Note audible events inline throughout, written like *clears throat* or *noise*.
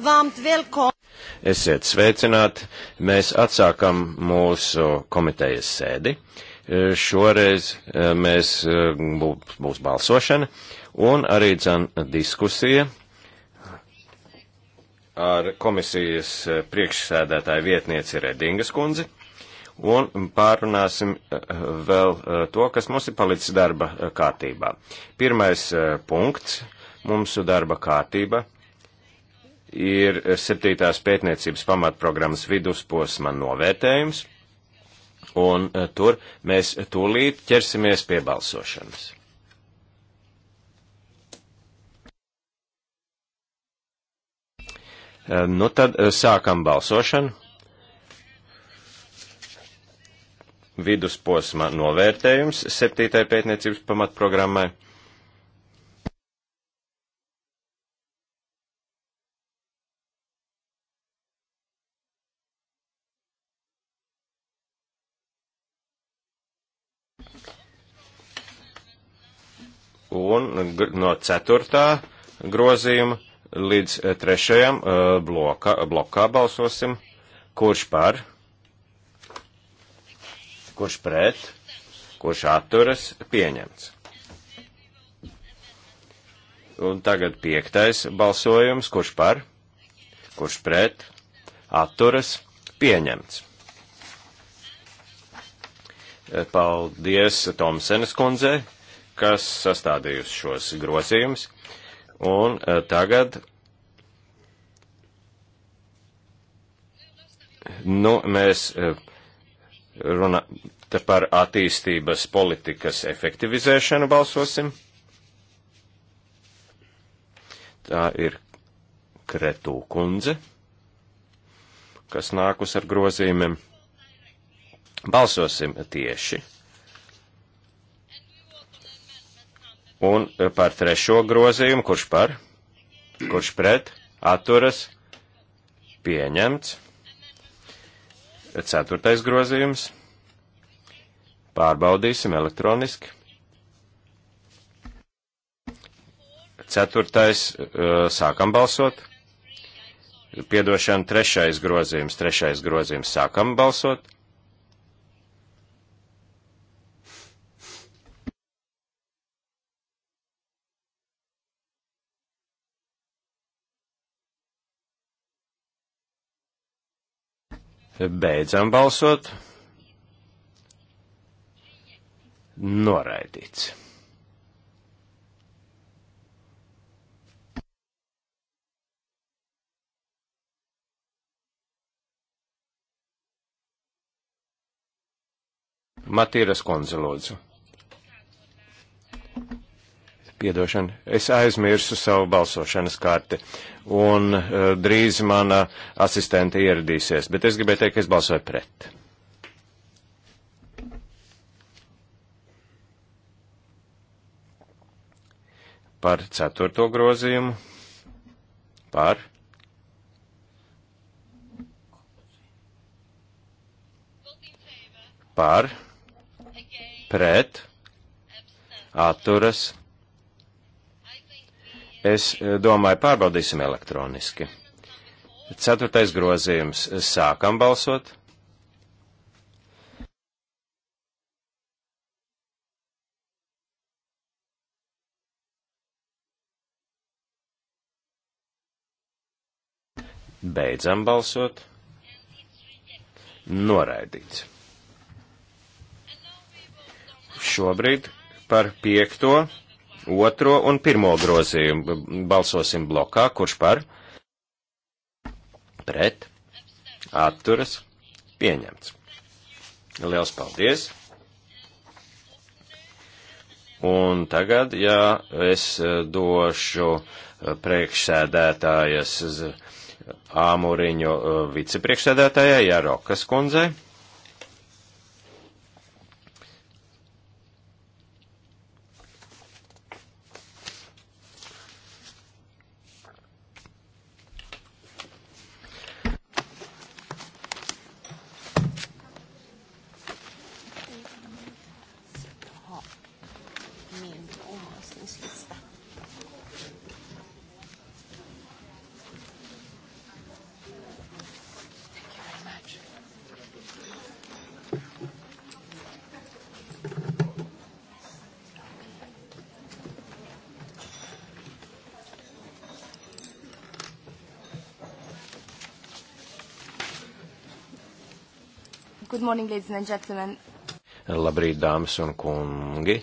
Varmt velkommen! Esiet sveicināti! Mēs atsākam mūsu komitejas sēdi. E, šoreiz e, mēs e, būs, būs balsošana un arī dzan diskusija ar komisijas priekšsēdētāju vietnieci Redingas kundzi un pārunāsim vēl to, kas mums ir palicis darba kārtībā. Pirmais punkts mūsu darba kārtība ir septītās pētniecības pamatprogrammas vidusposma novērtējums, un eh, tur mēs tūlīt ķersimies pie balsošanas. Eh, nu tad eh, sākam balsošanu. Vidusposma novērtējums septītai pētniecības pamatprogrammai. un no 4. grozījuma līdz 3. Uh, bloka, blokā balsosim, kurš par, kurš pret, kurš atturas, pieņemts. Un tagad piektais balsojums, kurš par, kurš pret, atturas, pieņemts. Paldies Tomsenes kundzei kas sastādījusi šos grozījumus, un eh, tagad, nu, mēs eh, runā, te par attīstības politikas efektivizēšanu balsosim. Tā ir Kretū kundze, kas nākus ar grozījumiem. Balsosim tieši Un par trešo grozījumu, kurš par, kurš pret, atturas, pieņemts. Ceturtais grozījums. Pārbaudīsim elektroniski. Ceturtais, eh, sākam balsot. Piedošana, trešais grozījums, trešais grozījums, sākam balsot. Beidzam balsot. Noraidīts. Matīras kundze, lūdzu. Piedošana, es aizmirsu savu balsošanas karti, un uh, drīz mana asistente ieradīsies, bet es gribēju teikt, ka es balsoju pret. Par ceturto grozījumu. Par. Par. Pret. Atturas Es eh, domāju, pārbaudīsim elektroniski. Ceturtais grozījums. Sākam balsot. Beidzam balsot. Noraidīts. Šobrīd par piekto otro un pirmo grozījumu. Balsosim blokā, kurš par? Pret. Atturas. Pieņemts. Liels paldies! Un tagad, ja es e, došu e, priekšsēdētājas āmuriņu e, vicepriekšsēdētājai Jarokas kundzei. ladies and gentlemen. Labrīt, dāmas un kungi.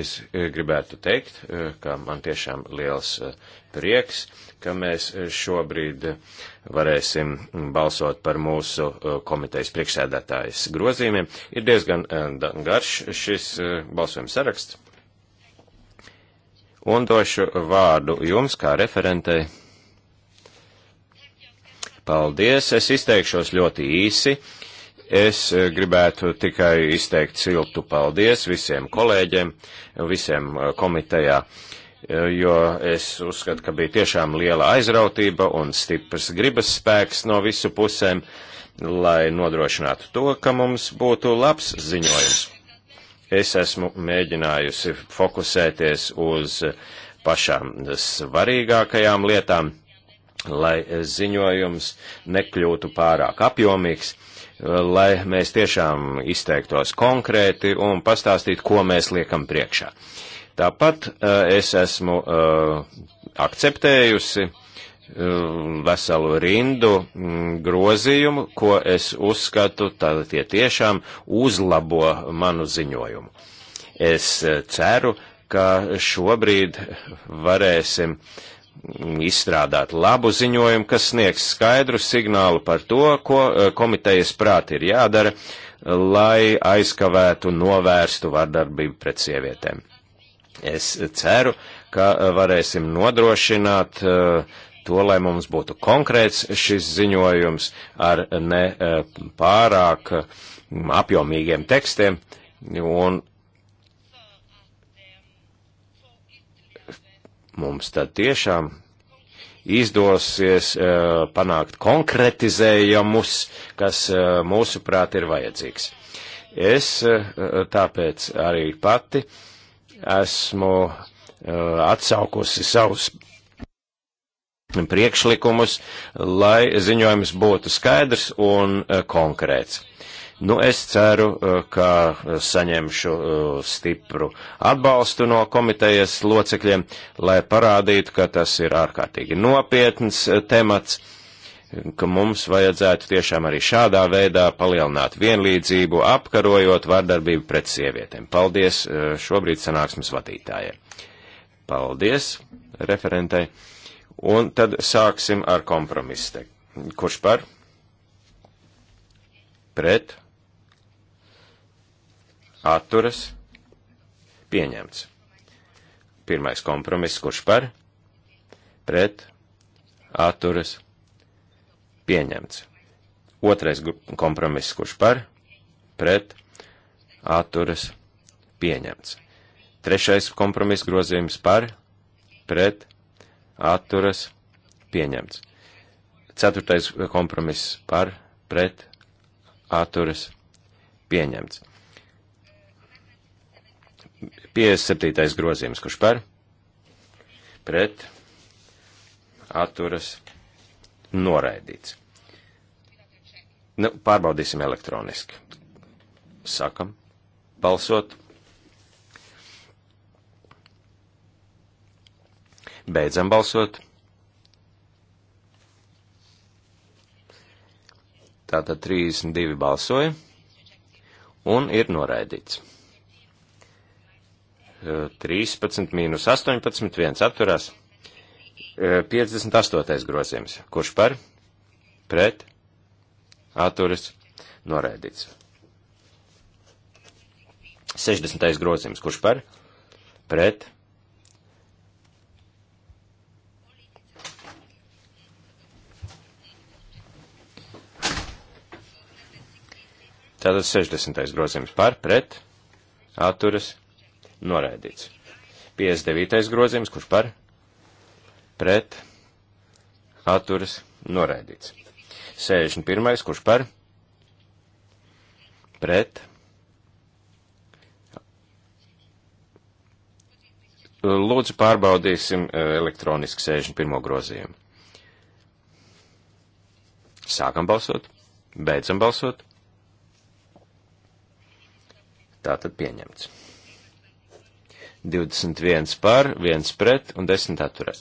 Es eh, gribētu teikt, eh, ka man tiešām liels eh, prieks, ka mēs šobrīd varēsim balsot par mūsu komitejas priekšsēdētājas grozījumiem. Ir diezgan garš šis balsojums saraksts. Un došu vārdu jums kā referentei. Paldies, es izteikšos ļoti īsi. Uh, Es eh, gribētu tikai izteikt siltu paldies visiem kolēģiem, visiem eh, komitejā, eh, jo es uzskatu, ka bija tiešām liela aizrautība un stiprs gribas spēks no visu pusēm, lai nodrošinātu to, ka mums būtu labs ziņojums. Es esmu mēģinājusi fokusēties uz pašām svarīgākajām lietām, lai ziņojums nekļūtu pārāk apjomīgs lai mēs tiešām izteiktos konkrēti un pastāstītu, ko mēs liekam priekšā. Tāpat eh, es esmu eh, akceptējusi eh, veselu rindu mm, grozījumu, ko es uzskatu, tad tie tiešām uzlabo manu ziņojumu. Es ceru, ka šobrīd varēsim uh, izstrādāt labu ziņojumu, kas sniegs skaidru signālu par to, ko e, komitejas prāti ir jādara, lai aizkavētu, novērstu vardarbību pret sievietēm. Es ceru, ka varēsim nodrošināt e, to, lai mums būtu konkrēts šis ziņojums ar ne e, pārāk apjomīgiem tekstiem un mums tad tiešām izdosies uh, panākt konkretizējumus, kas uh, mūsuprāt ir vajadzīgs. Es uh, tāpēc arī pati esmu uh, atsaukusi savus priekšlikumus, lai ziņojums būtu skaidrs un konkrēts. Nu, es ceru, uh, ka uh, saņemšu uh, stipru atbalstu no komitejas locekļiem, lai parādītu, ka tas ir ārkārtīgi nopietns temats, ka mums vajadzētu tiešām arī šādā veidā palielināt vienlīdzību, apkarojot vardarbību pret sievietēm. Paldies šobrīd sanāksmes vadītājiem. Paldies referentei. Un tad sāksim ar kompromisu. Kurš par? Pret? atturas, pieņemts. Pirmais kompromiss, kurš par, pret, atturas, pieņemts. Otrais kompromiss, kurš par, pret, atturas, pieņemts. Trešais kompromiss grozījums par, pret, atturas, pieņemts. Ceturtais kompromiss par, pret, atturas, pieņemts. 57. grozījums, kurš par, pret, atturas, noraidīts. Nu, pārbaudīsim elektroniski. Sakam, balsot. Beidzam balsot. Tātad 32 balsoja un ir noraidīts. 13 mīnus 18, viens atturās. 58. E, grozījums. Kurš par? Pret? Atturis? Noraidīts. 60. grozījums. Kurš par? Pret? Tātad 60. grozījums par, pret, atturas, noraidīts. 59. grozījums, kurš par, pret, atturas, noraidīts. 61. kurš par, pret, lūdzu pārbaudīsim e, elektroniski 61. grozījumu. Sākam balsot, beidzam balsot. Tātad pieņemts. 21 par, 1 pret un 10 atturēs.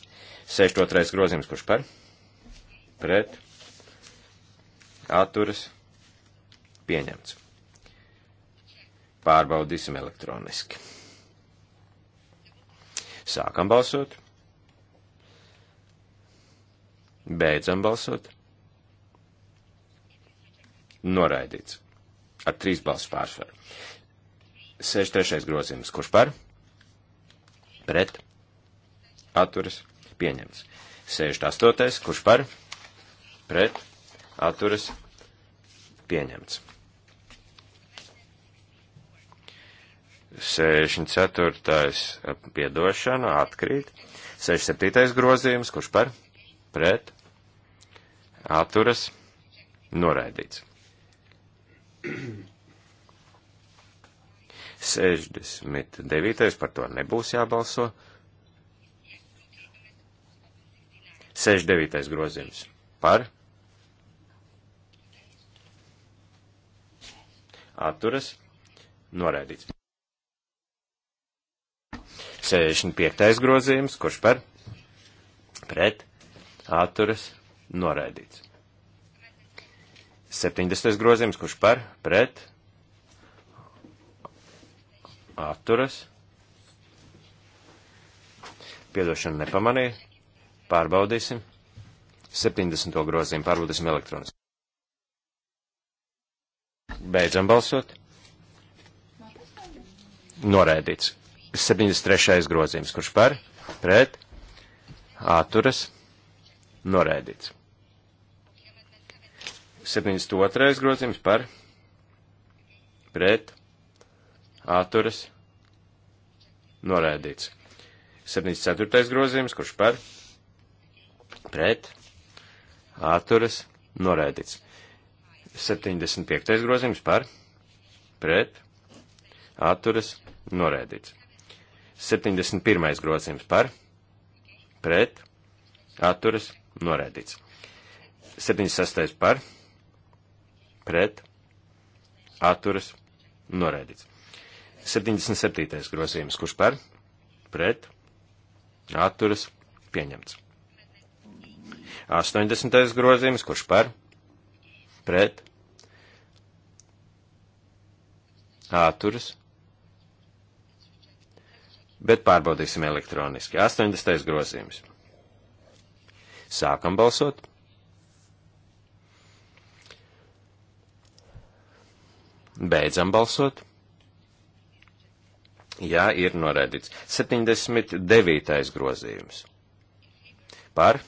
62. grozījums, kurš par? Pret. Atturas. Pieņemts. Pārbaudīsim elektroniski. Sākam balsot. Beidzam balsot. Noraidīts. Ar trīs balsu pārsvaru. 63. grozījums. Kurš par? pret, atturas, pieņemts. 68. kurš par, pret, atturas, pieņemts. 64. Eh, piedošana atkrīt. 67. grozījums, kurš par, pret, atturas, noraidīts. 69. par to nebūs jābalso. 69. grozījums par. Atturas. Noraidīts. 65. grozījums, kurš par. Pret. Atturas. Noraidīts. 70. grozījums, kurš par. Pret atturas. Piedošana nepamanīja. Pārbaudīsim. 70. grozījumu pārbaudīsim elektroniski. Beidzam balsot. Norēdīts. 73. grozījums, kurš par, pret, atturas, norēdīts. 72. grozījums par, pret, atturas atturas, norēdīts. 74. grozījums, kurš par, pret, atturas, norēdīts. 75. grozījums par, pret, atturas, norēdīts. 71. grozījums par, pret, atturas, norēdīts. 76. par, pret, atturas, norēdīts. 77. grozījums, kurš par, pret, atturas, pieņemts. 80. grozījums, kurš par, pret, atturas, bet pārbaudīsim elektroniski. 80. grozījums. Sākam balsot. Beidzam balsot. Jā, ir noraidīts. 79. grozījums. Par,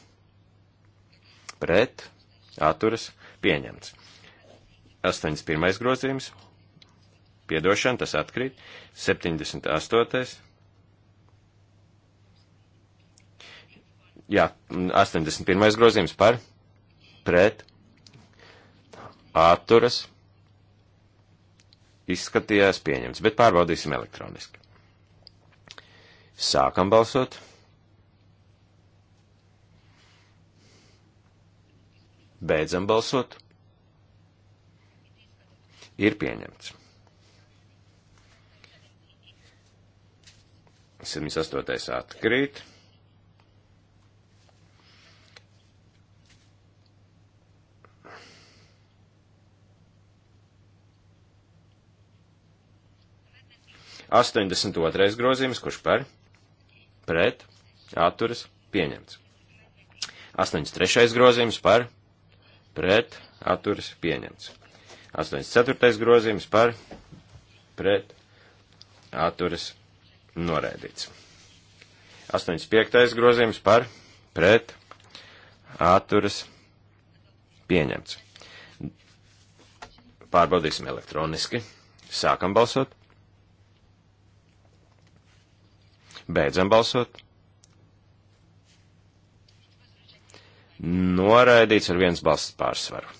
pret, atturas, pieņemts. 81. grozījums. Piedošana, tas atkrīt. 78. Jā, 81. grozījums par, pret, atturas, pieņemts Izskatījās pieņemts, bet pārbaudīsim elektroniski. Sākam balsot. Beidzam balsot. Ir pieņemts. 78. atkrīt. 82. grozījums, kurš par, pret, atturas, pieņemts. 83. grozījums par, pret, atturas, pieņemts. 84. grozījums par, pret, atturas, noraidīts. 85. grozījums par, pret, atturas, pieņemts. Pārbaudīsim elektroniski. Sākam balsot. Beidzam balsot. Noraidīts ar viens balsts pārsvaru.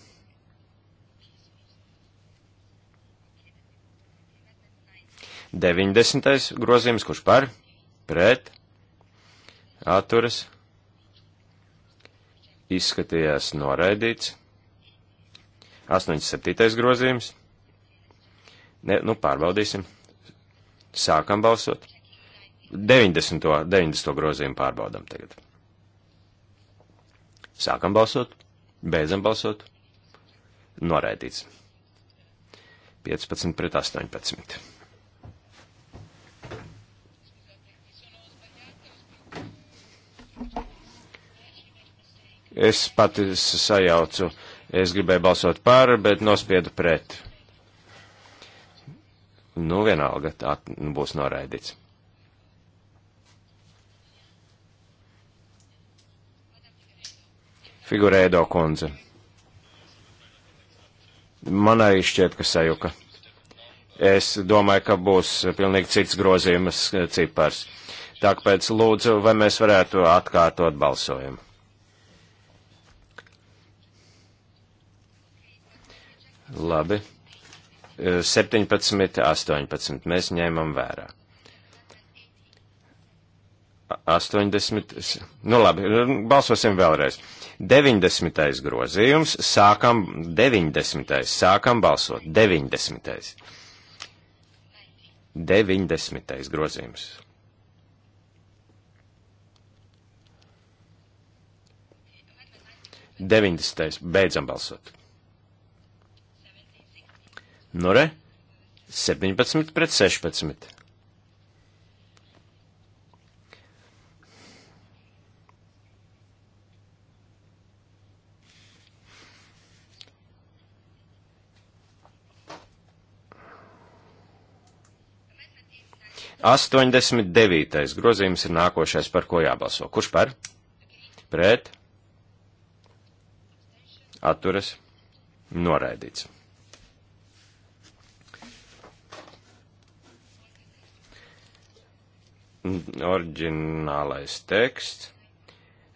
Deviņdesmitais grozījums, kurš par, pret, atturas, izskatījās noraidīts. 87. grozījums. Ne, nu, pārbaudīsim. Sākam balsot. 90. 90. grozījumu pārbaudam tagad. Sākam balsot, beidzam balsot, noraidīts. 15 pret 18. Es pati sajaucu, es gribēju balsot par, bet nospiedu pret. Nu, vienalga, tā būs noraidīts. Figurēdo kundze. Man arī šķiet, ka sajuka. Es domāju, ka būs pilnīgi cits grozījumas eh, cipars. Tāpēc lūdzu, vai mēs varētu atkārtot balsojumu. Labi. 17, eh, 18. Mēs ņēmam vērā. 80. Nu labi, eh, balsosim vēlreiz. 90. grozījums, sākam 90. sākam balsot 90. 90. grozījums. Deviņdesmitais. Beidzam balsot. Nu re, 17 pret 16. 89. grozījums ir nākošais, par ko jābalso. Kurš par? Pret? Atturas? Noraidīts. Orģinālais teksts.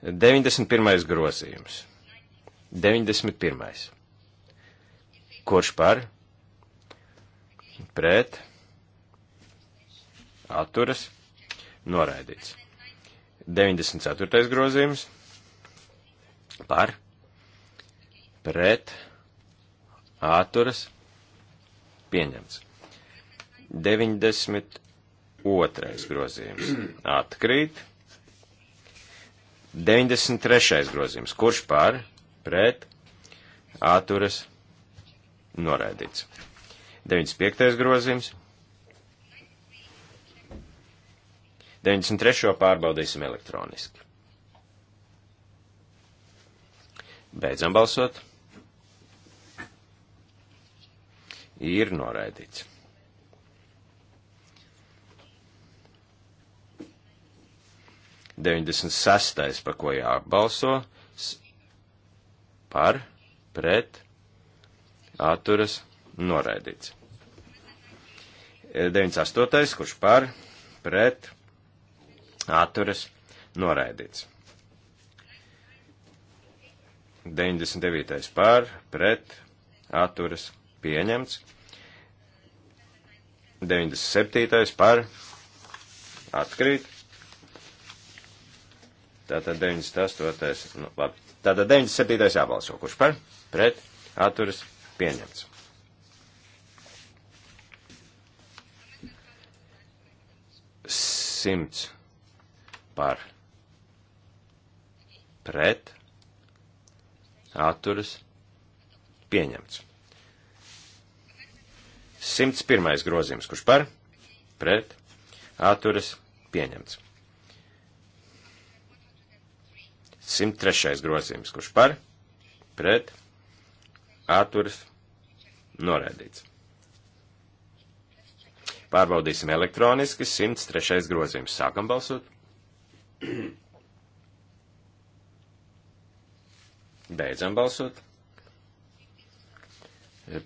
91. grozījums. 91. Kurš par? Pret? atturas, noraidīts. 94. grozījums par, pret, atturas, pieņemts. 92. grozījums *clears throat* atkrīt. 93. grozījums, kurš par, pret, atturas, noraidīts. 95. grozījums 93. pārbaudīsim elektroniski. Beidzam balsot. Ir noraidīts. Deviņdesmit sastais, pa ko jābalso, par, pret, atturas, noraidīts. 98. kurš par, pret, atturas noraidīts. 99. pār, pret, atturas pieņemts. 97. par atkrīt. Tātad 98. Nu, labi. Tātad 97. jābalso. Kurš par? Pret. Atturas. Pieņemts. Simts par pret atturas pieņemts. 101. grozījums, kurš par pret atturas pieņemts. 103. grozījums, kurš par pret atturas noraidīts. Pārbaudīsim elektroniski 103. grozījums. Sākam balsot! *clears throat* Beidzam balsot.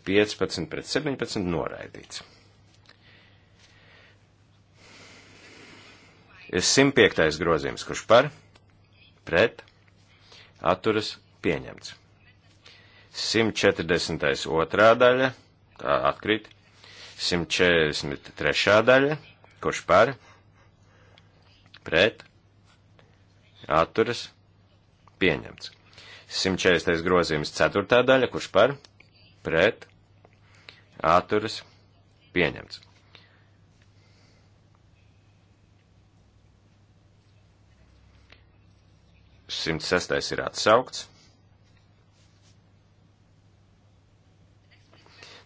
15 pret 17 noraidīts. 105. grozījums, kurš par, pret, atturas pieņemts. 140. otrā daļa, tā atkrīt. 143. daļa, kurš par, pret, atturas, pieņemts. 140. grozījums 4. daļa, kurš par, pret, atturas, pieņemts. Simts sestais ir atsaukts.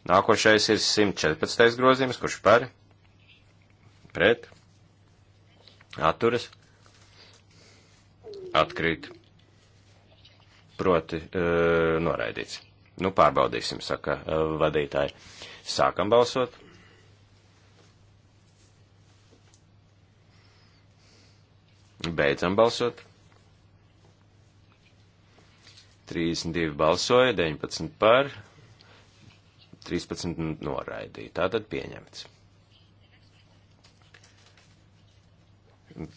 Nākošais ir 114. grozījums, kurš par, pret, atturas, atkrīt, proti uh, noraidīts. Nu, pārbaudīsim, saka uh, vadītāji. Sākam balsot. Beidzam balsot. 32 balsoja, 19 par, 13 noraidīja. Tātad pieņemts.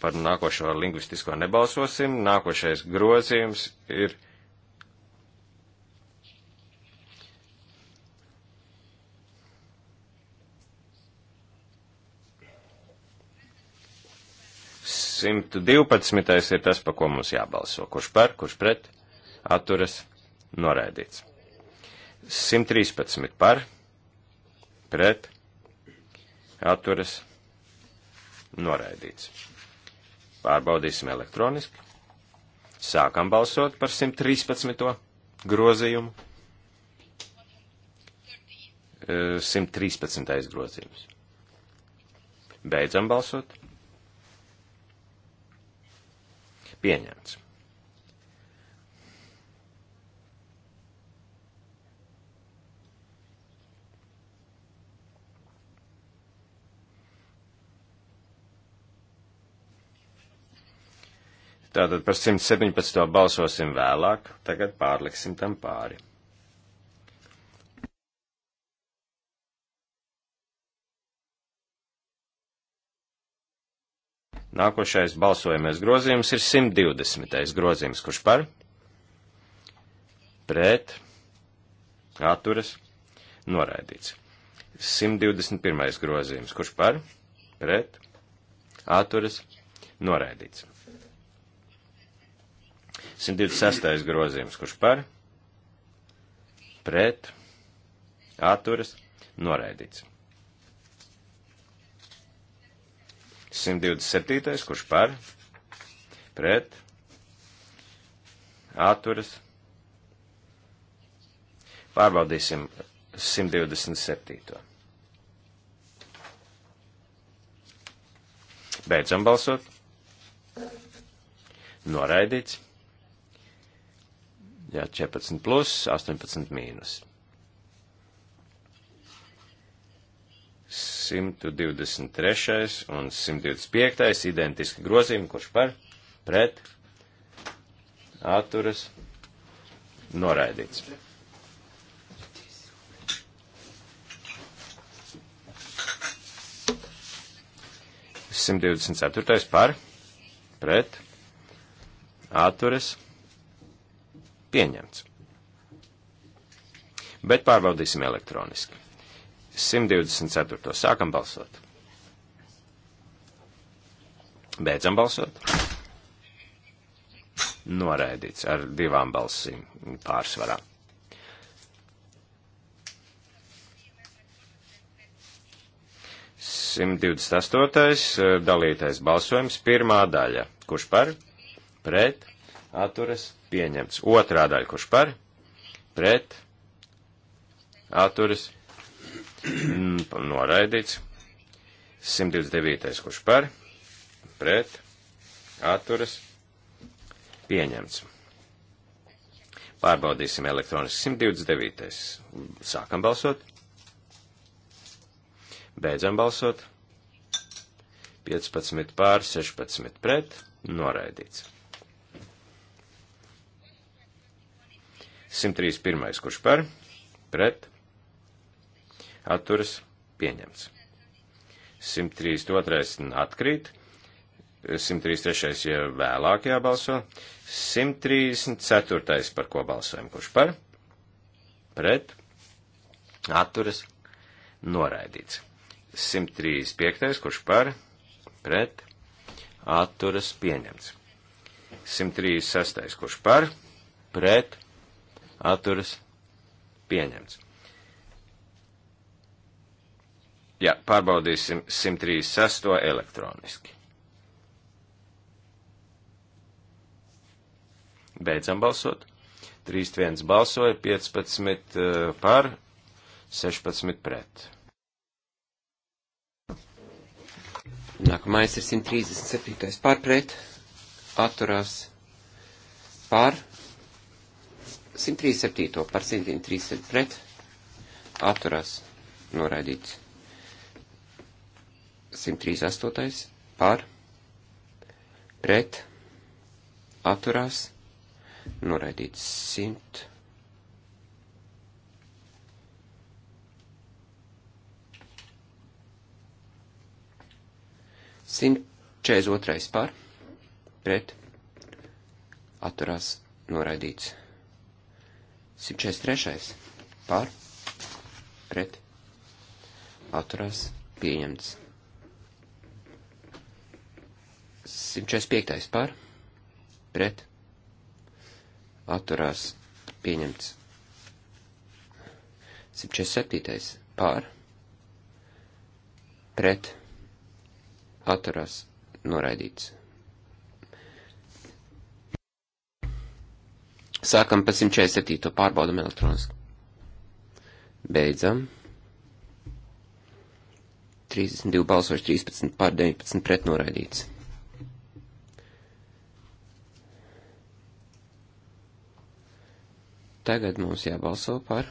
Par nākošo lingvistisko nebalsosim. Nākošais grozījums ir. Simt divpadsmitais ir tas, pa ko mums jābalso. Kurš par, kurš pret, atturas, noraidīts. 113 par, pret, atturas, noraidīts. Pārbaudīsim elektroniski. Sākam balsot par 113. grozījumu. 113. E, grozījums. Beidzam balsot. Pieņemts. Tātad par 117. balsosim vēlāk, tagad pārliksim tam pāri. Nākošais balsojamais grozījums ir 120. grozījums, kurš par? Pret, atturas, noraidīts. 121. grozījums, kurš par? Pret, atturas, noraidīts. 126. grozījums, kurš par, pret, atturas, noraidīts. 127. kurš par, pret, atturas. Pārbaudīsim 127. Beidzam balsot. Noraidīts. Jā, 14 plus, 18 mīnus. 123. un 125. identiski grozījumi, kurš par, pret, atturas, noraidīts. Simt divdesmit ceturtais par, pret, atturas, Pieņemts. Bet pārbaudīsim elektroniski. 124. Sākam balsot. Beidzam balsot. Noraidīts ar divām balsīm pārsvarā. Simt divdesmit astotais eh, dalītais balsojums, pirmā daļa. Kurš par? Pret? Atturas? pieņemts. Otrā daļa, kurš par, pret, atturas, mm, noraidīts. 129. kurš par, pret, atturas, pieņemts. Pārbaudīsim elektroniski 129. Sākam balsot. Beidzam balsot. 15 pār 16 pret, noraidīts. 131. kurš par, pret, atturas, pieņemts. 132. atkrīt, 133. ja vēlāk jābalso, 134. par ko balsojam, kurš par, pret, atturas, noraidīts. 135. kurš par, pret, atturas, pieņemts. 136. kurš par, pret, atturas pieņemts. Jā, pārbaudīsim 136. elektroniski. Beidzam balsot. 3-1 balsoja, 15 eh, par, 16 pret. Nākamais ir 137. pārpret, atturās pār, 137. par 137 pret atturās noraidīts. 138. par pret atturās noraidīts. 100. Simt 42. par pret atturās noraidīts. 143. par pret atturās pieņemts. 145. par pret atturās pieņemts. 147. par pret atturās noraidīts. Sākam pa 147. pārbaudam elektroniski. Beidzam. 32 balsoši, 13 pār 19 pret noraidīts. Tagad mums jābalso par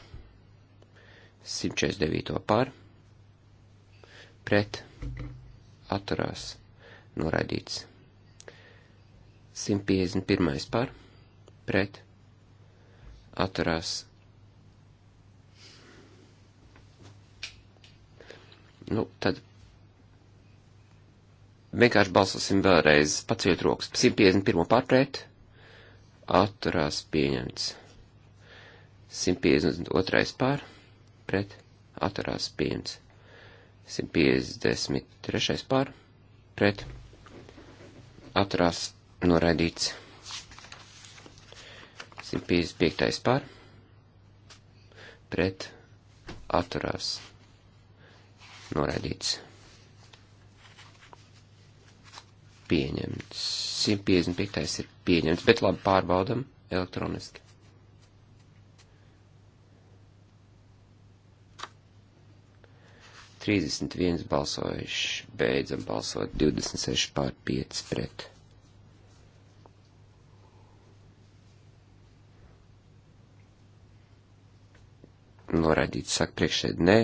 149 par pret atturās noraidīts. 151 par pret atturās. Nu, tad vienkārši balsosim vēlreiz, paciet rokas, 151 pārpret, atturās pieņemts, 152 pār, pret, atturās pieņemts, 153 pār, pret, atturās noraidīts. 155. par pret atturās noraidīts. Pieņemts. 155. ir pieņemts, bet labi pārbaudam elektroniski. Trīsdesmit viens balsojuši, beidzam balsot, divdesmit seši pār pieci pret. noraidīts, saka priekšēd, nē,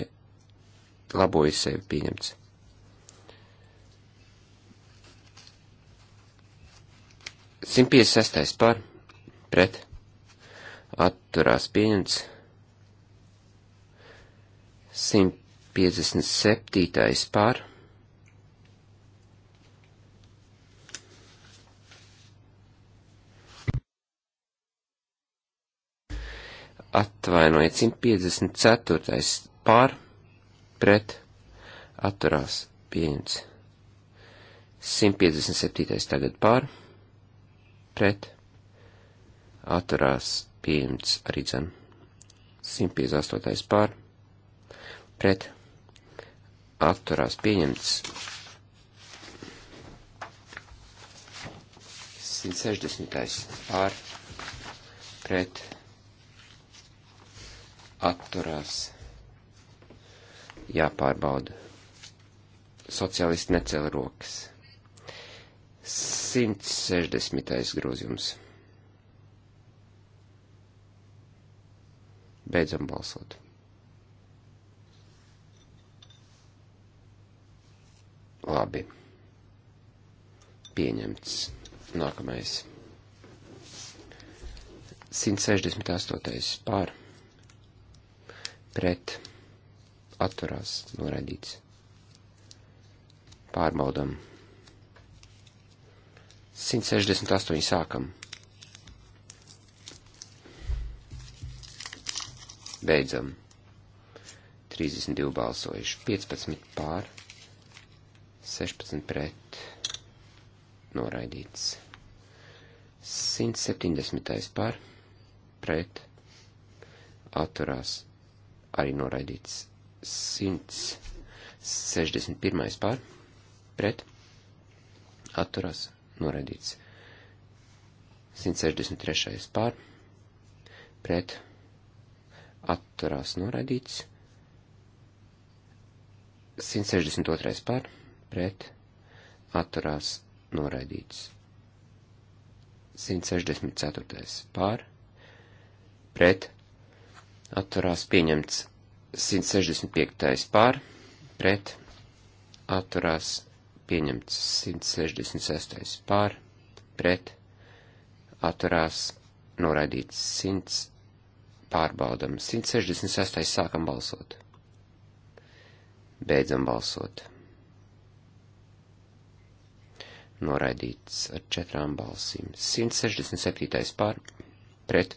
laboju sevi pieņemts. Simt pieci sestais par, pret, atturās pieņemts. Simt piecdesmit septītais par, pret. atvainojiet, 154. pār, pret, atturās, pieņemts. 157. tagad pār, pret, atturās, pieņemts arī dzen. 158. pār, pret, atturās, pieņemts. 160. pār, pret, atturās jāpārbauda. Sociālisti necēla rokas. 160. grozījums. Beidzam balsot. Labi. Pieņemts. Nākamais. 168. pār pret atturās noraidīts. Pārbaudam. 168 sākam. Beidzam. 32 balsojuši. 15 pār. 16 pret. Noraidīts. 170 pār. Pret. Atturās arī noraidīts. 161. pār, pret, atturās, noraidīts. 163. pār, pret, atturās, noraidīts. 162. pār, pret, atturās, noraidīts. 164. pār, pret, atturās pieņemts 165. pār, pret, atturās pieņemts 166. pār, pret, atturās noraidīts 100, pārbaudam 166. sākam balsot. Beidzam balsot. Noraidīts ar četrām balsīm. 167. pār, pret,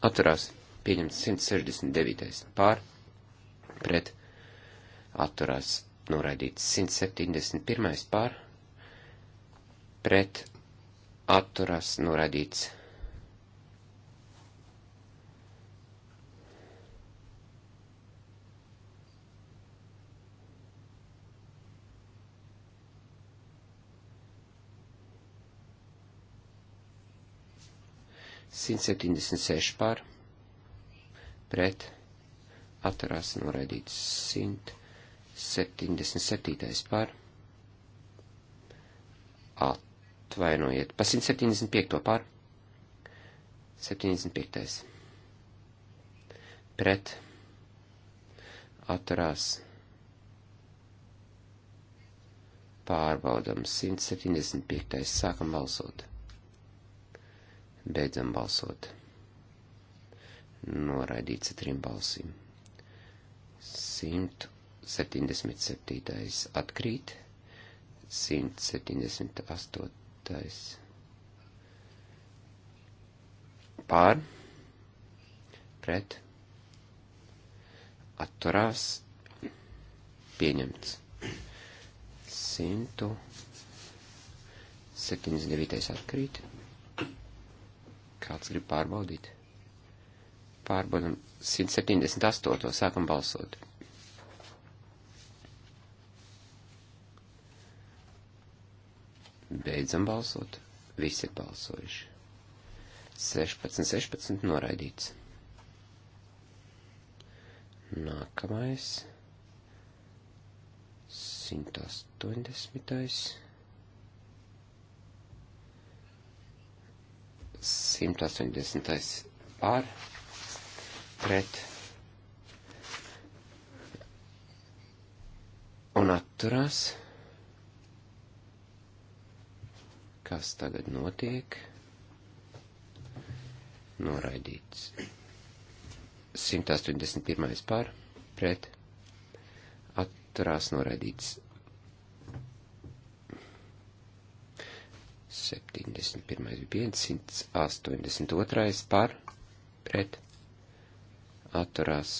atturās 166 pieņemts 169. pār, pret atturās noraidīts 171. pār, pret atturās noraidīts. Simt septiņdesmit seši pār pret atturās noraidīts 177. par atvainojiet, pa 175. par 75. pret atturās pārbaudam 175. sākam balsot. Beidzam balsot noraidīts ar trim balsīm. 177. atkrīt, 178. pār, pret, atturās, pieņemts. 179. atkrīt. Kāds grib pārbaudīt? Pārbaudam 178. sākam balsot. Beidzam balsot. Visi ir balsojuši. 16, 16 noraidīts. Nākamais. 180. 180. par pret un atturās. Kas tagad notiek? Noraidīts. 181. par pret atturās noraidīts. 71. bija 182. par pret atturās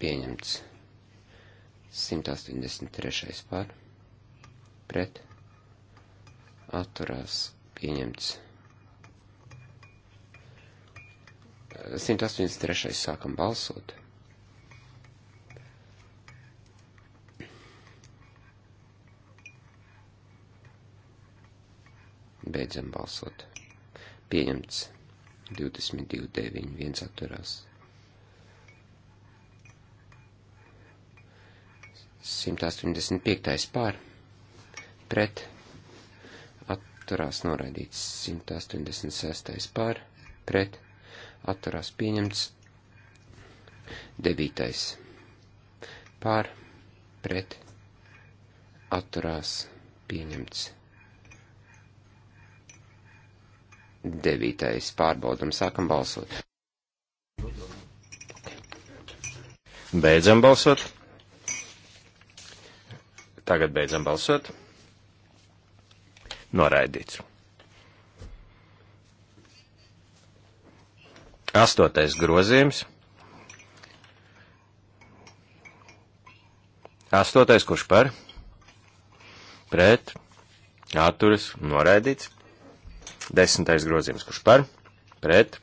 pieņemts 183. par, pret atturās pieņemts 183. sākam balsot. Beidzam balsot. Pieņemts 22, 9, 1 atturās. 185. pār pret atturās noraidīts 186. pār pret atturās pieņemts 9. pār pret atturās pieņemts 9. pārbaudam sākam balsot. Beidzam balsot. Tagad beidzam balsot. Noraidīts. Astotais grozījums. Astotais kurš par? Pret. Atturis. Noraidīts. Desmitais grozījums kurš par? Pret.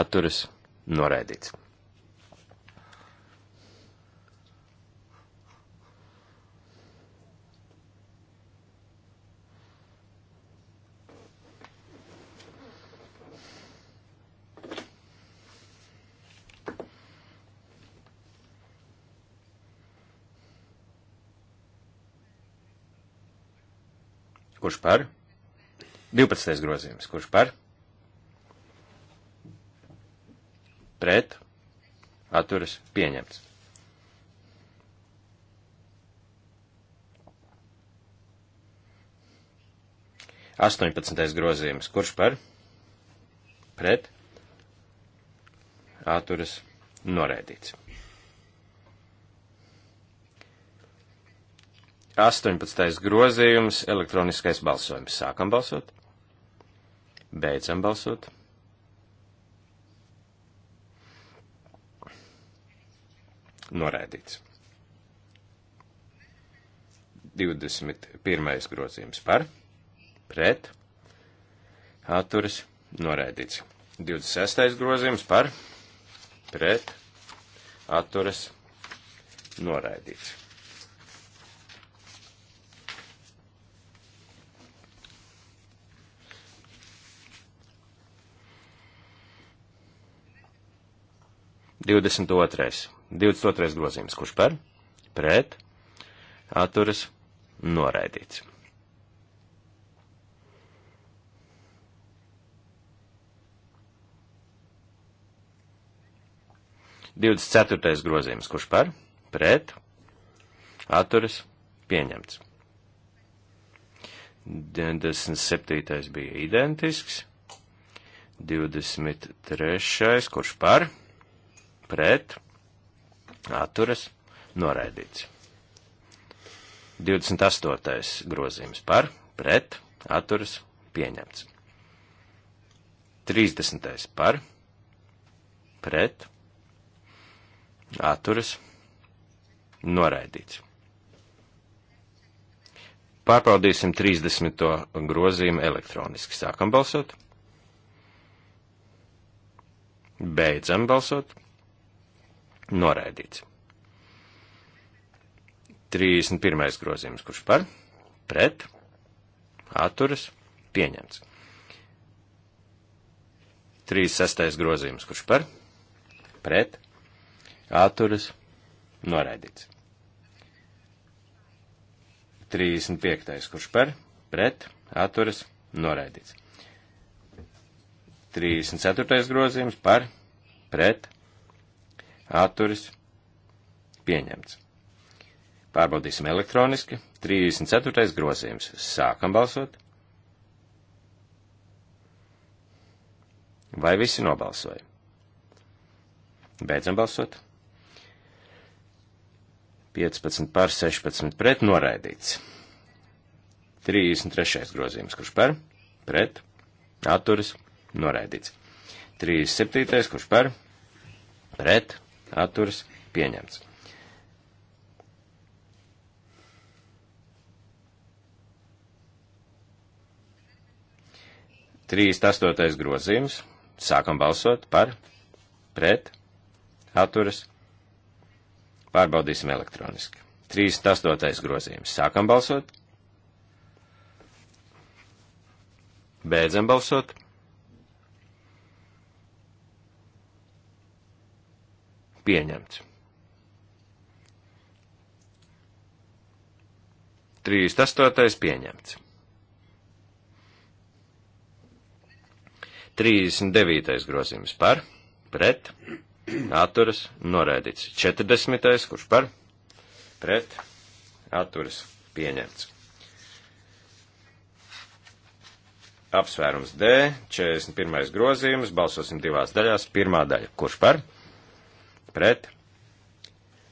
Atturis. Noraidīts. Kurš par? 12. grozījums. Kurš par? Pret. Atturas pieņemts. Astoņpadsmitais grozījums. Kurš par? Pret. Atturas noraidīts. 18. grozījums, elektroniskais balsojums. Sākam balsot. Beidzam balsot. Noraidīts. 21. grozījums par, pret, atturas, noraidīts. 26. grozījums par, pret, atturas, noraidīts. 22. 22. grozījums, kurš par, pret, atturas, noraidīts. Divdesmit ceturtais grozījums, kurš par, pret, atturas, pieņemts. 97. bija identisks, 23. kurš par, pret, atturas, noraidīts. 28. grozījums par, pret, atturas, pieņemts. 30. par, pret, atturas, noraidīts. Pārbaudīsim 30. grozījumu elektroniski. Sākam balsot. Beidzam balsot. Noraidīts. 31. grozījums, kurš par, pret, atturas, pieņemts. 36. grozījums, kurš par, pret, atturas, noraidīts. 35. kurš par, pret, atturas, noraidīts. 34. grozījums par, pret, atturis pieņemts. Pārbaudīsim elektroniski. 34. grozījums. Sākam balsot. Vai visi nobalsoja? Beidzam balsot. 15 par 16 pret noraidīts. 33. grozījums, kurš par, pret, atturis, noraidīts. 37. kurš par, pret, atturas pieņemts. Trīs astotais grozījums. Sākam balsot par, pret, atturas. Pārbaudīsim elektroniski. 38. grozījums. Sākam balsot. Beidzam balsot. pieņemts. 38. pieņemts. 39. grozījums par, pret, atturas, noraidīts. 40. kurš par, pret, atturas, pieņemts. Apsvērums D, 41. grozījums, balsosim divās daļās, pirmā daļa, kurš par, pret pret,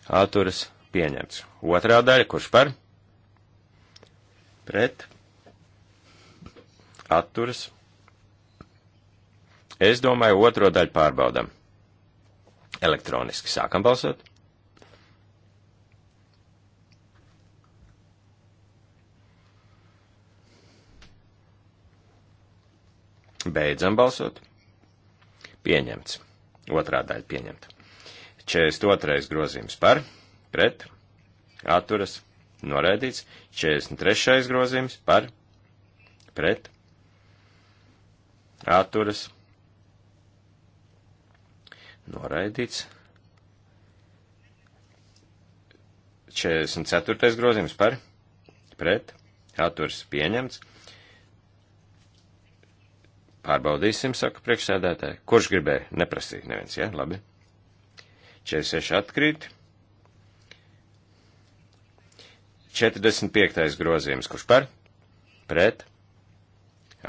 atturas pieņemts. Otrā daļa, kurš par, pret, atturas. Es domāju, otro daļu pārbaudam. Elektroniski sākam balsot. Beidzam balsot. Pieņemts. Otrā daļa pieņemta. 42. grozījums par, pret, atturas, noraidīts, 43. grozījums par, pret, atturas, noraidīts, 44. grozījums par, pret, atturas, pieņemts, Pārbaudīsim, saka priekšsēdētāji. Kurš gribēja? Neprasīt neviens, jā, ja? labi. 46 atkrīt. 45. grozījums, kurš par, pret,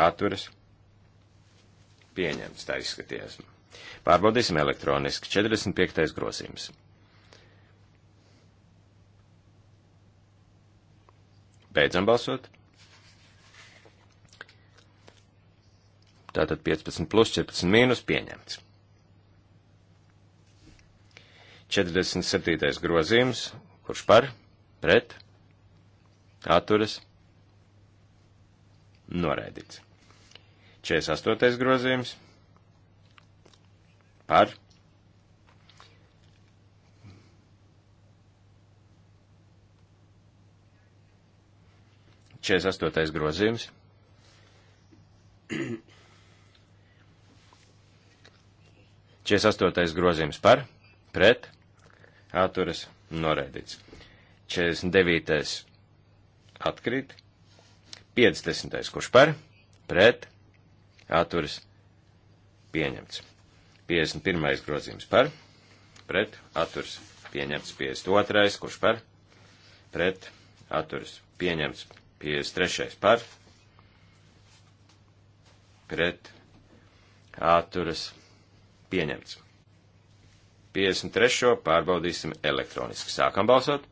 atveras, pieņemts, tā izskatījās. Pārbaudīsim elektroniski. 45. grozījums. Beidzam balsot. Tātad 15 plus 14 mīnus pieņemts. 47. grozījums, kurš par, pret, atturas, noraidīts. 48. grozījums, par, Četrdesmit astotais grozījums. Četrdesmit astotais grozījums par, pret, atturas noraidīts. 49. atkrīt, 50. kurš par, pret, atturas pieņemts. 51. grozījums par, pret, atturas pieņemts. 52. kurš par, pret, atturas pieņemts. 53. par, pret, atturas pieņemts. 53. pārbaudīsim elektroniski. Sākam balsot.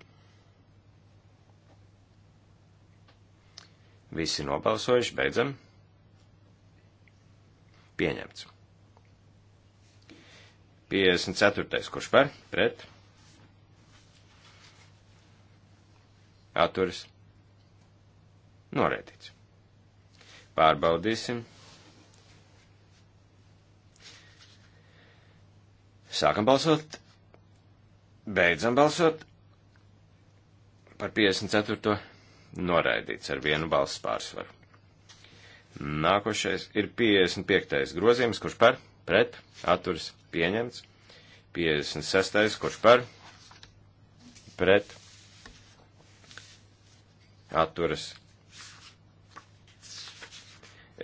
Visi nobalsojuši, beidzam. Pieņemts. 54. kurš par, pret. Atturis. Norēdīts. Pārbaudīsim. Sākam balsot. Beidzam balsot. Par 54. noraidīts ar vienu balsu pārsvaru. Nākošais ir 55. grozījums, kurš par, pret, atturas, pieņemts. 56. kurš par, pret, atturas.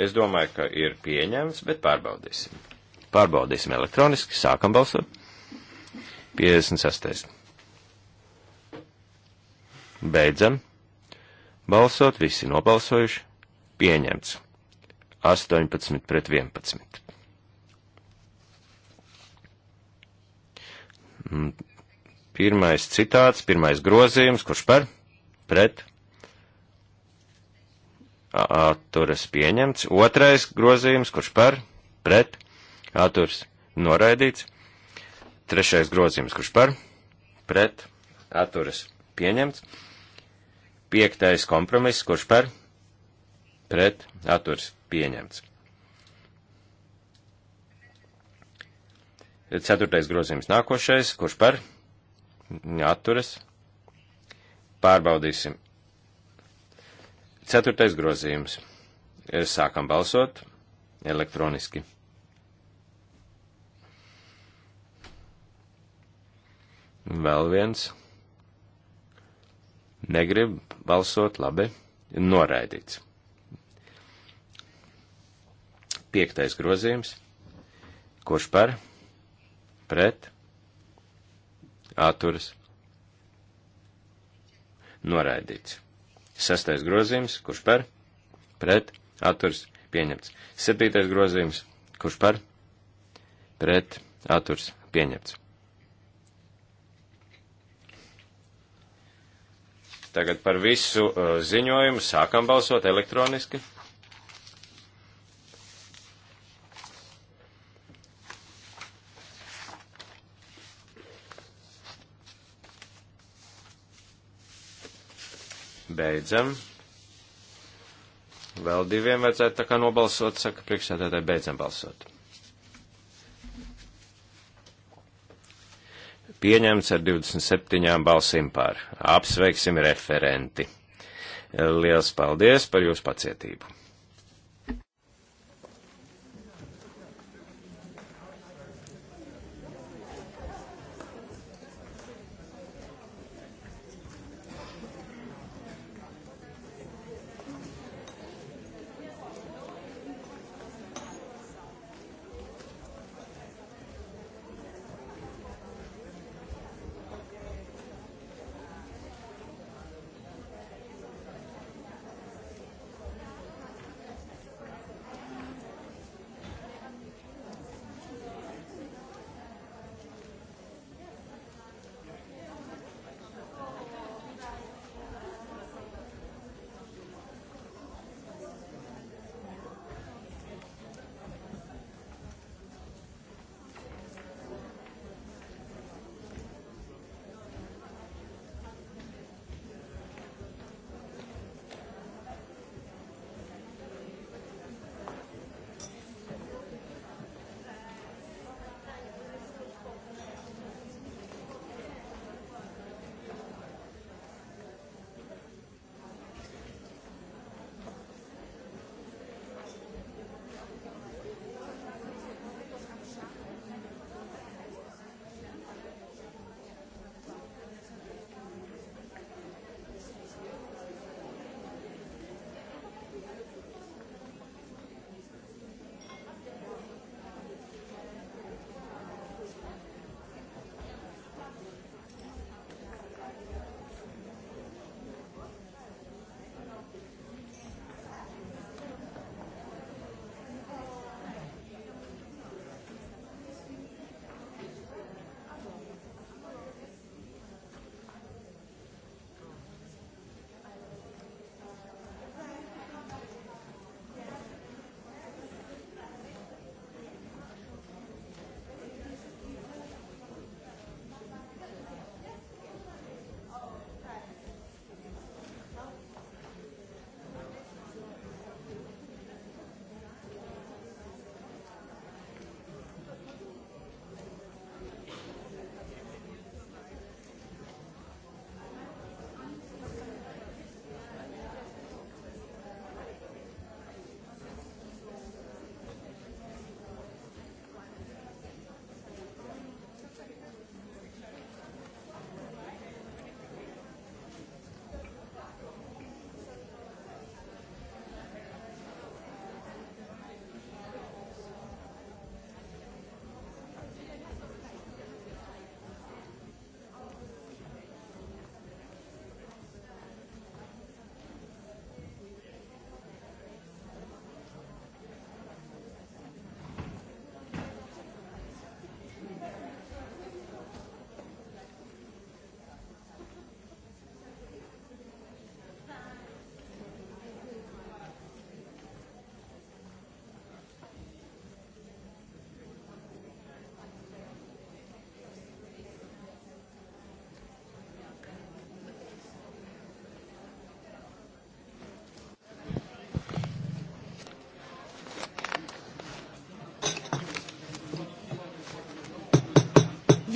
Es domāju, ka ir pieņemts, bet pārbaudīsim. Pārbaudīsim elektroniski, sākam balsot. 56. Beidzam. Balsot, visi nobalsojuši. Pieņemts. 18 pret 11. Mm, pirmais citāts, pirmais grozījums, kurš par? Pret. Atturas pieņemts. Otrais grozījums, kurš par? Pret atturs noraidīts. Trešais grozījums, kurš par, pret, atturas pieņemts. Piektais kompromiss, kurš par, pret, atturas pieņemts. Ceturtais grozījums nākošais, kurš par, atturas, pārbaudīsim. Ceturtais grozījums. Sākam balsot elektroniski. Vēl viens. Negrib balsot, labi. Noraidīts. Piektais grozījums. Kurš par? Pret? Atturas. Noraidīts. Sastais grozījums. Kurš par? Pret? Atturas. Pieņemts. Septītais grozījums. Kurš par? Pret? Atturas. Pieņemts. Tagad par visu uh, ziņojumu sākam balsot elektroniski. Beidzam. Vēl diviem vajadzētu tā kā nobalsot, saka priekšsēdētāji, beidzam balsot. pieņemts ar 27 balsīm pār. Apsveiksim referenti. Liels paldies par jūsu pacietību!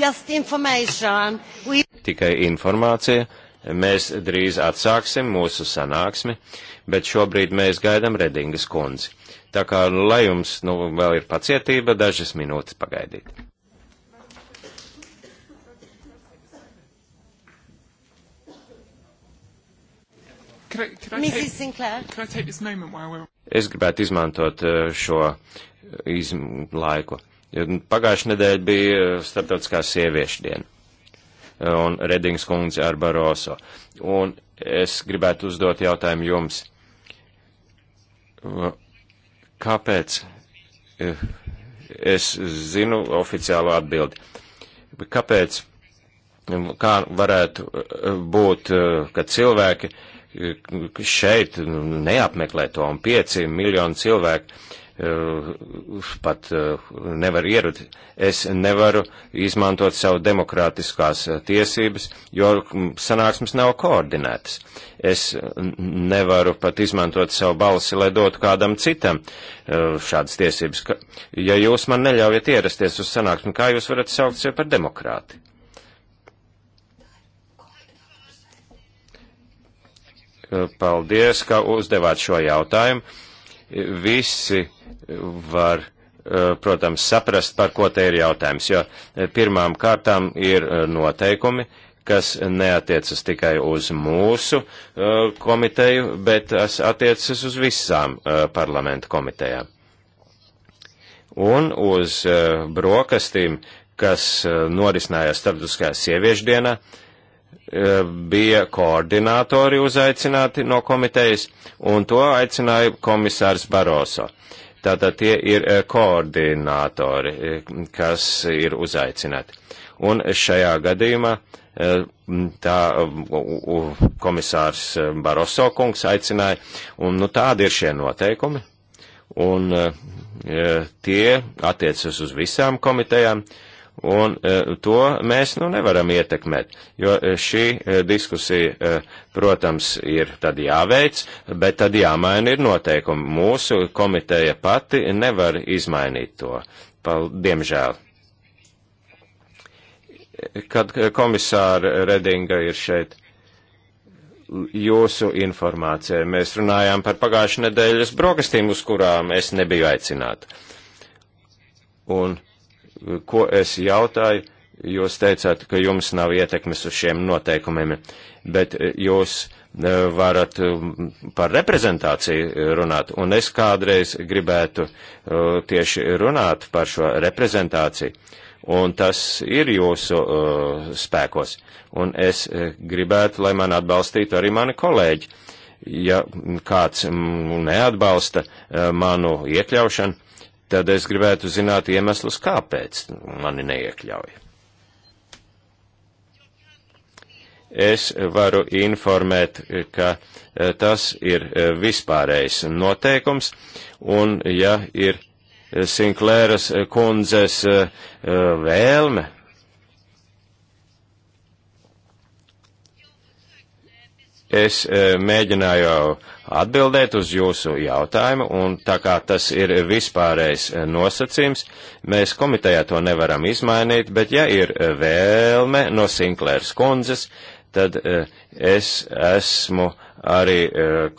We... Tikai informācija. Mēs drīz atsāksim mūsu sanāksmi, bet šobrīd mēs gaidam Redingas kundzi. Tā kā lai jums nu, vēl ir pacietība, dažas minūtes pagaidiet. Can I, can I take, Sinclair. Can I take this moment while we're... Es gribētu izmantot eh, šo izm laiku. Pagājušajā nedēļā bija eh, starptautiskā sieviešu diena eh, un Redings kundze ar Baroso. Un es gribētu uzdot jautājumu jums. Eh, kāpēc? Es zinu oficiālu atbildi. Kāpēc? Mm, kā varētu būt, ka cilvēki šeit mm, neapmeklē to un pieci miljoni cilvēku? Eh, pat eh, nevar ierad, es nevaru izmantot savu demokrātiskās eh, tiesības, jo mm, sanāksmes nav koordinētas. Es mm, nevaru pat izmantot savu balsi, lai dotu kādam citam šādas tiesības. Ja jūs man neļaujat ierasties uz sanāksmi, kā jūs varat saukt sevi par demokrāti? Paldies, ka uzdevāt šo jautājumu visi var, eh, protams, saprast, par ko te ir jautājums, jo eh, pirmām kārtām ir eh, noteikumi, kas neatiecas tikai uz mūsu komiteju, bet attiecas uz visām parlamenta komitejām. Un uz brokastīm, kas norisinājās starptautiskajā sieviešu dienā, bija koordinātori uzaicināti no komitejas, un to aicināja komisārs Baroso. Uh, Tātad tie ir eh, koordinātori, eh, kas ir uzaicināti. Un šajā gadījumā eh, tā komisārs Baroso kungs aicināja, un nu tādi ir šie noteikumi, un tie attiecas uz visām komitejām, uh, un e, to mēs nu nevaram ietekmēt, jo e, šī e, diskusija, protams, ir tad jāveic, bet tad jāmaina ir noteikumi. Mūsu komiteja pati nevar izmainīt to, pal, diemžēl. Kad komisāra Redinga ir šeit jūsu informācijai, mēs runājām par pagājušā nedēļas brokastīm, uz kurām es nebiju aicināta. Un uh, ko es jautāju, jūs teicāt, ka jums nav ietekmes uz šiem noteikumiem, bet eh, jūs eh, varat mm, par reprezentāciju runāt, un es kādreiz gribētu eh, tieši runāt par šo reprezentāciju, un tas ir jūsu spēkos, un es gribētu, lai man atbalstītu arī mani kolēģi. Ja kāds mm, neatbalsta manu iekļaušanu, tad es gribētu zināt iemeslus, kāpēc mani neiekļauj. Es varu informēt, ka eh, tas ir eh, vispārējs noteikums, un ja ir eh, Sinklēras kundzes vēlme Es e, mēģināju atbildēt uz jūsu jautājumu, un tā kā tas ir vispārējs e, nosacījums, mēs komitejā to nevaram izmainīt, bet ja ir e, vēlme no Sinklēras kundzes, tad es esmu arī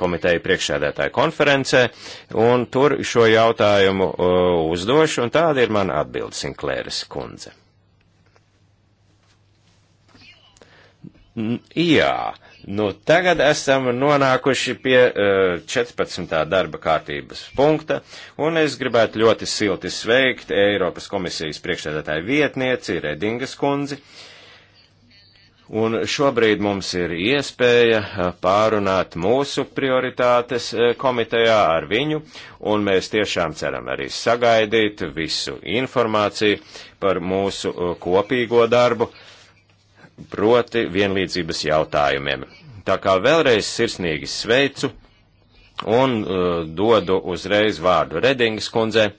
komiteja priekšsēdētāja konferencē, un tur šo jautājumu uzdošu, un tāda ir mana atbilde Sinklēras kundze. Jā, Nu, tagad esam nonākuši pie uh, eh, 14. darba kārtības punkta, un es gribētu ļoti silti sveikt Eiropas komisijas priekšsēdētāju vietnieci Redingas kundzi. Un šobrīd mums ir iespēja eh, pārunāt mūsu prioritātes eh, komitejā ar viņu, un mēs tiešām ceram arī sagaidīt visu informāciju par mūsu kopīgo darbu. Uh, proti vienlīdzības jautājumiem. Tā kā vēlreiz sirsnīgi sveicu un uh, dodu uzreiz vārdu Redingas kundzei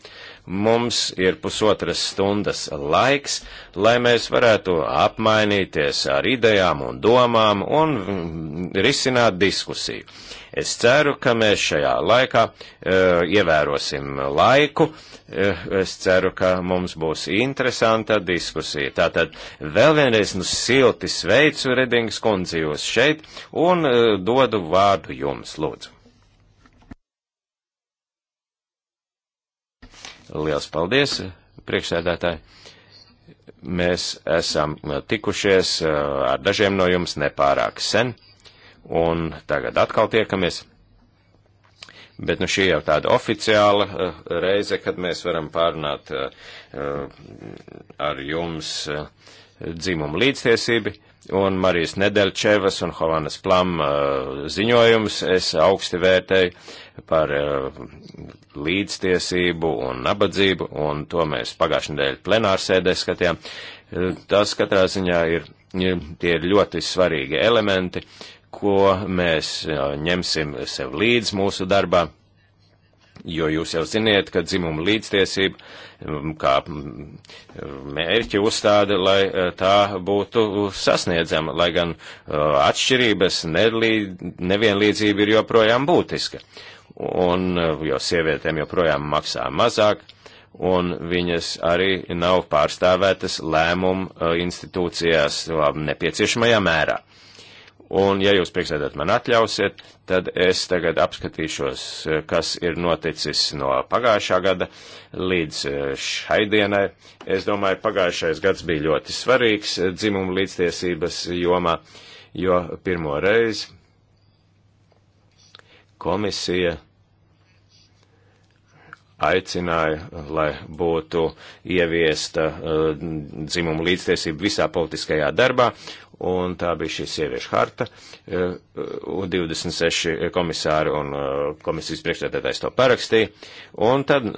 Mums ir pusotras stundas laiks, lai mēs varētu apmainīties ar idejām un domām un mm, risināt diskusiju. Es ceru, ka mēs šajā laikā e, ievērosim laiku. E, es ceru, ka mums būs interesanta diskusija. Tātad vēl vienreiz nu silti sveicu Redings kundzi jūs šeit un e, dodu vārdu jums, lūdzu. Liels paldies, priekšsēdētāji! Mēs esam tikušies uh, ar dažiem no jums nepārāk sen, un tagad atkal tiekamies. Bet nu šī jau tāda oficiāla uh, reize, kad mēs varam pārunāt uh, ar jums uh, dzimumu līdztiesību. Un Marijas Nedelčevas un Hovanas Plam uh, ziņojumus es augsti vērtēju, par eh, līdztiesību un nabadzību, un to mēs pagājušajā nedēļā plenārsēdē skatījām. Eh, tas katrā ziņā ir, tie ir ļoti svarīgi elementi, ko mēs eh, ņemsim sev līdz mūsu darbā, jo jūs jau ziniet, ka dzimuma līdztiesība mm, kā mm, mērķi uzstāda, lai tā būtu sasniedzama, lai gan atšķirības, nevienlīdzība ir joprojām būtiska un eh, jo sievietēm joprojām maksā mazāk, un viņas arī nav pārstāvētas lēmumu eh, institūcijās eh, nepieciešamajā mērā. Un, ja jūs priekšsēdāt man atļausiet, tad es tagad apskatīšos, kas ir noticis no pagājušā gada līdz šai dienai. Es domāju, pagājušais gads bija ļoti svarīgs dzimumu līdztiesības jomā, jo pirmo reizi komisija aicināja, lai būtu ieviesta eh, dzimumu līdztiesība visā politiskajā darbā, un tā bija šī sieviešu harta, eh, un 26 komisāri un eh, komisijas priekšstādētājs to parakstīja, un tad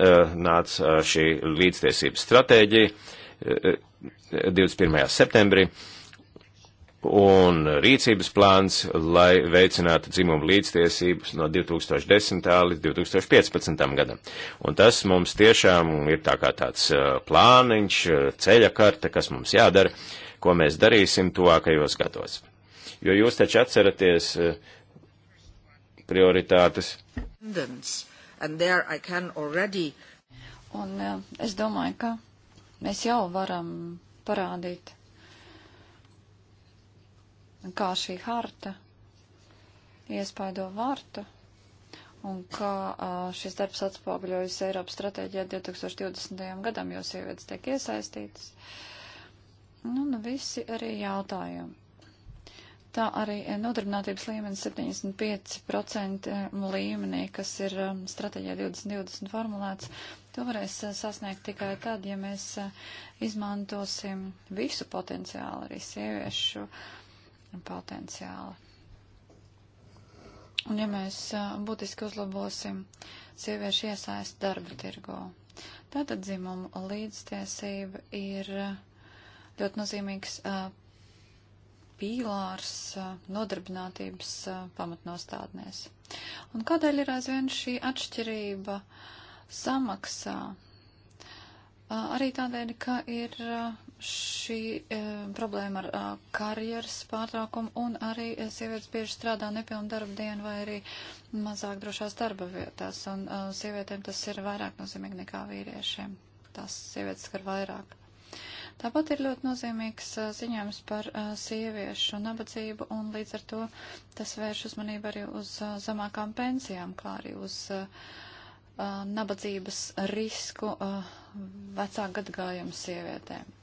nāca šī līdztiesības stratēģija 21. septembrī un rīcības plāns, lai veicinātu dzimumu līdztiesības no 2010. līdz 2015. gadam. Un tas mums tiešām ir tā kā tāds plāniņš, ceļa karte, kas mums jādara, ko mēs darīsim tuvākajos gados. Jo jūs taču atceraties prioritātes. Un es domāju, ka mēs jau varam parādīt kā šī harta iespaido vārtu un kā šis darbs atspoguļojas Eiropas stratēģijā 2020. gadam, jo sievietes tiek iesaistītas. Nu, nu visi arī jautājumi. Tā arī nodarbinātības līmenis 75% līmenī, kas ir stratēģijā 2020 formulēts, to varēs sasniegt tikai tad, ja mēs izmantosim visu potenciālu, arī sieviešu uh, potenciāli. Un ja mēs būtiski uzlabosim sieviešu iesaistu darba tirgo, tātad dzimuma līdztiesība ir ļoti nozīmīgs pīlārs nodarbinātības pamatnostādnēs. Un kādēļ ir aizvien šī atšķirība samaksā? Arī tādēļ, ka ir šī e, problēma ar a, eh, karjeras pārtraukumu un arī eh, sievietes bieži strādā nepilnu darba dienu vai arī mazāk drošās darba vietās. Un a, sievietēm tas ir vairāk nozīmīgi nekā vīriešiem. Tās sievietes skar vairāk. Tāpat ir ļoti nozīmīgs a, ziņojums par a, sieviešu nabadzību un līdz ar to tas vērš uzmanību arī uz a, zamākām pensijām, kā arī uz a, a, nabadzības risku a, vecā gadgājuma sievietēm.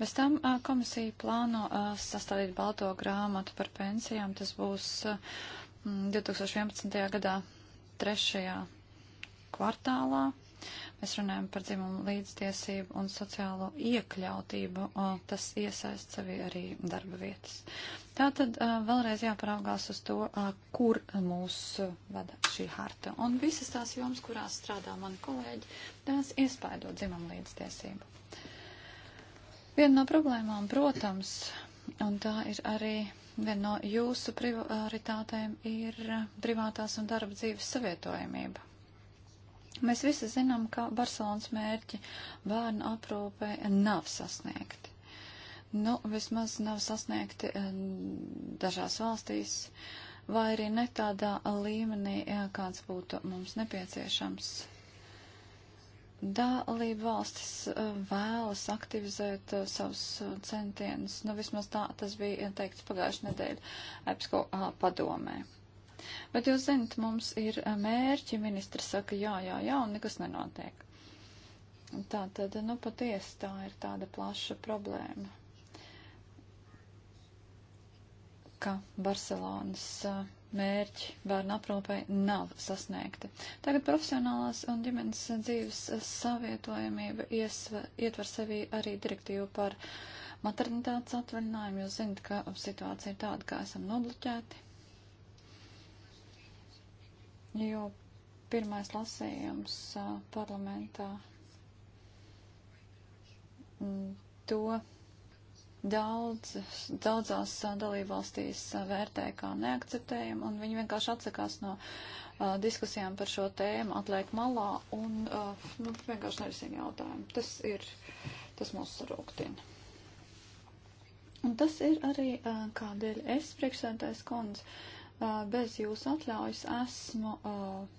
Bez tam komisija plāno sastādīt balto grāmatu par pensijām. Tas būs 2011. gadā trešajā kvartālā. Mēs runājam par dzimumu līdztiesību un sociālo iekļautību. O, tas iesaist sevi arī darba vietas. Tā tad vēlreiz jāparaugās uz to, kur mūs vada šī harta. Un visas tās jomas, kurās strādā mani kolēģi, tās iespaido dzimumu līdztiesību. Viena no problēmām, protams, un tā ir arī viena no jūsu prioritātēm, ir privātās un darba dzīves savietojamība. Mēs visi zinām, ka Barcelonas mērķi bērnu aprūpē nav sasniegti. Nu, vismaz nav sasniegti eh, dažās valstīs, vai arī ne tādā līmenī, eh, kāds būtu mums nepieciešams. Dalība valstis eh, vēlas aktivizēt eh, savus eh, centienus. Nu, vismaz tā tas bija teikts pagājušajā nedēļā EPSCO padomē. Bet jūs zinat, mums ir mērķi, ministri saka jā, jā, jā, un nekas nenotiek. Tā tad, nu, patiesi tā ir tāda plaša problēma, ka Barcelonas mērķi bērnu aprūpai nav sasniegti. Tagad profesionālās un ģimenes dzīves savietojamība iesver, ietver sevī arī direktīvu par maternitātes atvaļinājumu, jo zinat, ka situācija ir tāda, kā esam nobloķēti. Jo pirmais lasējums parlamentā mm, to daudz, daudzās dalībvalstīs vērtē kā neakceptējumu, un viņi vienkārši atsakās no uh, diskusijām par šo tēmu, atliek malā un uh, nu, vienkārši nerisina jautājumu. Tas ir, tas mūs sarūktina. Un tas ir arī, uh, kādēļ es, priekšsēdētais kundze, uh, bez jūsu atļaujas esmu. Uh,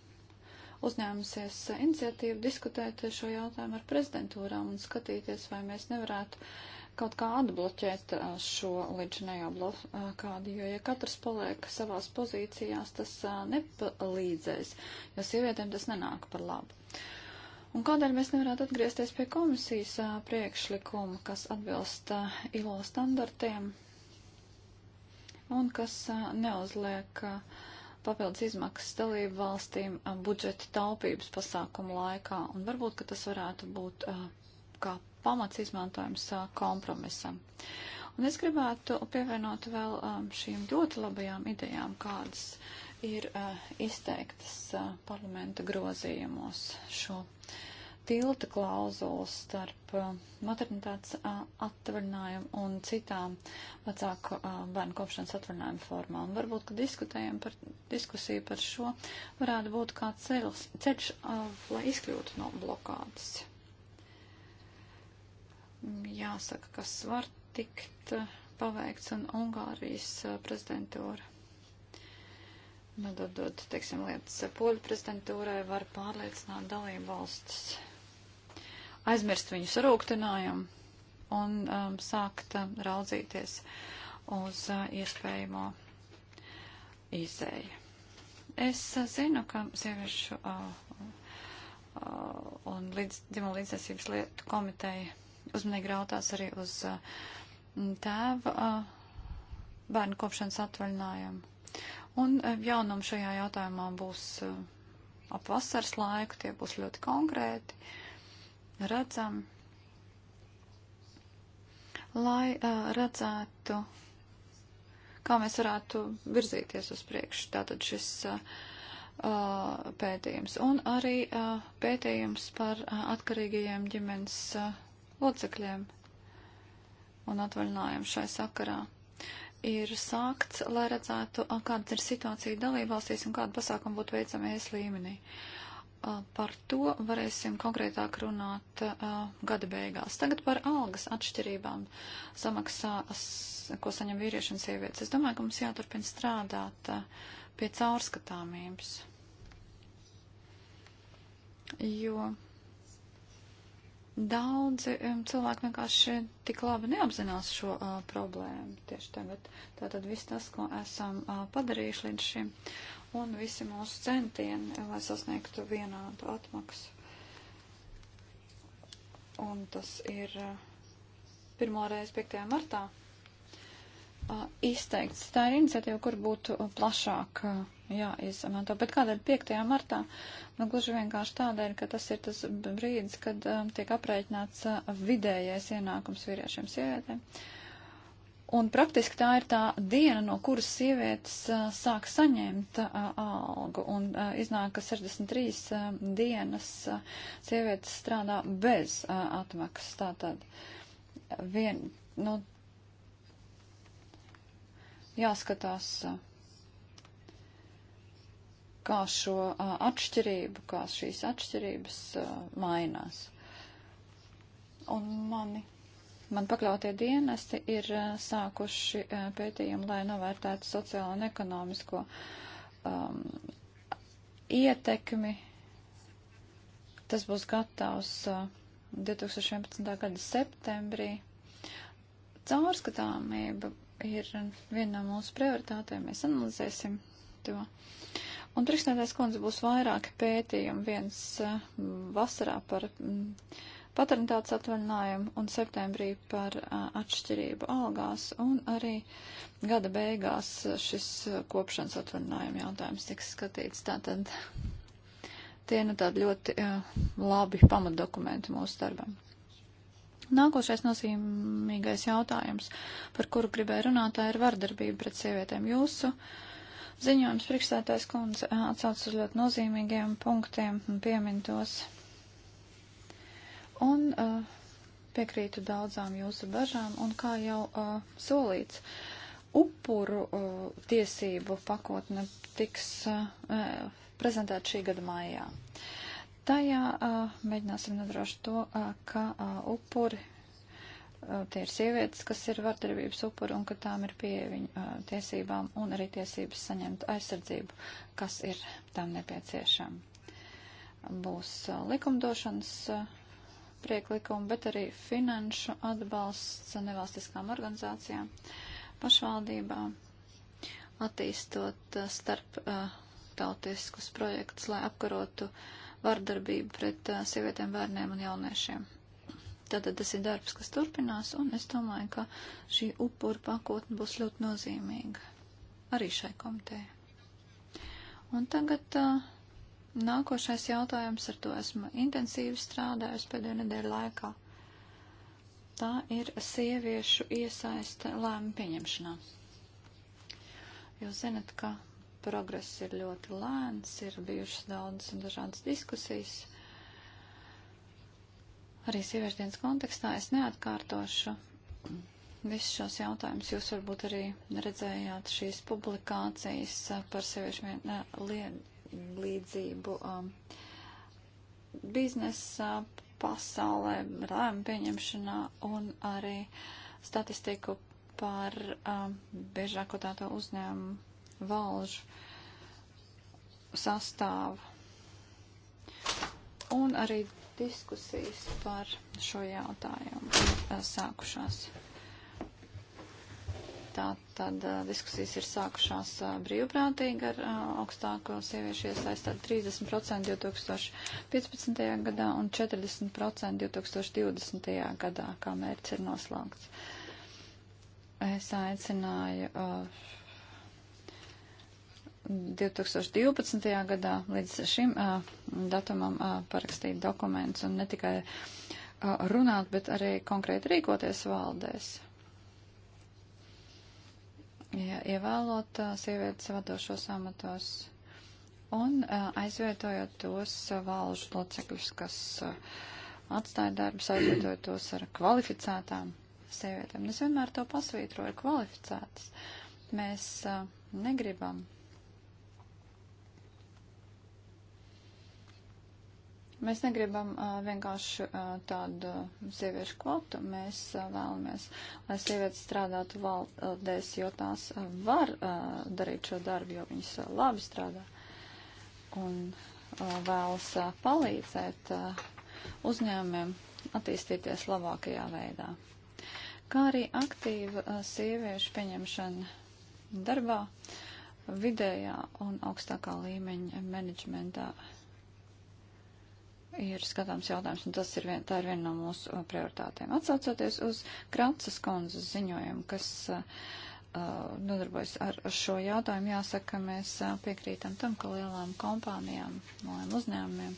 uzņēmusies iniciatīvu diskutēt šo jautājumu ar prezidentūrām un skatīties, vai mēs nevarētu uh, kaut kā atbloķēt šo līdzinējo blokādi, jo ja katrs paliek savās pozīcijās, tas nepalīdzēs, jo sievietēm tas nenāk par labu. Un kādēļ mēs nevarētu atgriezties pie komisijas priekšlikuma, kas atbilst ILO standartiem un kas neuzliek papildus izmaksas dalību valstīm budžeta taupības pasākumu laikā? Un varbūt, ka tas varētu būt kā pamats izmantojums kompromisam. Un es gribētu pievienot vēl šīm ļoti labajām idejām, kādas ir izteiktas parlamenta grozījumos šo tilta klauzulu starp maternitātes atvaļinājumu un citām vecāku bērnu kopšanas atvaļinājumu formām. Varbūt, ka diskutējam par diskusiju par šo, varētu būt kā ceļš, ceļš lai izkļūtu no blokādes jāsaka, kas var tikt eh, paveikts, un Ungārijas eh, prezidentūra nododot, nu, teiksim, lietas eh, poļu prezidentūrai, var pārliecināt dalību valstis, aizmirst viņu sarūktinājumu un um, sākt um, raudzīties uz uh, iespējamo izēju. Es uh, zinu, ka sieviešu uh, uh, un līdz, dzimumu līdzsvarības lietu komiteja uzmanīgi rautās arī uz uh, tēva uh, bērnu kopšanas atvaļinājumu. Un uh, jaunumi šajā jautājumā būs ap vasaras laiku, tie būs ļoti konkrēti, redzami, lai redzētu, kā mēs varētu virzīties uz priekšu. Tātad šis uh, pētījums, un arī pētījums par atkarīgajiem ģimenes locekļiem un atvaļinājumu šai sakarā ir sākts, lai redzētu, kāda ir situācija dalībvalstīs un kāda pasākuma būtu veicama ES līmenī. Par to varēsim konkrētāk runāt uh, gada beigās. Tagad par algas atšķirībām samaksās, ko saņem vīrieši un sievietes. Es domāju, ka mums jāturpina strādāt uh, pie caurskatāmības. Jo Daudzi cilvēki vienkārši tik labi neapzinās šo uh, problēmu tieši tagad. Tātad viss tas, ko esam uh, padarījuši līdz šim, un visi mūsu centieni, lai sasniegtu vienādu atmaksu. Un tas ir uh, pirmo reizi 5. martā izteikts. Tā ir iniciatīva, kur būtu plašāk jāizmanto. Bet kādēļ 5. martā? Nu, gluži vienkārši tādēļ, ka tas ir tas brīdis, kad um, tiek aprēķināts uh, vidējais ienākums vīriešiem sievietēm. Un praktiski tā ir tā diena, no kuras sievietes uh, sāk saņemt uh, algu. Un uh, iznāk, ka 63 uh, dienas uh, sievietes strādā bez uh, atmaksas. Tātad vien, nu, jāskatās, kā šo atšķirību, kā šīs atšķirības mainās. Un mani, man pakļautie dienesti ir sākuši pētījumu, lai novērtētu sociālo un ekonomisko um, ietekmi. Tas būs gatavs 2011. gada septembrī. Caurskatāmība ir viena no mūsu prioritātēm. Mēs analizēsim to. Un priekšnētais kundze būs vairāki pētījumi. Viens eh, vasarā par mm, paternitātes atvaļinājumu un septembrī par eh, atšķirību algās un arī gada beigās šis eh, kopšanas atvaļinājuma jautājums tiks skatīts. Tātad tie nu tādi ļoti labi pamatdokumenti mūsu darbam. Nākošais nozīmīgais jautājums, par kuru gribēju runāt, tā ir vardarbība pret sievietēm. Jūsu ziņojums priekšstādājs kundze atsauc uz ļoti nozīmīgiem punktiem un piemin tos. Un uh, piekrītu daudzām jūsu bažām, un kā jau uh, solīts, upuru uh, tiesību pakotne tiks uh, uh prezentēta šī gada maijā. Uh, Tajā uh, mēģināsim nodrošināt to, uh, ka uh, upuri, uh, tie ir sievietes, kas ir vardarbības upuri un ka tām ir pieeja viņu uh, tiesībām un arī tiesības saņemt aizsardzību, kas ir tām nepieciešama. Būs uh, likumdošanas. Uh, prieklikumi, bet arī finanšu atbalsts nevalstiskām organizācijām, pašvaldībām, attīstot starp tautiskus projektus, lai apkarotu uh, vardarbību pret uh, sievietēm, bērniem un jauniešiem. Tātad tas ir darbs, kas turpinās, un es domāju, ka šī upura pakotne būs ļoti nozīmīga arī šai komitejai. Un tagad uh, nākošais jautājums, ar to esmu intensīvi strādājusi pēdējo nedēļu laikā. Tā ir sieviešu iesaiste lēmu pieņemšanā. Jūs zinat, ka progress ir ļoti lēns, ir bijušas daudzas un dažādas diskusijas. Arī sieviešu dienas kontekstā es neatkārtošu visus šos jautājumus. Jūs varbūt arī redzējāt šīs publikācijas par sieviešu vienlīdzību um, biznesa pasaulē, lēmu pieņemšanā un arī statistiku par um, biežāko tāto uzņēmumu valžu sastāvu. Un arī diskusijas par šo jautājumu ir eh, sākušās. Tā tad uh, diskusijas ir sākušās uh, brīvprātīgi ar uh, augstāko sieviešu iesaistāt 30% 2015. gadā un 40% 2020. gadā, kā mērķis ir noslēgts. Es aicināju uh, 2012. gadā līdz šim uh, datumam uh, parakstīt dokumentus un ne tikai uh, runāt, bet arī konkrēti rīkoties valdēs. Ja ievēlot uh, sievietes vadošos amatos un uh, aizvietojot tos uh, valžu locekļus, kas uh, atstāja darbus, aizvietojot tos ar kvalificētām sievietēm. Es vienmēr to pasvītroju kvalificētas. Mēs uh, negribam Mēs negribam uh, vienkārši uh, tādu sieviešu kvotu. Mēs uh, vēlamies, lai sievietes strādātu valdēs, jo tās uh, var uh, darīt šo darbu, jo viņas uh, labi strādā un uh, vēlas uh, palīdzēt uh, uzņēmumiem attīstīties labākajā veidā. Kā arī aktīva uh, sieviešu pieņemšana darbā, vidējā un augstākā līmeņa menedžmentā. Uh, ir skatāms jautājums, un tas ir vien, tā ir viena no mūsu uh, prioritātēm. Atsaucoties uz Kratsas konzas ziņojumu, kas uh, uh nodarbojas ar, ar šo jautājumu, jāsaka, mēs uh, piekrītam tam, ka lielām kompānijām, lielām uzņēmumiem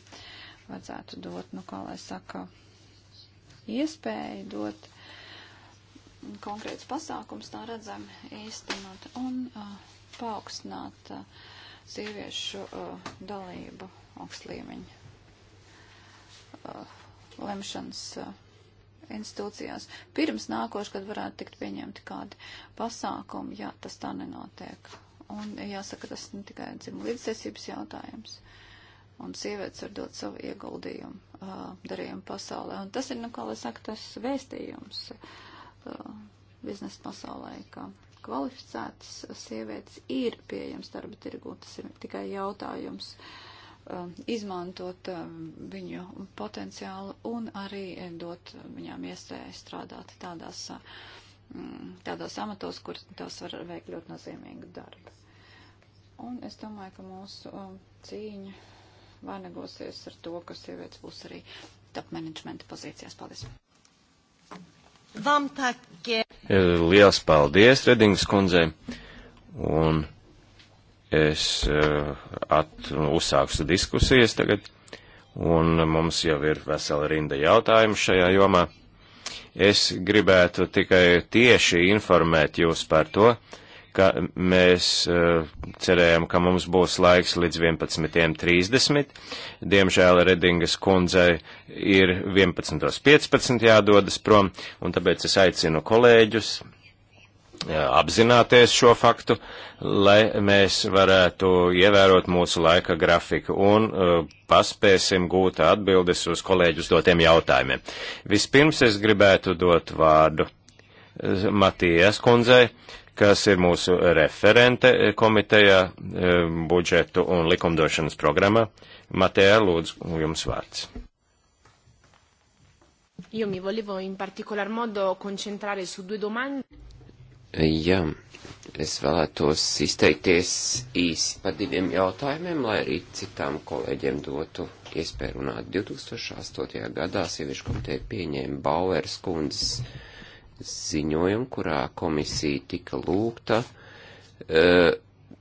vajadzētu dot, nu, kā lai saka, iespēju dot konkrēts pasākums, tā redzam, īstenot un uh, paaugstināt uh, sieviešu uh, dalību augstlīmeņu Uh, lemšanas uh, institūcijās. Pirms nākošu, kad varētu tikt pieņemti kādi pasākumi, ja tas tā nenotiek. Un jāsaka, tas ne tikai dzimuma līdztiesības jautājums. Un sievietes var dot savu ieguldījumu uh, darījumu pasaulē. Un tas ir, nu, kā lai saka, tas vēstījums biznesa pasaulē, ka kvalificētas sievietes ir pieejams darba tirgū. Tas ir tikai jautājums. Uh, Um, izmantot um, viņu potenciālu un arī eh, dot viņām iespēju strādāt tādās, mm, tādos amatos, kur tās var veikt ļoti nozīmīgu darbu. Un es domāju, ka mūsu um, cīņa vainagosies ar to, ka sievietes būs arī top menedžmenta pozīcijās. Paldies! Vam tak! Liels paldies, Redings kundzei! Un es eh, at, uzsākšu diskusijas tagad, un mums jau ir vesela rinda jautājumu šajā jomā. Es gribētu tikai tieši informēt jūs par to, ka mēs eh, cerējām, ka mums būs laiks līdz 11.30. Diemžēl Redingas kundzei ir 11.15 jādodas prom, un tāpēc es aicinu kolēģus apzināties šo faktu, lai mēs varētu ievērot mūsu laika grafiku un uh, paspēsim gūt atbildes uz kolēģus dotiem jautājumiem. Vispirms es gribētu dot vārdu uh, Matijas kundzei, kas ir mūsu referente uh, komitejā budžetu un likumdošanas programmā. Matija, lūdzu, jums vārds. Io mi volevo in particolar modo concentrare su due domande. Jā, es vēlētos izteikties īsi par diviem jautājumiem, lai arī citām kolēģiem dotu iespēju runāt. 2008. gadā sieviešu komiteja pieņēma Bauers kundzes ziņojumu, kurā komisija tika lūgta e,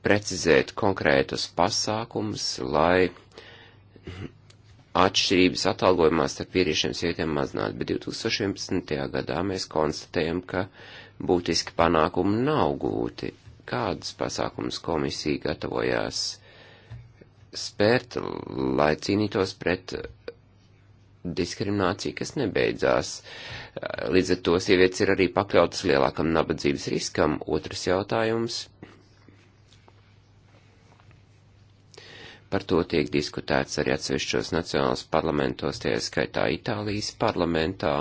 precizēt konkrētus pasākumus, lai atšķirības atalgojumā starp vīriešiem sievietēm mazināt, bet 2011. gadā mēs konstatējam, ka uh, būtiski panākumi nav gūti. Kādas pasākumas komisija gatavojās spērt, lai cīnītos pret diskrimināciju, kas nebeidzās. Līdz ar to sievietes ir arī pakļautas lielākam nabadzības riskam. Otrs jautājums. Par to tiek diskutēts arī atsevišķos nacionālos parlamentos, tie skaitā Itālijas parlamentā.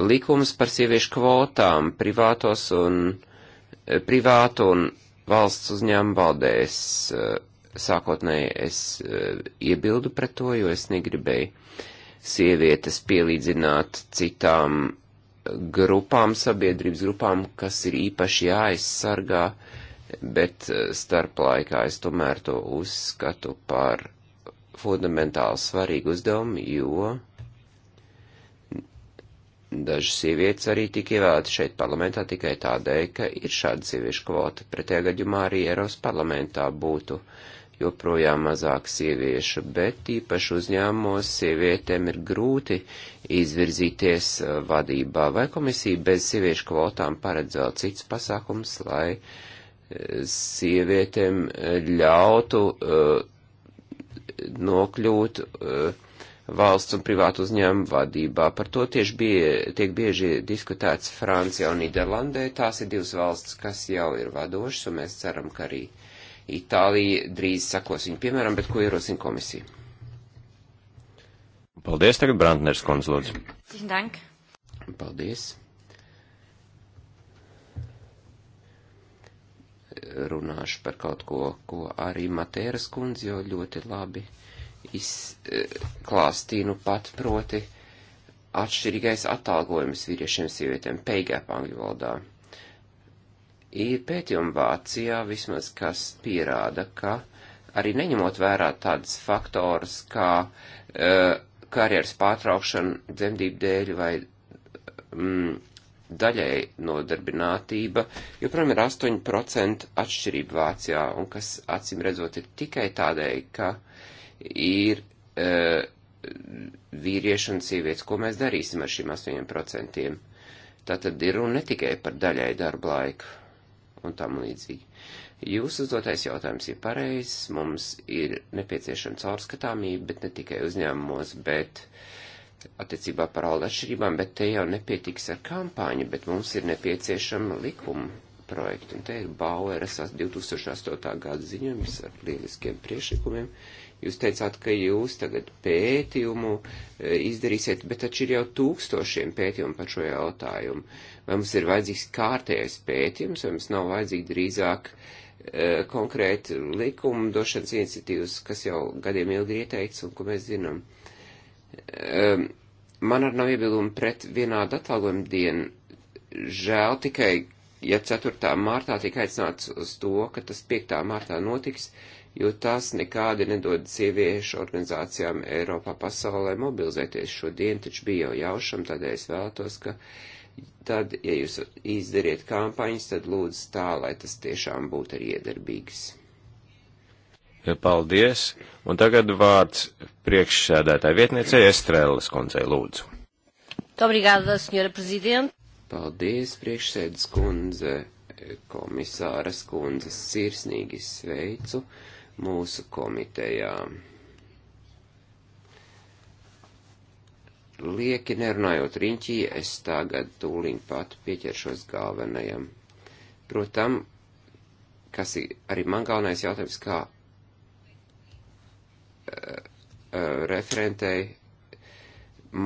Likums par sieviešu kvotām privātos un eh, privātu un valsts uzņēmumu valdēs. Eh, sākotnēji es eh, iebildu pret to, jo es negribēju sievietes pielīdzināt citām grupām, sabiedrības grupām, kas ir īpaši jāaizsargā, bet starp laikā es tomēr to uzskatu par fundamentāli svarīgu uzdevumu, jo Dažas sievietes arī tika ievēlētas šeit parlamentā tikai tādēļ, ka ir šāda sieviešu kvota. Pretējā gadījumā arī Eiropas parlamentā būtu joprojām mazāk sieviešu, bet īpaši uzņēmumos sievietēm ir grūti izvirzīties uh, vadībā. Vai komisija bez sieviešu kvotām paredz vēl cits pasākums, lai uh, sievietēm ļautu uh, nokļūt uh, valsts un privātu uzņēmumu vadībā. Par to tieši bie, tiek bieži diskutēts Francijā un Nīderlandē. Tās ir divas valsts, kas jau ir vadošas, un mēs ceram, ka arī Itālija drīz sakos viņu piemēram, bet ko ierosina komisija? Paldies, tagad Brantners kundze, lūdzu. Dank. Paldies. Runāšu par kaut ko, ko arī Matēras kundze jau ļoti labi izklāstīja nu pat proti atšķirīgais atalgojums vīriešiem sievietēm peigēp angļu valodā. Ir pētījumi Vācijā vismaz, kas pierāda, ka arī neņemot vērā tādas faktoras kā e, karjeras pārtraukšana dzemdību dēļ vai mm, daļai nodarbinātība, joprojām ir 8% atšķirība Vācijā, un kas acīm redzot ir tikai tādēļ, ka uh, ir uh, vīrieši un sievietes. Ko mēs darīsim ar šiem 8%? Tā tad ir runa ne tikai par daļai darba laiku un tam līdzīgi. Jūsu uzdotais jautājums ir pareizs, mums ir nepieciešama caurskatāmība, bet ne tikai uzņēmumos, bet attiecībā par alda atšķirībām, bet te jau nepietiks ar kampaņu, bet mums ir nepieciešama likuma projekta. Un te ir Baueras 2008. gada ziņojums ar lieliskiem priešlikumiem. Uh, Jūs teicāt, ka jūs tagad pētījumu e, izdarīsiet, bet taču ir jau tūkstošiem pētījumu par šo jautājumu. Vai mums ir vajadzīgs kārtējais pētījums, vai mums nav vajadzīgi drīzāk e, konkrēti likumdošanas iniciatīvas, kas jau gadiem ilgi ir ieteikts un ko mēs zinām. E, man ar nav iebildumi pret vienādu atalgojumu dienu. Žēl tikai, ja 4. martā tika aicināts uz to, ka tas 5. martā notiks, uh, jo tās nekādi nedod sieviešu organizācijām Eiropā pasaulē mobilizēties. Šodien taču bija jau jaušam, tādēļ es vēlētos, ka tad, ja jūs izdariet kampaņas, tad lūdzu tā, lai tas tiešām būtu arī iedarbīgs. Paldies, un tagad vārds priekšsēdētāja vietniecei Estrēlas koncei lūdzu. Obrigada, senjora prezidenta. Paldies, priekšsēdas kundze, komisāras kundzes sirsnīgi sveicu mūsu komitejā. Lieki nerunājot riņķī, es tagad tūliņ pat pieķeršos galvenajam. Protam, kas ir arī man galvenais jautājums, kā uh, uh, referentei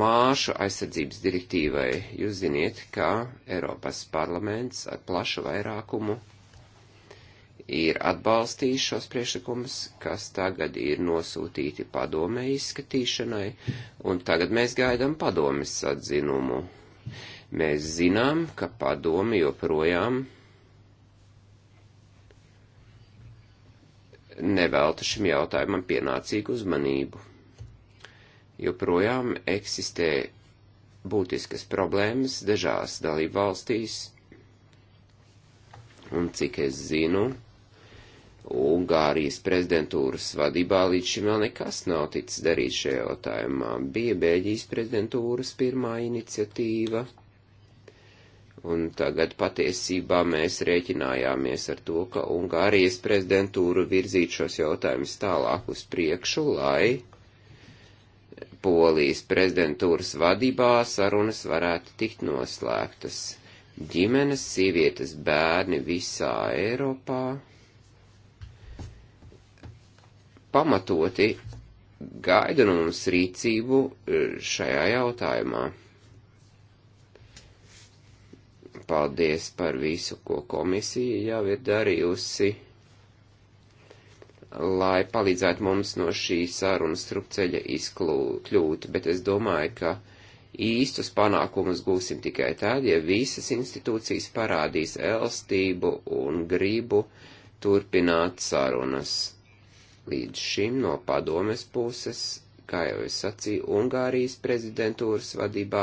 māšu aizsardzības direktīvai. Jūs ziniet, ka Eiropas parlaments ar plašu vairākumu ir atbalstījis šos priekšlikumus, kas tagad ir nosūtīti padomē izskatīšanai, un tagad mēs gaidām padomes atzinumu. Mēs zinām, ka padomi joprojām nevelta šim jautājumam pienācīgu uzmanību. Joprojām eksistē būtiskas problēmas dažās dalību valstīs, un cik es zinu, Ungārijas prezidentūras vadībā līdz šim vēl nekas nav ticis darīts šajā jautājumā. Bija Bēļģijas prezidentūras pirmā iniciatīva, un tagad patiesībā mēs rēķinājāmies ar to, ka Ungārijas prezidentūra virzīt šos jautājumus tālāk uz priekšu, lai Polijas prezidentūras vadībā sarunas varētu tikt noslēgtas. Ģimenes, sievietes, bērni visā Eiropā pamatoti gaida no mums rīcību e, šajā jautājumā. Paldies par visu, ko komisija jau ir darījusi, lai palīdzētu mums no šī sarunas strupceļa izkļūt, bet es domāju, ka īstus panākumus gūsim tikai tad, ja visas institūcijas parādīs elstību un gribu turpināt sarunas Līdz šim no padomes puses, kā jau es sacīju, Ungārijas prezidentūras vadībā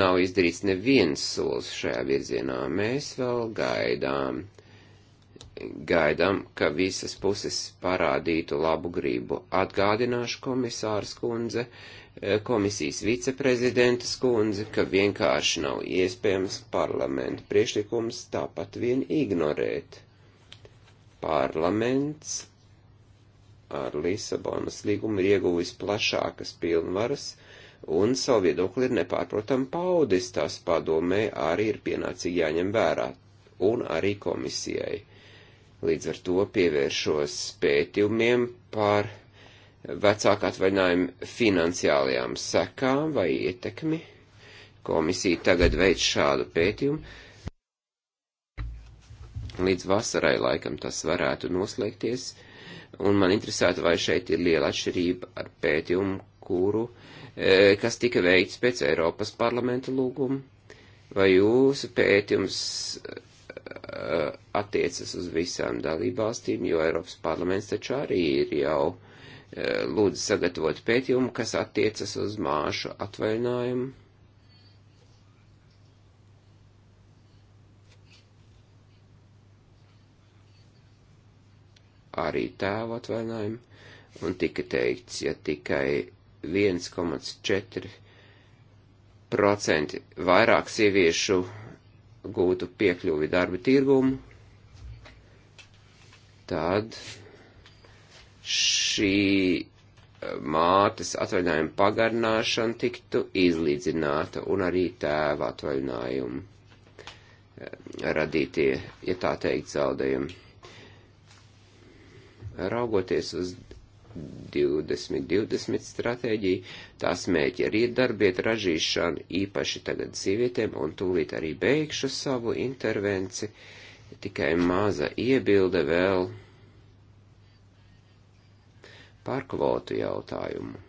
nav izdarīts neviens solis šajā virzienā. Mēs vēl gaidām, gaidām, ka visas puses parādītu labu gribu. Atgādināšu komisārs kundze, eh, komisijas viceprezidenta skundze, ka vienkārši nav iespējams parlamenta priekšlikums tāpat vien ignorēt. Parlaments ar Lisabonas līgumu ir ieguvis plašākas pilnvaras, un savu viedokli ir nepārprotam paudis, tās padomē arī ir pienācīgi jāņem vērā, un arī komisijai. Līdz ar to pievēršos pētījumiem par vecāku atvaļinājumu finansiālajām sekām vai ietekmi. Komisija tagad veic šādu pētījumu. Līdz vasarai laikam tas varētu noslēgties. Un man interesētu, vai šeit ir liela atšķirība ar pētījumu, kuru, e, kas tika veikts pēc Eiropas parlamenta lūguma. Vai jūsu pētījums e, attiecas uz visām dalībvalstīm, jo Eiropas parlaments taču arī ir jau e, lūdzu sagatavot pētījumu, kas attiecas uz māšu atvaļinājumu. arī tēva atvaļinājumu, un tika teikts, ja tikai 1,4% vairāk sieviešu gūtu piekļuvi darba tirgumu, tad šī eh, mātes atvaļinājuma pagarnāšana tiktu izlīdzināta un arī tēva atvaļinājumu eh, radītie, ja tā teikt, zaudējumi. Raugoties uz 2020 stratēģiju, tās mēķi arī ir darbiet ražīšana, īpaši tagad sievietēm, un tūlīt arī beigšu savu intervenci, tikai maza iebilde vēl par kvotu jautājumu.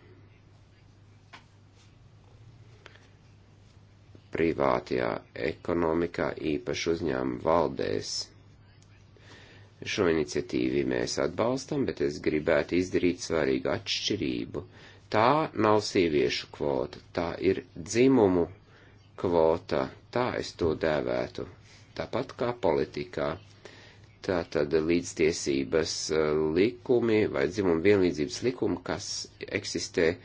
Privātajā ekonomikā īpaši uzņēmuma valdēs Šo iniciatīvu mēs atbalstam, bet es gribētu izdarīt svarīgu atšķirību. Tā nav sieviešu kvota, tā ir dzimumu kvota, tā es to dēvētu, tāpat kā politikā. Tātad līdztiesības eh, likumi vai dzimuma vienlīdzības likumi, kas eksistē uh,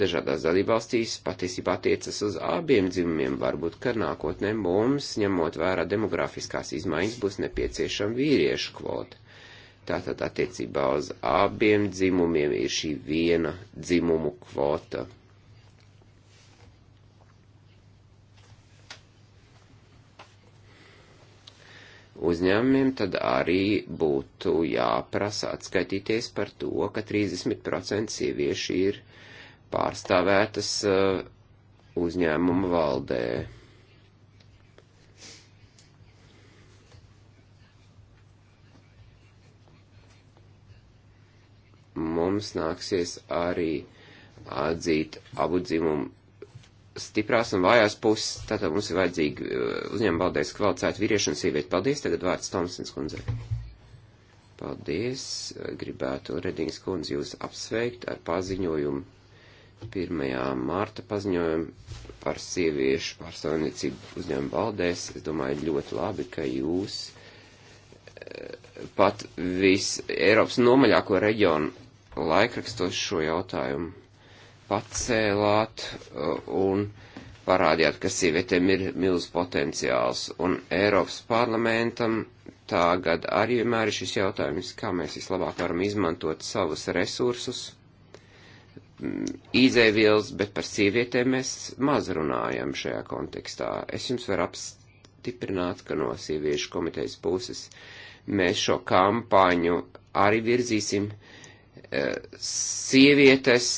dažādās dalībvalstīs patiesībā attiecas uz abiem dzimumiem. Varbūt, ka nākotnē mums, ņemot vērā demografiskās izmaiņas, būs nepieciešama vīriešu kvota. Tātad attiecībā uz abiem dzimumiem ir šī viena dzimumu kvota. Uzņēmumiem tad arī būtu jāprasa atskaitīties par to, ka 30% sieviešu ir pārstāvētas uh, uzņēmuma valdē. Mums nāksies arī atzīt abu dzimumu stiprās un vājās puses, tātad mums ir vajadzīgi uh, uzņēmuma valdēs kvalificēti vīrieši un sievieti. Paldies, tagad vārds Tomsins kundzei. Paldies, gribētu Redings kundzi jūs apsveikt ar paziņojumu 1. mārta paziņojumu par sieviešu pārstāvniecību uzņēmumu valdēs. Es domāju, ļoti labi, ka jūs eh, pat vis Eiropas nomaļāko reģionu laikrakstos šo jautājumu pacēlāt eh, un parādījāt, ka sievietēm ir milz potenciāls. Un Eiropas parlamentam tagad arī vienmēr ir šis jautājums, kā mēs vislabāk varam izmantot savus resursus izēvielas, bet par sievietēm mēs maz runājam šajā kontekstā. Es jums varu apstiprināt, ka no sieviešu komitejas puses mēs šo kampaņu arī virzīsim eh, sievietes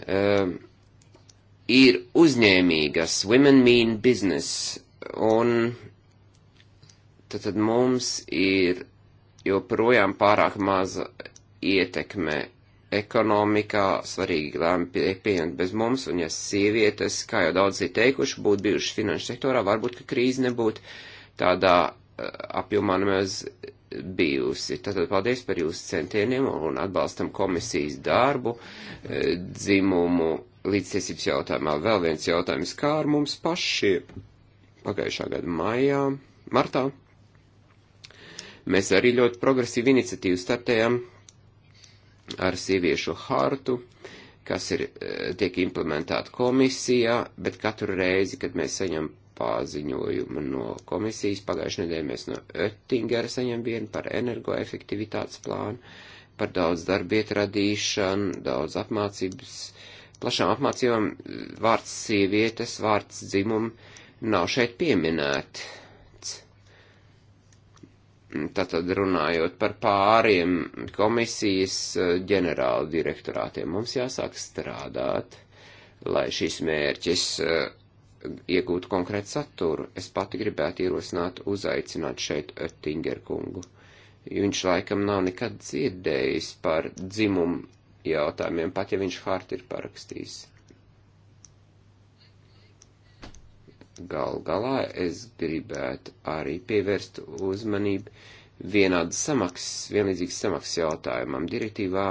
um, ir uzņēmīgas, women mean business, un tad, tad mums ir joprojām pārāk maza ietekme ekonomikā svarīgi lēma tiek pieņemt bez mums, un ja sievietes, kā jau daudz ir teikuši, būtu bijušas finanšu sektorā, varbūt, ka krīze nebūtu tādā eh, apjomā nemaz bijusi. Tātad paldies par jūsu centieniem un atbalstam komisijas darbu, eh, dzimumu līdztiesības jautājumā. Vēl viens jautājums, kā ar mums pašiem pagājušā gada maijā, martā. Mēs arī ļoti progresīvi iniciatīvu startējām ar sieviešu hartu, kas ir, e, tiek implementēta komisijā, bet katru reizi, kad mēs saņem paziņojumu no komisijas, pagājušajā nedēļā mēs no Oettingera saņem vienu par energoefektivitātes plānu, par daudz darbiet radīšanu, daudz apmācības, plašām apmācībām vārds sievietes, vārds dzimumi nav šeit pieminēti Tātad runājot par pāriem komisijas eh, ģenerāla direktorātiem, mums jāsāk strādāt, lai šis mērķis eh, iegūtu konkrētu saturu. Es pati gribētu ierosināt, uzaicināt šeit Tingeru kungu. Viņš laikam nav nekad dzirdējis par dzimumu jautājumiem, pat ja viņš harti ir parakstījis. Gal galā es gribētu arī pievērst uzmanību vienādas samaksas, vienlīdzīgas samaksas jautājumam. Direktīvā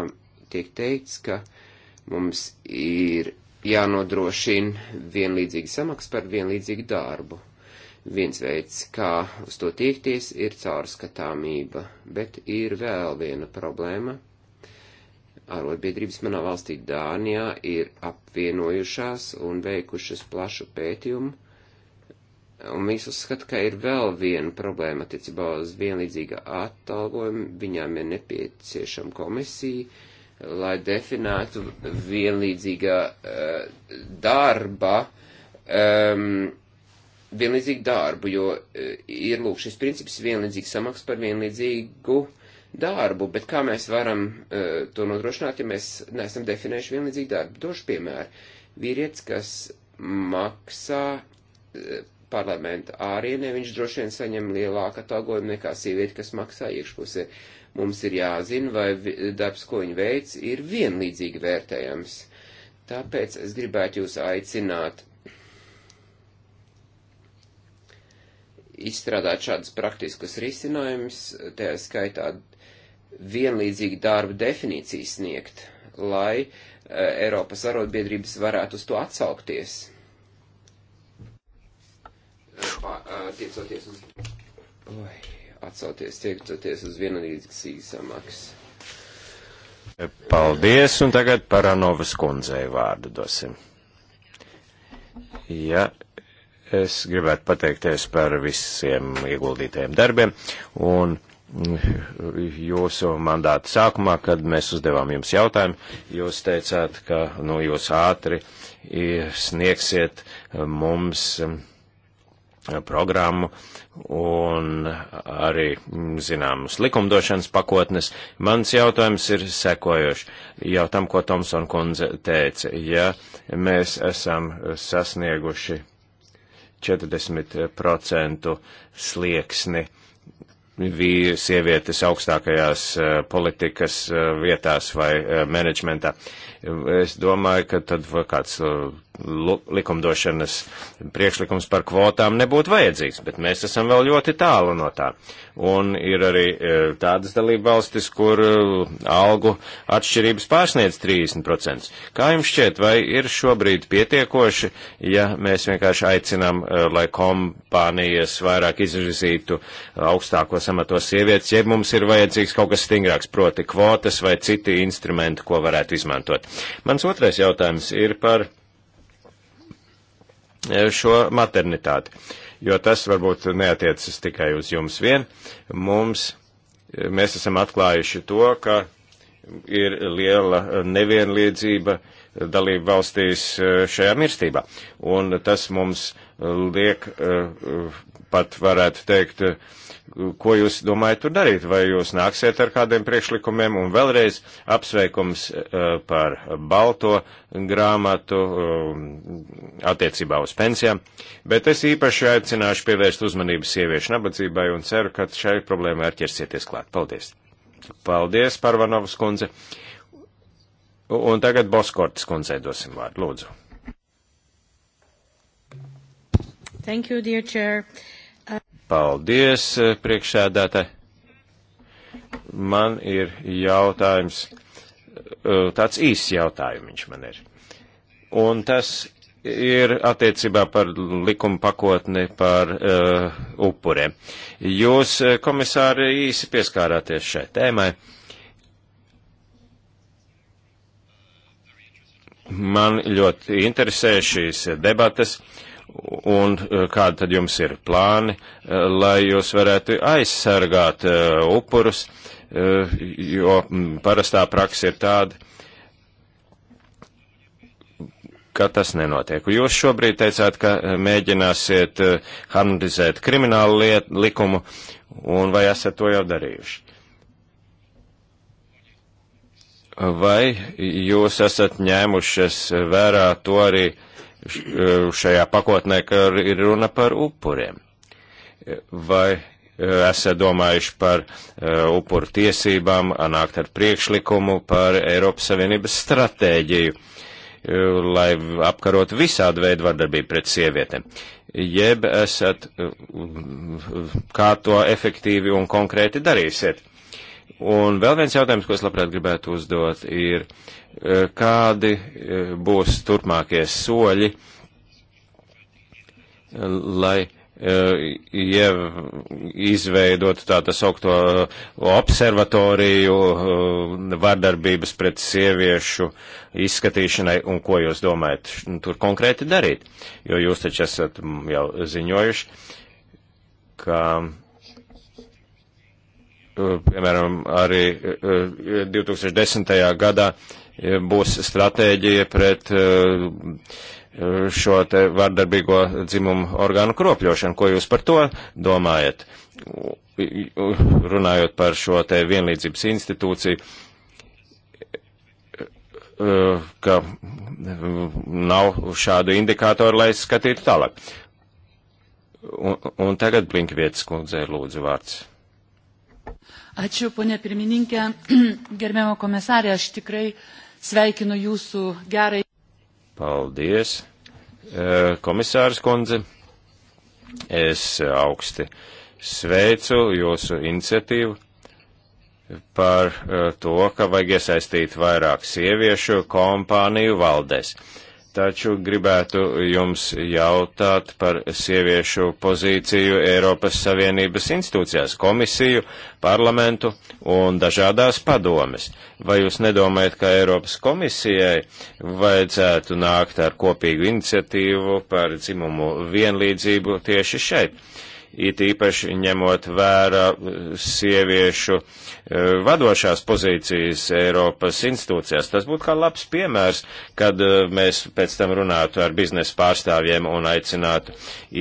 tiek teikts, ka mums ir jānodrošina vienlīdzīga samaksa par vienlīdzīgu darbu. Viens veids, kā uz to tiekties, ir caurskatāmība, bet ir vēl viena problēma. Arotbiedrības manā valstī Dānijā ir apvienojušās un veikušas plašu pētījumu Un mēs uzskatām, ka ir vēl viena problēma attiecībā uz vienlīdzīga atalgojumu. Viņām ir nepieciešama komisija, lai definētu vienlīdzīga uh, eh, darba, um, vienlīdzīgu darbu, jo uh, ir lūk šis princips vienlīdzīga samaksa par vienlīdzīgu darbu, bet kā mēs varam uh, to nodrošināt, ja mēs neesam definējuši vienlīdzīgu darbu? Došu piemēru. Vīrietis, kas maksā uh, parlamenta ārienē, viņš droši vien saņem lielāku atalgojumu nekā sieviete, kas maksā iekšpusē. Mums ir jāzina, vai darbs, ko viņa veic, ir vienlīdzīgi vērtējams. Tāpēc es gribētu jūs aicināt izstrādāt šādus praktiskus risinājumus, tajā skaitā vienlīdzīgi darba definīciju sniegt, lai eh, Eiropas arotbiedrības varētu uz to atsaukties attiecoties uz. Oi, atsauties, tiecoties uz vienlīdzīgas īsamaks. Paldies, un tagad Paranovas kundzei vārdu dosim. Ja es gribētu pateikties par visiem ieguldītajiem darbiem, un jūsu mandāta sākumā, kad mēs uzdevām jums jautājumu, jūs teicāt, ka, nu, jūs ātri sniegsiet mums programmu un arī zināmas likumdošanas pakotnes. Mans jautājums ir sekojoši jau tam, ko Tomson kundze teica. Ja mēs esam sasnieguši 40% slieksni sievietes augstākajās eh, politikas eh, vietās vai eh, menedžmentā. Es domāju, ka tad kāds uh, likumdošanas priekšlikums par kvotām nebūtu vajadzīgs, bet mēs esam vēl ļoti tālu no tā. Un ir arī uh, tādas dalība valstis, kur uh, algu atšķirības pārsniedz 30%. Kā jums šķiet, vai ir šobrīd pietiekoši, ja mēs vienkārši aicinām, lai kompānijas vairāk izvirzītu augstākos amatos sievietes, ja mums ir vajadzīgs kaut kas stingrāks, proti kvotas vai citi instrumenti, ko varētu izmantot? Mans otrais jautājums ir par e, šo maternitāti, jo tas varbūt neatiecas tikai uz jums vien. Mums, e, mēs esam atklājuši to, ka ir liela nevienlīdzība dalību valstīs e, šajā mirstībā. Un tas mums liek, pat varētu teikt, ko jūs domājat tur darīt, vai jūs nāksiet ar kādiem priekšlikumiem, un vēlreiz apsveikums eh, par balto grāmatu um, attiecībā uz pensijām, bet es īpaši aicināšu pievērst uzmanību sieviešu nabadzībai un ceru, ka šai problēmai atķersieties klāt. Paldies! Paldies, Parvanovas kundze! Un tagad Boskortas kundzei dosim vārdu, lūdzu. Thank you, dear chair. Uh, Paldies, eh, priekšsēdētāji. Man ir jautājums, eh, tāds īsts jautājums man ir. Un tas ir attiecībā par likuma pakotni par uh, upuriem. Jūs, komisāri, īsi pieskārāties šai tēmai. Man ļoti interesē šīs debates. Uh, un eh, kādi tad jums ir plāni, eh, lai jūs varētu aizsargāt eh, upurus, jo mm, parastā praksa ir tāda, ka tas nenotiek. Jūs šobrīd teicāt, ka mēģināsiet harmonizēt kriminālu liet, likumu, un vai esat to jau darījuši? Vai jūs esat ņēmušies vērā to arī uh, Eh, šajā pakotnē, ka ir runa par upuriem. Vai eh, esat domājuši par eh, upuru tiesībām, nākt ar priekšlikumu par Eiropas Savienības stratēģiju, lai apkarot visādu veidu vardarbību pret sievietēm? Jeb esat, kā to efektīvi un konkrēti darīsiet? Un vēl viens jautājums, ko es labprāt gribētu uzdot, ir Eh, kādi eh, būs turpmākie soļi, lai eh, izveidot tā tas augto observatoriju vardarbības pret sieviešu izskatīšanai un ko jūs domājat tur konkrēti darīt. Jo jūs taču esat mm, jau ziņojuši, ka piemēram arī 2010. gadā būs stratēģija pret e, šo te vardarbīgo dzimumu orgānu kropļošanu. Ko jūs par to domājat? Runājot par šo te vienlīdzības institūciju, e, ka nav šādu indikātoru, lai skatītu tālāk. Un, un tagad Blinkvietas kundzei lūdzu vārds. Ačiū, ponia pirmininkė, *clears throat* gerbiamo komisarė, aš tikrai uh, Sveikinu jūsu gerai. Paldies, e, komisārs kundze. Es augsti sveicu jūsu iniciatīvu par e, to, ka vajag iesaistīt vairāk sieviešu kompāniju valdēs. Uh, Taču gribētu jums jautāt par sieviešu pozīciju Eiropas Savienības institūcijās, komisiju, parlamentu un dažādās padomes. Vai jūs nedomājat, ka Eiropas komisijai vajadzētu nākt ar kopīgu iniciatīvu par dzimumu vienlīdzību tieši šeit? it īpaši ņemot vērā uh, sieviešu uh, vadošās pozīcijas Eiropas institūcijās. Tas būtu kā labs piemērs, kad uh, mēs pēc tam runātu ar biznesa pārstāvjiem un aicinātu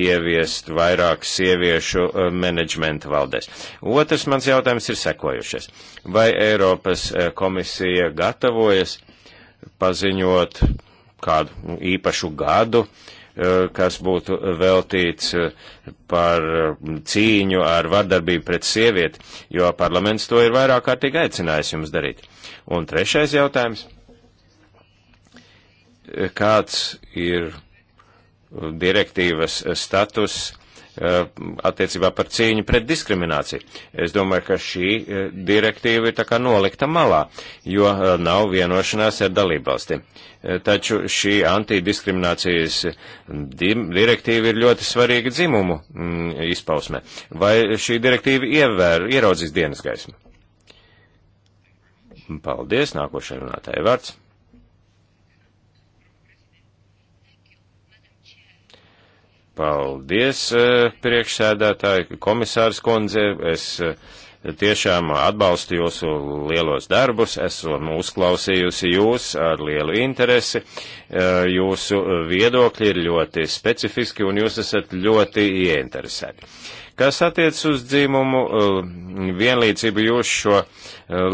ieviest vairāk sieviešu menedžmenta valdēs. Otrs mans jautājums ir sekojušais. Vai Eiropas komisija gatavojas paziņot kādu īpašu gadu, uh, Eh, kas būtu veltīts eh, par eh, cīņu ar vardarbību pret sievieti, jo parlaments to ir vairāk kārtīgi aicinājis jums darīt. Un trešais jautājums. Kāds ir direktīvas status Eh, attiecībā par cīņu pret diskrimināciju. Es domāju, ka šī eh, direktīva ir tā kā nolikta malā, jo eh, nav vienošanās ar dalībvalstīm. Taču šī antidiskriminācijas mm, direktīva ir ļoti svarīga dzimumu mm, izpausme. Vai šī direktīva ievēr, ieraudzīs dienas gaismu? Paldies, nākošajai runātāji vārds. Paldies, eh, priekšsēdētāji, komisārs kundze. Es eh, tiešām atbalstu jūsu lielos darbus, esmu uzklausījusi jūs ar lielu interesi. Eh, jūsu viedokļi ir ļoti specifiski un jūs esat ļoti ieinteresēti. Kas attiec uz dzīmumu vienlīdzību, jūs šo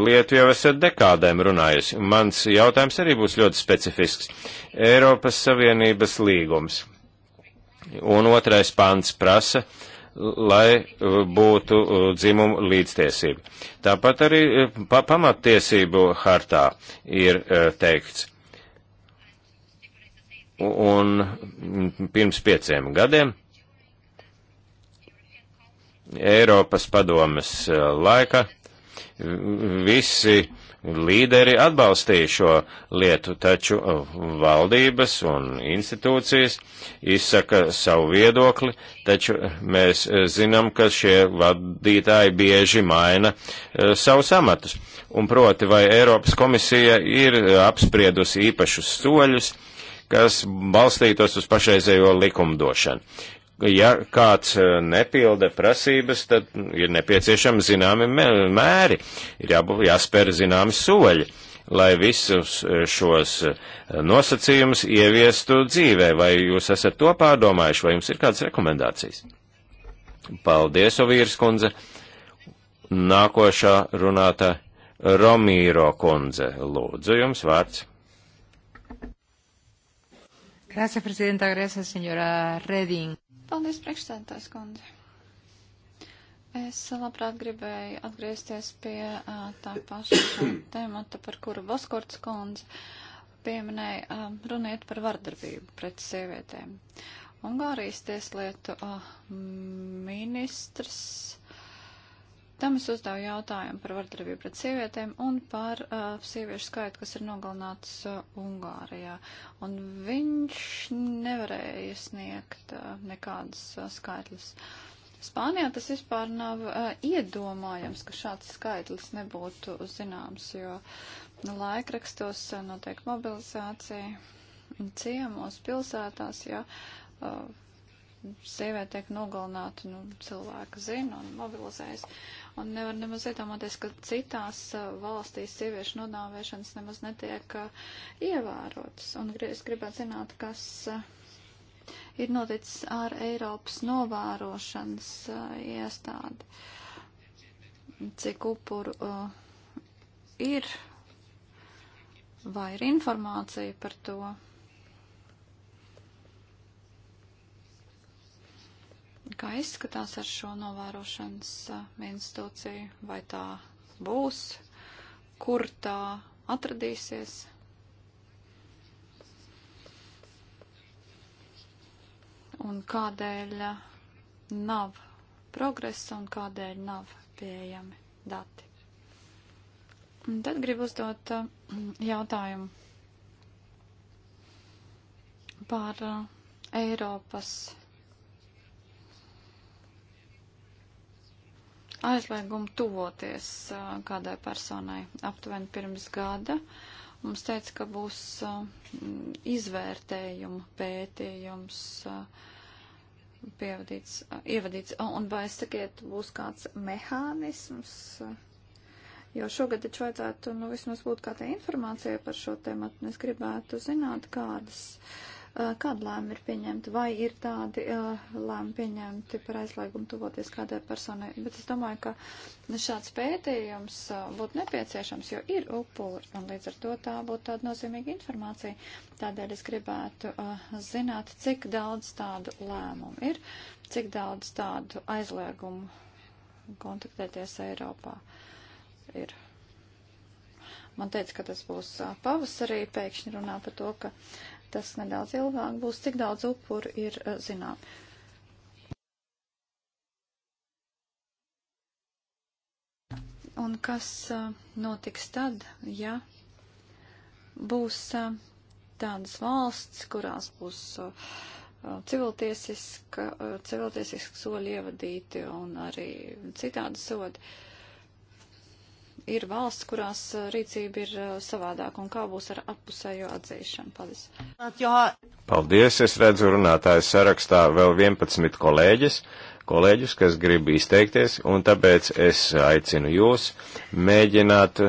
lietu jau esat dekādēm runājusi. Mans jautājums arī būs ļoti specifisks. Eiropas Savienības līgums un otrais pants prasa, lai uh, būtu uh, dzimumu līdztiesība. Tāpat arī uh, pa pamattiesību hartā ir teikts. Un pirms pieciem gadiem Eiropas padomes laika visi uh, līderi atbalstīja šo lietu, taču uh, valdības un institūcijas izsaka savu viedokli, taču uh, mēs uh, zinām, ka šie vadītāji bieži maina savus amatus. Un proti, vai Eiropas komisija ir apspriedusi īpašus soļus, kas balstītos uz pašreizējo likumdošanu, ja kāds e, nepilda prasības, tad ir nepieciešami zināmi mēri, ir jābū, jāspēr zināmi soļi, lai visus e, šos e, nosacījumus ieviestu dzīvē. Vai jūs esat to pārdomājuši, vai jums ir kādas rekomendācijas? Paldies, Ovīras kundze. Nākošā runāta Romīro kundze. Lūdzu, jums vārds. Gracias, Presidenta. Gracias, señora Reding. Paldies, priekšsēdētājs kundze. Es labprāt gribēju atgriezties pie tā paša *coughs* temata, par kuru Voskorts kundze pieminēja, runiet par vardarbību pret sievietēm. Ungārijas tieslietu ministrs Tam es uzdevu jautājumu par vardarbību pret sievietēm un par uh, sieviešu skaitu, kas ir nogalināts uh, Ungārijā. Un viņš nevarēja sniegt uh, nekādas uh, skaitļas. Spānijā tas vispār nav uh, iedomājams, ka šāds skaitlis nebūtu zināms, jo laikrakstos uh, notiek mobilizācija ciemos, pilsētās, ja uh, sieviete tiek nogalināta, nu, cilvēki zina un mobilizējas. Uh, Un nevar nemaz iedomāties, ka citās uh, valstīs sieviešu nodāvēšanas nemaz netiek uh, ievērotas. Un es gribētu zināt, kas uh, ir noticis ar Eiropas novērošanas iestādi. Cik upuru uh, ir vai ir informācija par to? kā izskatās ar šo novērošanas institūciju, vai tā būs, kur tā atradīsies. Un kādēļ nav progresa un kādēļ nav pieejami dati. Un tad gribu uzdot jautājumu par Eiropas aizliegumu tuvoties kādai personai aptuveni pirms gada. Mums teica, ka būs izvērtējuma pētījums pievadīts, ievadīts, un vai sakiet, būs kāds mehānisms, jo šogad taču vajadzētu, nu, vismaz būt kā tā informācija par šo tēmu, un es gribētu zināt, kādas uh, Eh, kāda lēma ir pieņemta? Vai ir tādi eh, lēma pieņemti par aizliegumu tuvoties kādai personai? Bet es domāju, ka šāds pētījums eh, būtu nepieciešams, jo ir upuri, un līdz ar to tā būtu tāda nozīmīga informācija. Tādēļ es gribētu zināt, cik daudz tādu lēmumu ir, cik daudz tādu aizliegumu kontaktēties Eiropā ir. Man teica, ka tas būs pavasarī, pēkšņi runā par to, ka tas nedaudz ilgāk būs, cik daudz upuru ir eh, zinām. Un kas eh, notiks tad, ja būs eh, tādas valsts, kurās būs civiltiesiska, civiltiesiski soļi ievadīti un arī citādi sodi? ir valsts, kurās rīcība ir savādāka, un kā būs ar apusējo atzīšanu? Paldies. Paldies, es redzu runātājs sarakstā vēl 11 kolēģis, kolēģus, kas grib izteikties, un tāpēc es aicinu jūs mēģināt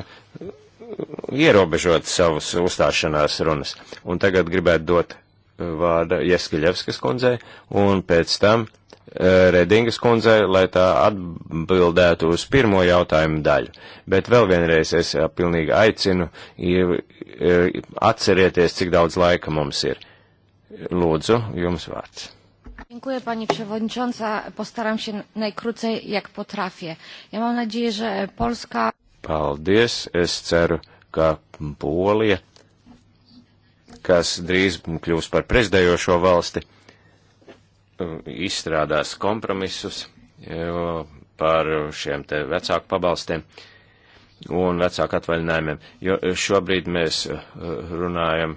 ierobežot savus uzstāšanās runas. Un tagad gribētu dot vārdu Jeskiļevskas kundzei, un pēc tam Eh, Redingas kundzei, lai tā atbildētu uz pirmo jautājumu daļu. Bet vēl vienreiz es eh, pilnīgi aicinu, eh, atcerieties, cik daudz laika mums ir. Lūdzu, jums vārds. Dziękuję Pani Przewodnicząca. Postaram się najkrócej jak potrafię. Ja mam nadzieję, że Polska. Paldies. Es ceru, ka Polija, kas drīz kļūs par prezidējošo valsti, izstrādās kompromisus par šiem te vecāku pabalstiem un vecāku atvaļinājumiem, jo šobrīd mēs eh, runājam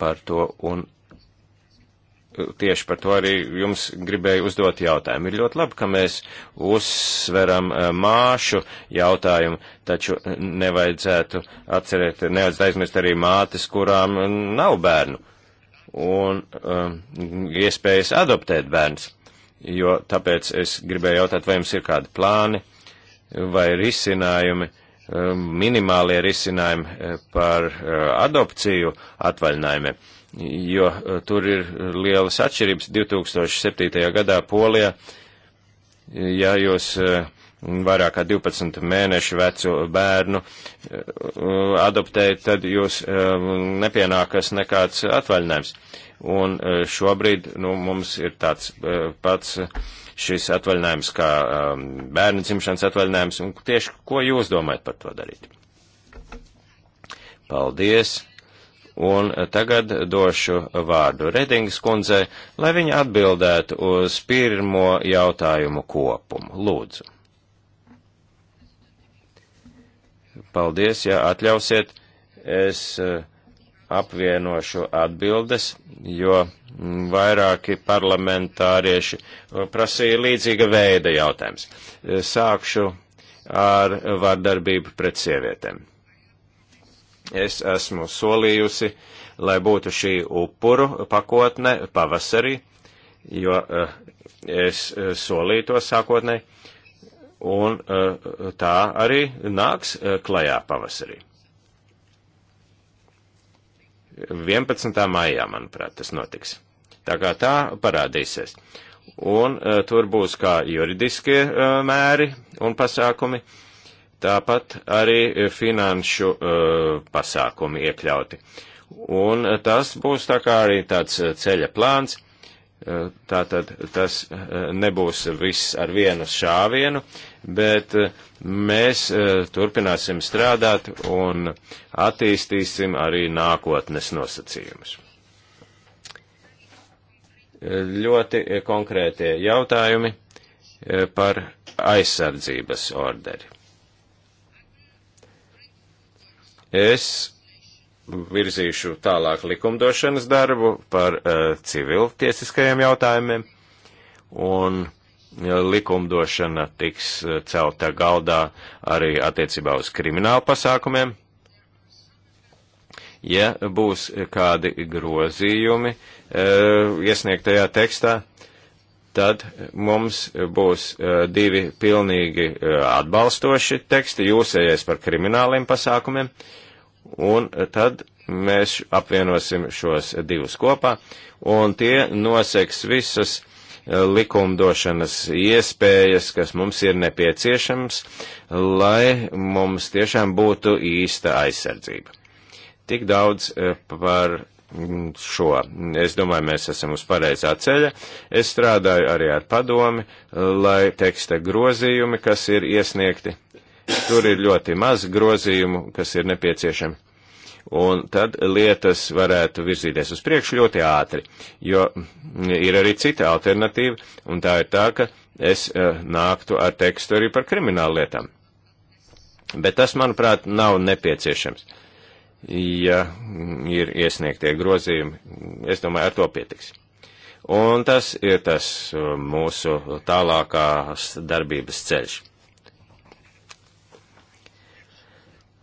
par to un eh, tieši par to arī jums gribēju uzdot jautājumu. Ir ļoti labi, ka mēs uzsveram eh, māšu jautājumu, taču nevajadzētu atcerēt, nevajadzētu aizmirst arī mātes, kurām nav bērnu un um, iespējas adoptēt bērns. Jo tāpēc es gribēju jautāt, vai jums ir kādi plāni vai risinājumi, um, minimālie risinājumi eh, par uh, adopciju atvaļinājumiem. Jo uh, tur ir lielas atšķirības. 2007. gadā Polijā, ja jūs uh, vairāk kā 12 mēnešu vecu bērnu eh, adoptēt, tad jūs eh, nepienākas nekāds atvaļinājums. Un eh, šobrīd nu, mums ir tāds pats šis atvaļinājums kā ehm, bērnu dzimšanas atvaļinājums. Un tieši ko jūs domājat par to darīt? Paldies! Un tagad došu vārdu Redingas kundzei, lai viņa atbildētu uz pirmo jautājumu kopumu. Lūdzu! Paldies, ja atļausiet, es eh, apvienošu atbildes, jo mm, vairāki parlamentārieši eh, prasīja līdzīga veida jautājums. Eh, sākšu ar vardarbību pret sievietēm. Es esmu solījusi, lai būtu šī upuru pakotne pavasarī, jo es solīju to sākotnēji un eh, tā arī nāks eh, klajā pavasarī. 11. maijā, manuprāt, tas notiks. Tā kā tā parādīsies. Un uh, tur būs kā juridiskie uh, mēri un pasākumi, tāpat arī finanšu uh, pasākumi iekļauti. Un uh, tas būs tā kā arī tāds ceļa plāns, Tātad tas eh, nebūs viss ar vienu šāvienu, bet eh, mēs eh, turpināsim strādāt un attīstīsim arī nākotnes nosacījumus. Ļoti konkrētie jautājumi par aizsardzības orderi. Es virzīšu tālāk likumdošanas darbu par uh, civiltiesiskajiem jautājumiem, un likumdošana tiks eh, celta galdā arī attiecībā uz kriminālu pasākumiem. Ja būs kādi grozījumi uh, iesniegtajā tekstā, tad mums būs divi pilnīgi atbalstoši teksti, jūsējais par krimināliem pasākumiem, uh, un tad mēs apvienosim šos divus kopā, un tie noseks visas eh, likumdošanas iespējas, kas mums ir nepieciešams, lai mums tiešām būtu īsta aizsardzība. Tik daudz eh, par mm, šo. Es domāju, mēs esam uz pareizā ceļa. Es strādāju arī ar padomi, lai teksta grozījumi, kas ir iesniegti, Tur ir ļoti maz grozījumu, kas ir nepieciešami. Un tad lietas varētu virzīties uz priekšu ļoti ātri, jo ir arī cita alternatīva, un tā ir tā, ka es eh, nāktu ar tekstu arī par kriminālu lietām. Bet tas, manuprāt, nav nepieciešams ja ir iesniegtie grozījumi. Es domāju, ar to pietiks. Un tas ir tas eh, mūsu tālākās darbības ceļš.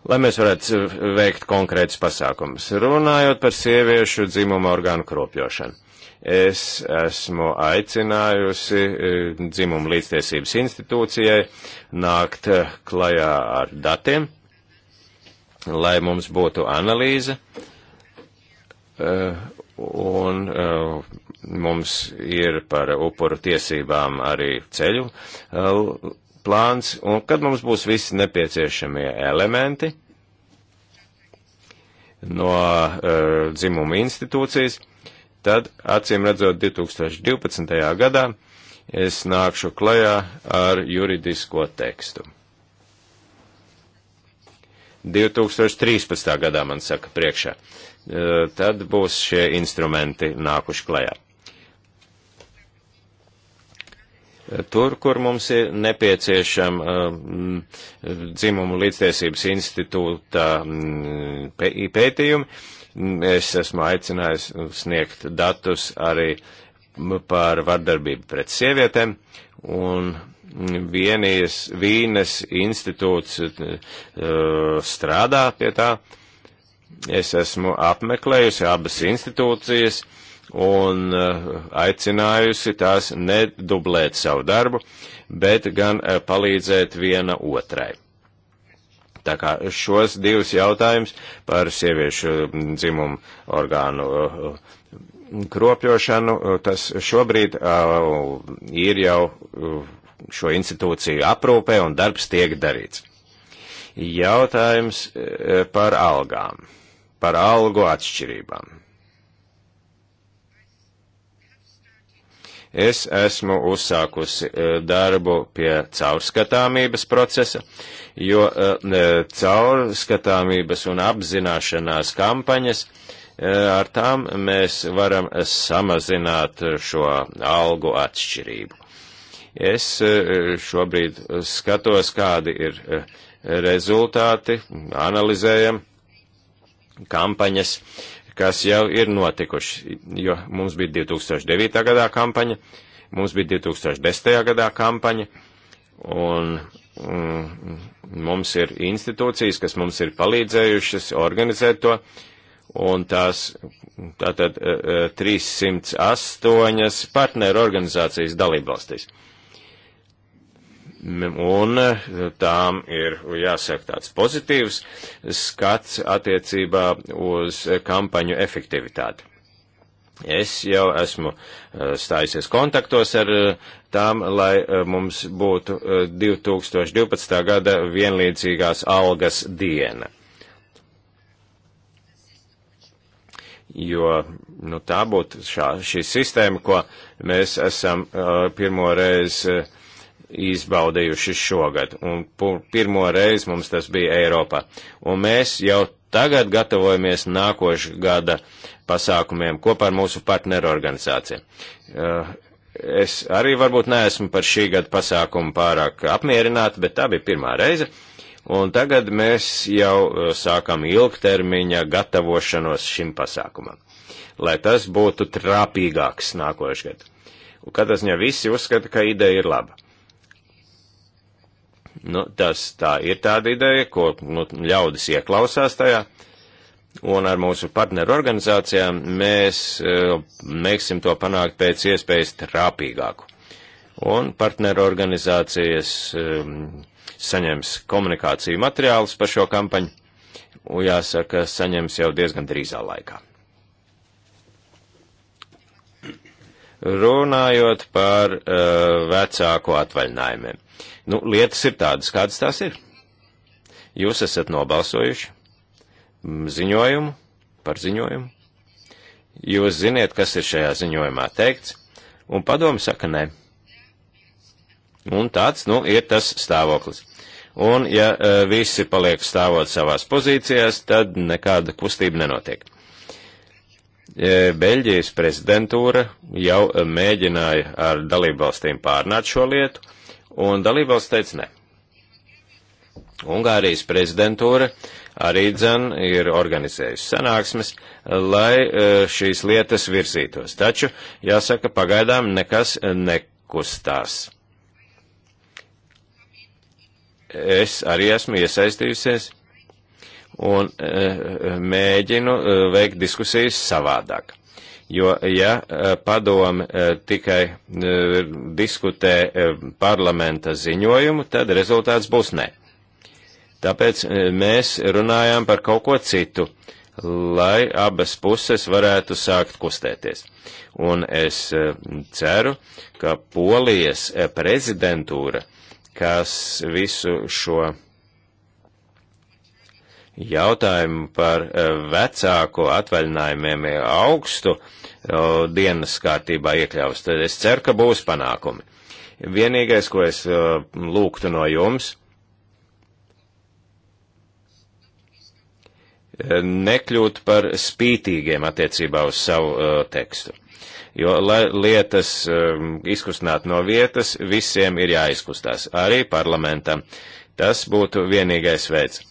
lai mēs varētu veikt konkrētus pasākumus. Runājot par sieviešu dzimuma orgānu kropļošanu. Es esmu aicinājusi e, dzimumu līdztiesības institūcijai nākt e, klajā ar datiem, lai mums būtu analīze e, un mums ir par upuru tiesībām arī ceļu plāns un kad mums būs visi nepieciešamie elementi no uh, dzimuma institūcijas, tad acīm redzot 2012. gadā es nākšu klajā ar juridisko tekstu. 2013. gadā man saka priekšā. E, tad būs šie instrumenti nākuši klajā. tur, kur mums ir nepieciešama mm, dzimumu līdztiesības institūta mm, pētījumi. Mm, es esmu aicinājis sniegt datus arī par vardarbību pret sievietēm, un vienījas Vīnes institūts eh, strādā pie tā. Es esmu apmeklējusi abas institūcijas, uh, un eh, aicinājusi tās nedublēt savu darbu, bet gan eh, palīdzēt viena otrai. Tā kā šos divus jautājumus par sieviešu mm, dzimumu orgānu eh, kropļošanu, tas šobrīd ir jau šo institūciju aprūpē un darbs tiek darīts. Jautājums par algām, par algu atšķirībām Es esmu uzsākusi eh, darbu pie caurskatāmības procesa, jo eh, caurskatāmības un apzināšanās kampaņas eh, ar tām mēs varam samazināt šo algu atšķirību. Es šobrīd skatos, kādi ir rezultāti, analizējam kampaņas, uh, kas jau ir notikuši, jo mums bija 2009. gadā kampaņa, mums bija 2010. gadā kampaņa, un mm, mums ir institūcijas, kas mums ir palīdzējušas organizēt to, un tās tātad 308 eh, eh, partneru organizācijas dalībvalstīs. valstīs un e, tām ir jāsaka tāds pozitīvs skats attiecībā uz kampaņu efektivitāti. Es jau esmu e, stājusies kontaktos ar e, tām, lai mums būtu 2012. gada vienlīdzīgās algas diena. jo nu, tā būtu šā, šī sistēma, ko mēs esam uh, pirmo reizi uh, izbaudījuši šogad, un pirmo reizi mums tas bija Eiropā. Un mēs jau tagad gatavojamies nākošu gada pasākumiem kopā ar mūsu partneru organizācijām. Uh, es arī varbūt neesmu par šī gada pasākumu pārāk apmierināta, bet tā bija pirmā reize. Un tagad mēs jau uh, sākam ilgtermiņa gatavošanos šim pasākumam, lai tas būtu trāpīgāks nākošais gads. Katrā ziņā visi uzskata, ka ideja ir laba. Nu, tas tā ir tāda ideja, ko nu, ļaudis ieklausās tajā. Un ar mūsu partneru organizācijām mēs uh, eh, mēgsim to panākt pēc iespējas trāpīgāku. Un partneru organizācijas um, saņems komunikāciju materiālus par šo kampaņu. Un jāsaka, saņems jau diezgan drīzā laikā. Runājot par uh, vecāku atvaļinājumiem. Nu, lietas ir tādas, kādas tās ir. Jūs esat nobalsojuši ziņojumu par ziņojumu. Jūs ziniet, kas ir šajā ziņojumā teikts, un padomu saka nē. Un tāds, nu, ir tas stāvoklis. Un, ja e, visi paliek stāvot savās pozīcijās, tad nekāda kustība nenotiek. E, Beļģijas prezidentūra jau e, mēģināja ar dalībvalstīm pārnāt šo lietu, un dalībvalsts teica nē. Ungārijas prezidentūra arī dzen ir organizējusi sanāksmes, lai e, šīs lietas virzītos. Taču, jāsaka, pagaidām nekas nekustās. Es arī esmu iesaistījusies un e, e, mēģinu veikt diskusijas savādāk jo ja eh, padome eh, tikai eh, diskutē parlamenta ziņojumu, tad rezultāts būs nē. Tāpēc mēs runājām par kaut ko citu, lai abas puses varētu sākt kustēties. Un es ceru, ka Polijas prezidentūra, kas visu šo jautājumu par e, vecāku atvaļinājumiem augstu e, dienas kārtībā iekļaus, tad es ceru, ka būs panākumi. Vienīgais, ko es e, lūgtu no jums, nekļūt par spītīgiem attiecībā uz savu uh, tekstu. Jo, lai lietas um, izkustinātu no vietas, visiem ir jāizkustās, arī parlamentam. Tas būtu vienīgais veids.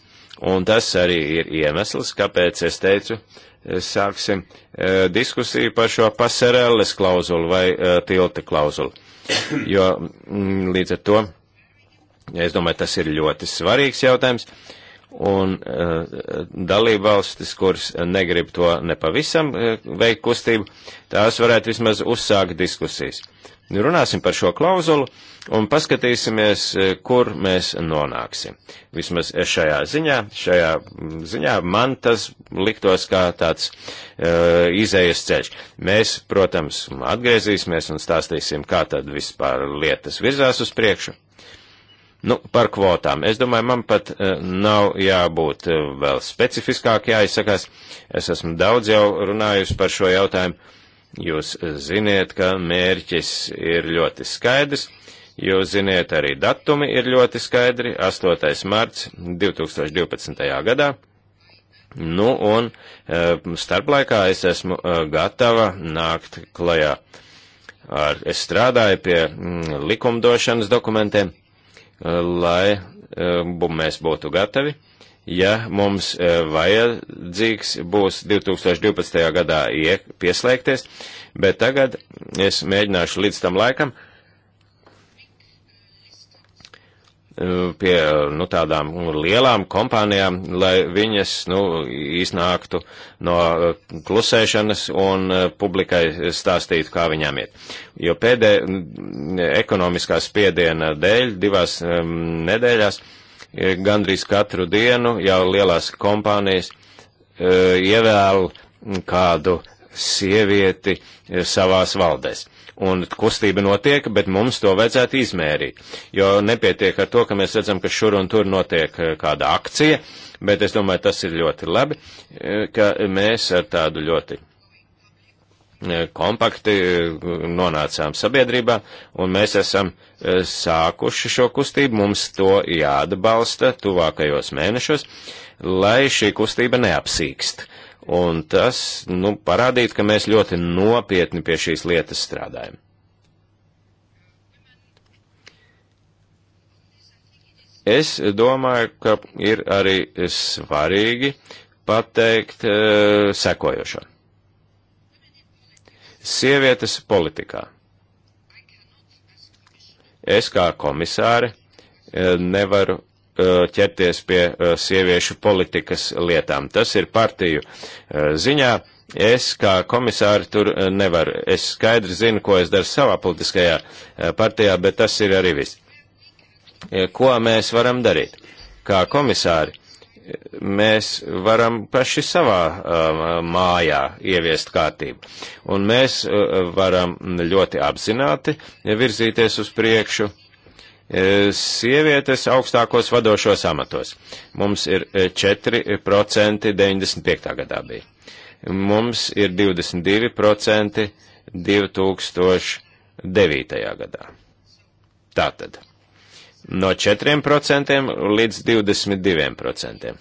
Un tas arī ir iemesls, kāpēc es teicu, eh, sāksim eh, diskusiju par šo pasarelles klauzulu vai eh, tilta klauzulu. *coughs* Jo mm, līdz ar to, es domāju, tas ir ļoti svarīgs jautājums un uh, dalībvalstis, kuras negrib to nepavisam uh, veikt kustību, tās varētu vismaz uzsākt diskusijas runāsim par šo klauzulu un paskatīsimies, e, kur mēs nonāksim. Vismaz šajā ziņā, šajā ziņā man tas liktos kā tāds uh, izējas ceļš. Mēs, protams, atgriezīsimies un stāstīsim, kā tad vispār lietas virzās uz priekšu. Nu, par kvotām. Es domāju, man pat uh, nav jābūt uh, vēl specifiskāk jāizsakās. Es esmu daudz jau runājusi par šo jautājumu. Uh, Jūs ziniet, ka mērķis ir ļoti skaidrs. Jūs ziniet, arī datumi ir ļoti skaidri - 8. marts 2012. gadā. Nu, un e, starplaikā es esmu e, gatava nākt klajā. Ar, es strādāju pie likumdošanas dokumentiem, e, lai mēs būtu gatavi ja mums e, vajadzīgs būs 2012. gadā pieslēgties, bet tagad es mēģināšu līdz tam laikam e, pie nu, tādām lielām kompānijām, lai viņas nu, iznāktu no e, klusēšanas un publikai stāstītu, kā viņām iet. Jo pēdējā ekonomiskā spiediena dēļ divās um, nedēļās uh, gandrīz katru dienu jau lielās kompānijas e, ievēl kādu sievieti e, savās valdēs. Un kustība notiek, bet mums to vajadzētu izmērīt. Jo nepietiek ar to, ka mēs redzam, ka šur un tur notiek e, kāda akcija, bet es domāju, tas ir ļoti labi, ka mēs ar tādu ļoti E, kompakti e, nonācām sabiedrībā, un mēs esam e, sākuši šo kustību, mums to jāatbalsta tuvākajos mēnešos, lai šī kustība neapsīkst. Un tas, nu, parādīt, ka mēs ļoti nopietni pie šīs lietas strādājam. Es domāju, ka ir arī svarīgi pateikt e, sekojošo. Sievietes politikā. Es kā komisāri e, nevaru e, ķerties pie e, sieviešu politikas lietām. Tas ir partiju ziņā. Es kā komisāri tur nevaru. Es skaidri zinu, ko es daru savā politiskajā partijā, bet tas ir arī viss. Ko mēs varam darīt? Kā komisāri mēs varam paši savā uh, mājā ieviest kārtību. Un mēs uh, varam ļoti apzināti virzīties uz priekšu uh, sievietes augstākos vadošos amatos. Mums ir 4% uh, 95. gadā bija. Mums ir 22% 2009. gadā. Tātad no 4% līdz 22%.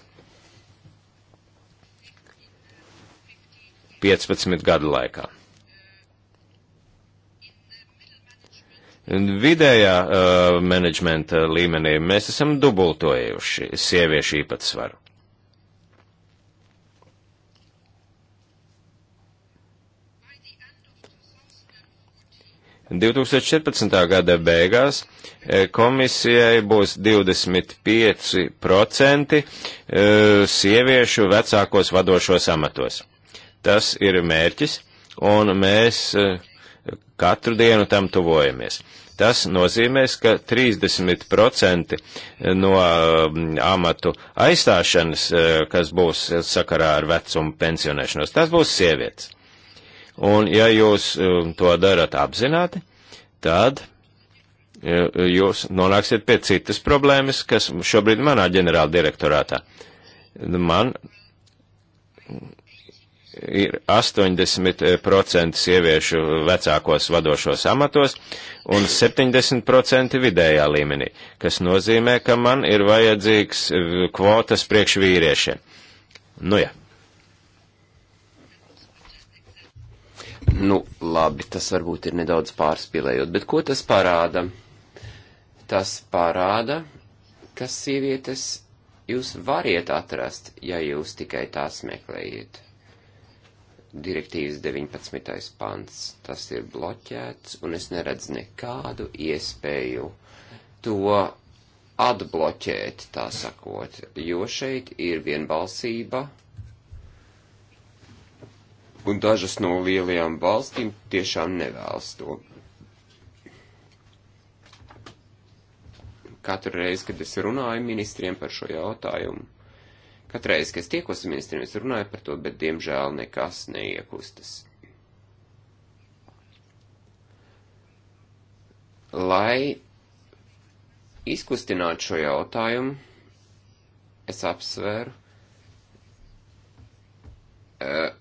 15 gadu laikā. Vidējā uh, menedžmenta līmenī mēs esam dubultojuši sieviešu īpatsvaru. 2014. gada beigās e, komisijai būs 25% e, sieviešu vecākos vadošos amatos. Tas ir mērķis, un mēs e, katru dienu tam tuvojamies. Tas nozīmēs, ka 30% no amatu aizstāšanas, kas būs sakarā ar vecumu pensionēšanos, tas būs sievietes. Un ja jūs um, to darat apzināti, tad jūs nonāksiet pie citas problēmas, kas šobrīd manā ģenerāla direktorātā. Man ir 80% sieviešu vecākos vadošos amatos un 70% vidējā līmenī, kas nozīmē, ka man ir vajadzīgs kvotas priekš vīriešiem. Nu jā. Ja. Nu, labi, tas varbūt ir nedaudz pārspīlējot, bet ko tas parāda? Tas parāda, ka sievietes jūs variet atrast, ja jūs tikai tās meklējiet. Direktīvas 19. pants, tas ir bloķēts, un es neredzu nekādu iespēju to atbloķēt, tā sakot, jo šeit ir vienbalsība un dažas no lielajām valstīm tiešām nevēlas to. Katru reizi, kad es runāju ministriem par šo jautājumu, katru reizi, kad es tiekos ar ministriem, es runāju par to, bet diemžēl nekas neiekustas. Lai izkustinātu šo jautājumu, es apsvēru. Uh, eh,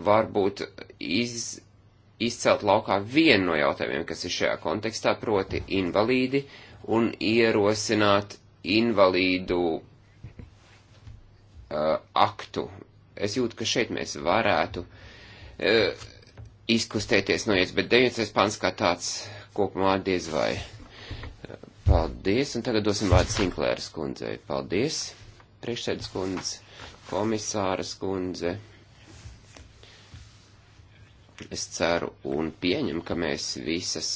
varbūt iz, izcelt laukā vienu no jautājumiem, kas ir šajā kontekstā, proti invalīdi, un ierosināt invalīdu uh, aktu. Es jūtu, ka šeit mēs varētu uh, izkustēties no ies, bet 9. pants kā tāds kopumā diez vai. Paldies, un tagad dosim vārdu Sinklēras kundzei. Paldies, priekšsēdas kundze, komisāras kundze. Es ceru un pieņemu, ka mēs visas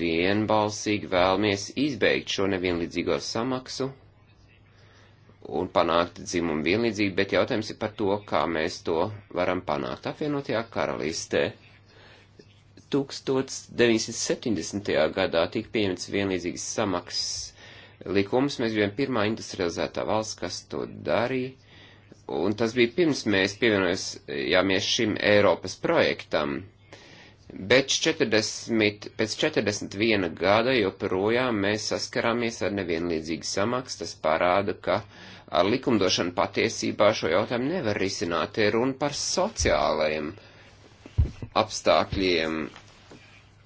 vienbalsīgi vēlamies izbeigt šo nevienlīdzīgo samaksu un panākt dzimumu vienlīdzību, bet jautājums ir par to, kā mēs to varam panākt apvienotajā karalistē. 1970. gadā tika pieņemts vienlīdzīgas samaksas likums, mēs bijām pirmā industrializētā valsts, kas to darīja, un tas bija pirms mēs pievienojāmies šim Eiropas projektam. Bet 40, pēc 41 gada joprojām mēs saskarāmies ar nevienlīdzīgu samaksu. Tas parāda, ka ar likumdošanu patiesībā šo jautājumu nevar risināt. Ir runa par sociālajiem apstākļiem.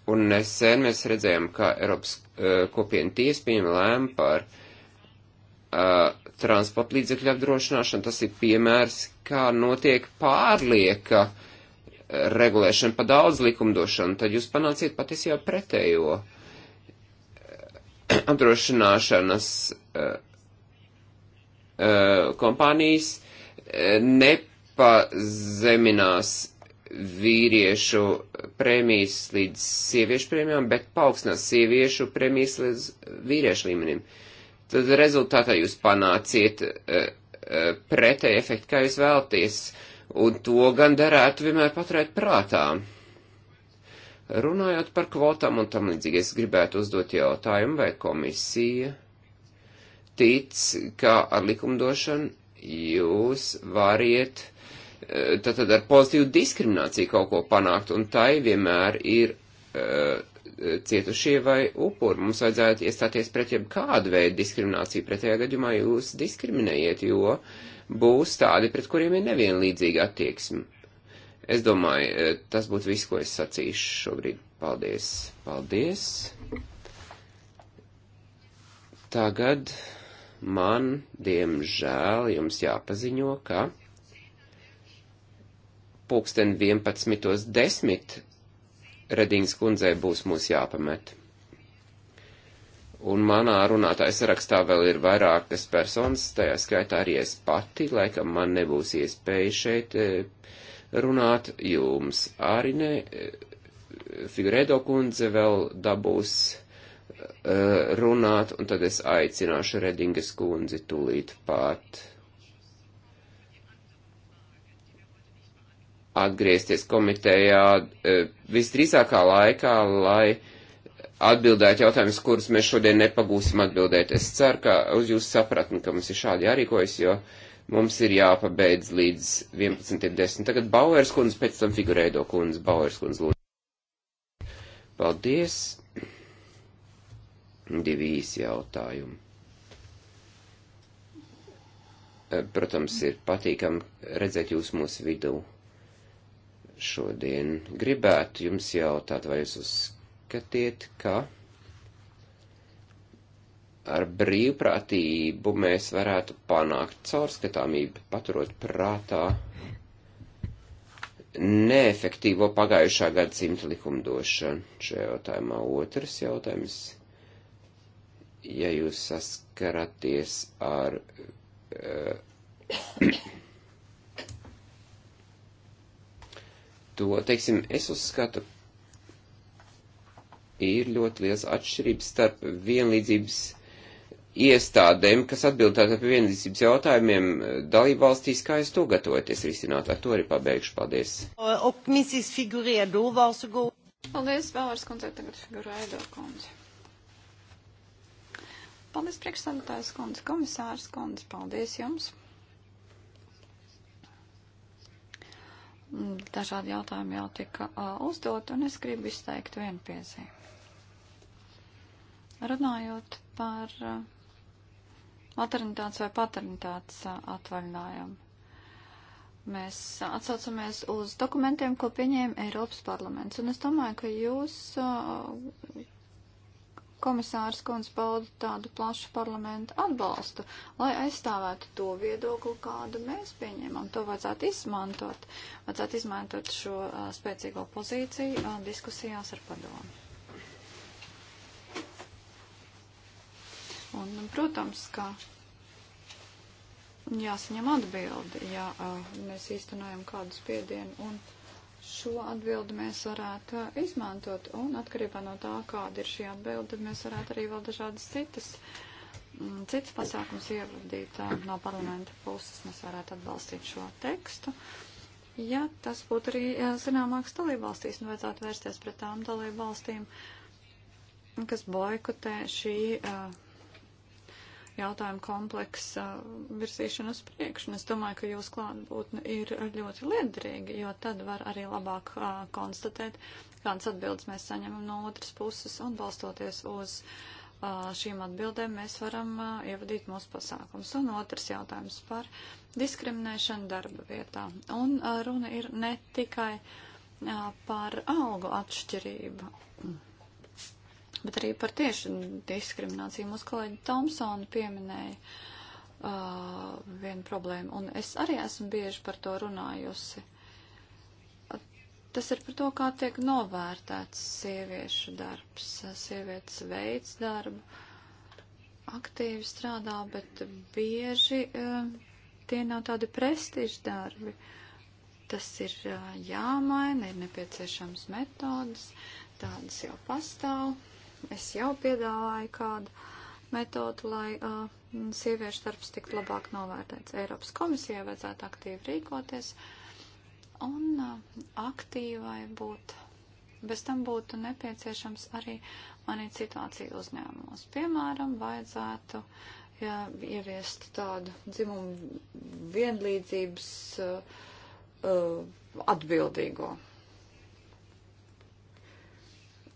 Un nesen mēs redzējām, ka Eiropas uh, kopiena tiesa pieņem lēmu par uh, transporta līdzekļu apdrošināšana, tas ir piemērs, kā notiek pārlieka regulēšana pa daudz likumdošanu, tad jūs panāciet patiesībā pretējo *clears throat* apdrošināšanas eh, eh, kompānijas eh, nepazeminās vīriešu prēmijas līdz sieviešu prēmijām, bet paaugstinās sieviešu prēmijas līdz vīriešu līmenim. Uh, tad rezultātā jūs panāciet eh, eh, pretēju efektu, kā jūs vēlties, un to gan derētu vienmēr paturēt prātā. Runājot par kvotām un tam līdzīgi, es gribētu uzdot jautājumu, vai komisija tic, ka ar likumdošanu jūs variet eh, tātad ar pozitīvu diskrimināciju kaut ko panākt, un tai vienmēr ir uh, cietušie vai upuri. Mums vajadzētu iestāties pret jebkādu veidu diskrimināciju, pretējā gadījumā jūs diskriminējiet, jo būs tādi, pret kuriem ir nevienlīdzīga attieksme. Es domāju, eh, tas būtu viss, ko es sacīšu šobrīd. Paldies! Paldies! Tagad man, diemžēl, jums jāpaziņo, ka pulksten 11.10 Redīnas kundzei būs mūs jāpamet. Un manā runātāja sarakstā vēl ir vairākas personas, tajā skaitā arī es pati, laikam man nebūs iespēja šeit e, runāt, jums arī ne. E, Figuredo kundze vēl dabūs e, runāt, un tad es aicināšu Redingas kundzi tulīt pat atgriezties komitejā e, visdrīzākā laikā, lai atbildētu jautājumus, kurus mēs šodien nepagūsim atbildēt. Es ceru, ka uz jūsu sapratni, ka mums ir šādi jārīkojas, jo mums ir jāpabeidz līdz 11.10. Tagad Bauers kundze, pēc tam figurēdo kundze, Bauers kundze lūdzu. Paldies. Divi īsi jautājumi e, protams, ir patīkami redzēt jūs mūsu vidū šodien. Gribētu jums jautāt, vai jūs uzskatiet, ka ar brīvprātību mēs varētu panākt caurskatāmību, paturot prātā neefektīvo pagājušā gadsimta likumdošanu šajā jautājumā. Otrs jautājums, ja jūs saskaraties ar. Uh, to, teiksim, es uzskatu, ir ļoti liels atšķirības starp vienlīdzības iestādēm, kas atbild tātad par vienlīdzības jautājumiem dalību valstīs, kā es to gatavoties risināt. Ar to arī pabeigšu. Paldies. Paldies, Vēlērs kundze, tagad figurēdo kundze. Paldies, priekšsādātājs kundze, komisārs kundze, paldies jums. Dažādi jautājumi jau tika uzdot, un es gribu izteikt vienu piezīmi. Runājot par maternitātes vai paternitātes atvaļinājumu. Mēs atsaucamies uz dokumentiem, ko pieņēma Eiropas parlaments, un es domāju, ka jūs komisārs Kunz bauda tādu plašu parlamentu atbalstu, lai aizstāvētu to viedokli, kādu mēs pieņemam. To vajadzētu izmantot, vajadzētu izmantot šo uh, spēcīgo pozīciju uh, diskusijās ar padomu. Un, protams, ka jāsaņem atbildi, ja uh, mēs īstenojam kādu spiedienu un šo atbildi mēs varētu uh, izmantot, un atkarībā no tā, kāda ir šī atbilde, mēs varētu arī vēl dažādas citas, mm, citas pasākums ievadīt uh, no parlamenta puses. Mēs varētu atbalstīt šo tekstu. Ja tas būtu arī uh, zināmāks dalībvalstīs, nu vajadzētu vērsties pret tām dalībvalstīm, kas boikotē šī uh, jautājumu kompleksa virzīšanu uz priekšu. Es domāju, ka jūs klātbūtne ir ļoti liederīga, jo tad var arī labāk a, konstatēt, kādas atbildes mēs saņemam no otras puses un balstoties uz a, šīm atbildēm mēs varam a, ievadīt mūsu pasākums. Un otrs jautājums par diskriminēšanu darba vietā. Un runa ir ne tikai par algu atšķirību. Mm bet arī par tieši diskrimināciju. Mūsu kolēģi Tomsona pieminēja uh, vienu problēmu, un es arī esmu bieži par to runājusi. Tas ir par to, kā tiek novērtēts sieviešu darbs, sievietes veids darbu, aktīvi strādā, bet bieži uh, tie nav tādi prestiži darbi. Tas ir uh, jāmaina, ir nepieciešams metodas, tādas jau pastāv Es jau piedāvāju kādu metodu, lai uh, sieviešu darbs tiktu labāk novērtēts. Eiropas komisijai vajadzētu aktīvi rīkoties un uh, aktīvai būt. Bez tam būtu nepieciešams arī manīt situāciju uzņēmumos. Piemēram, vajadzētu jā, ieviest tādu dzimumu vienlīdzības uh, uh, atbildīgo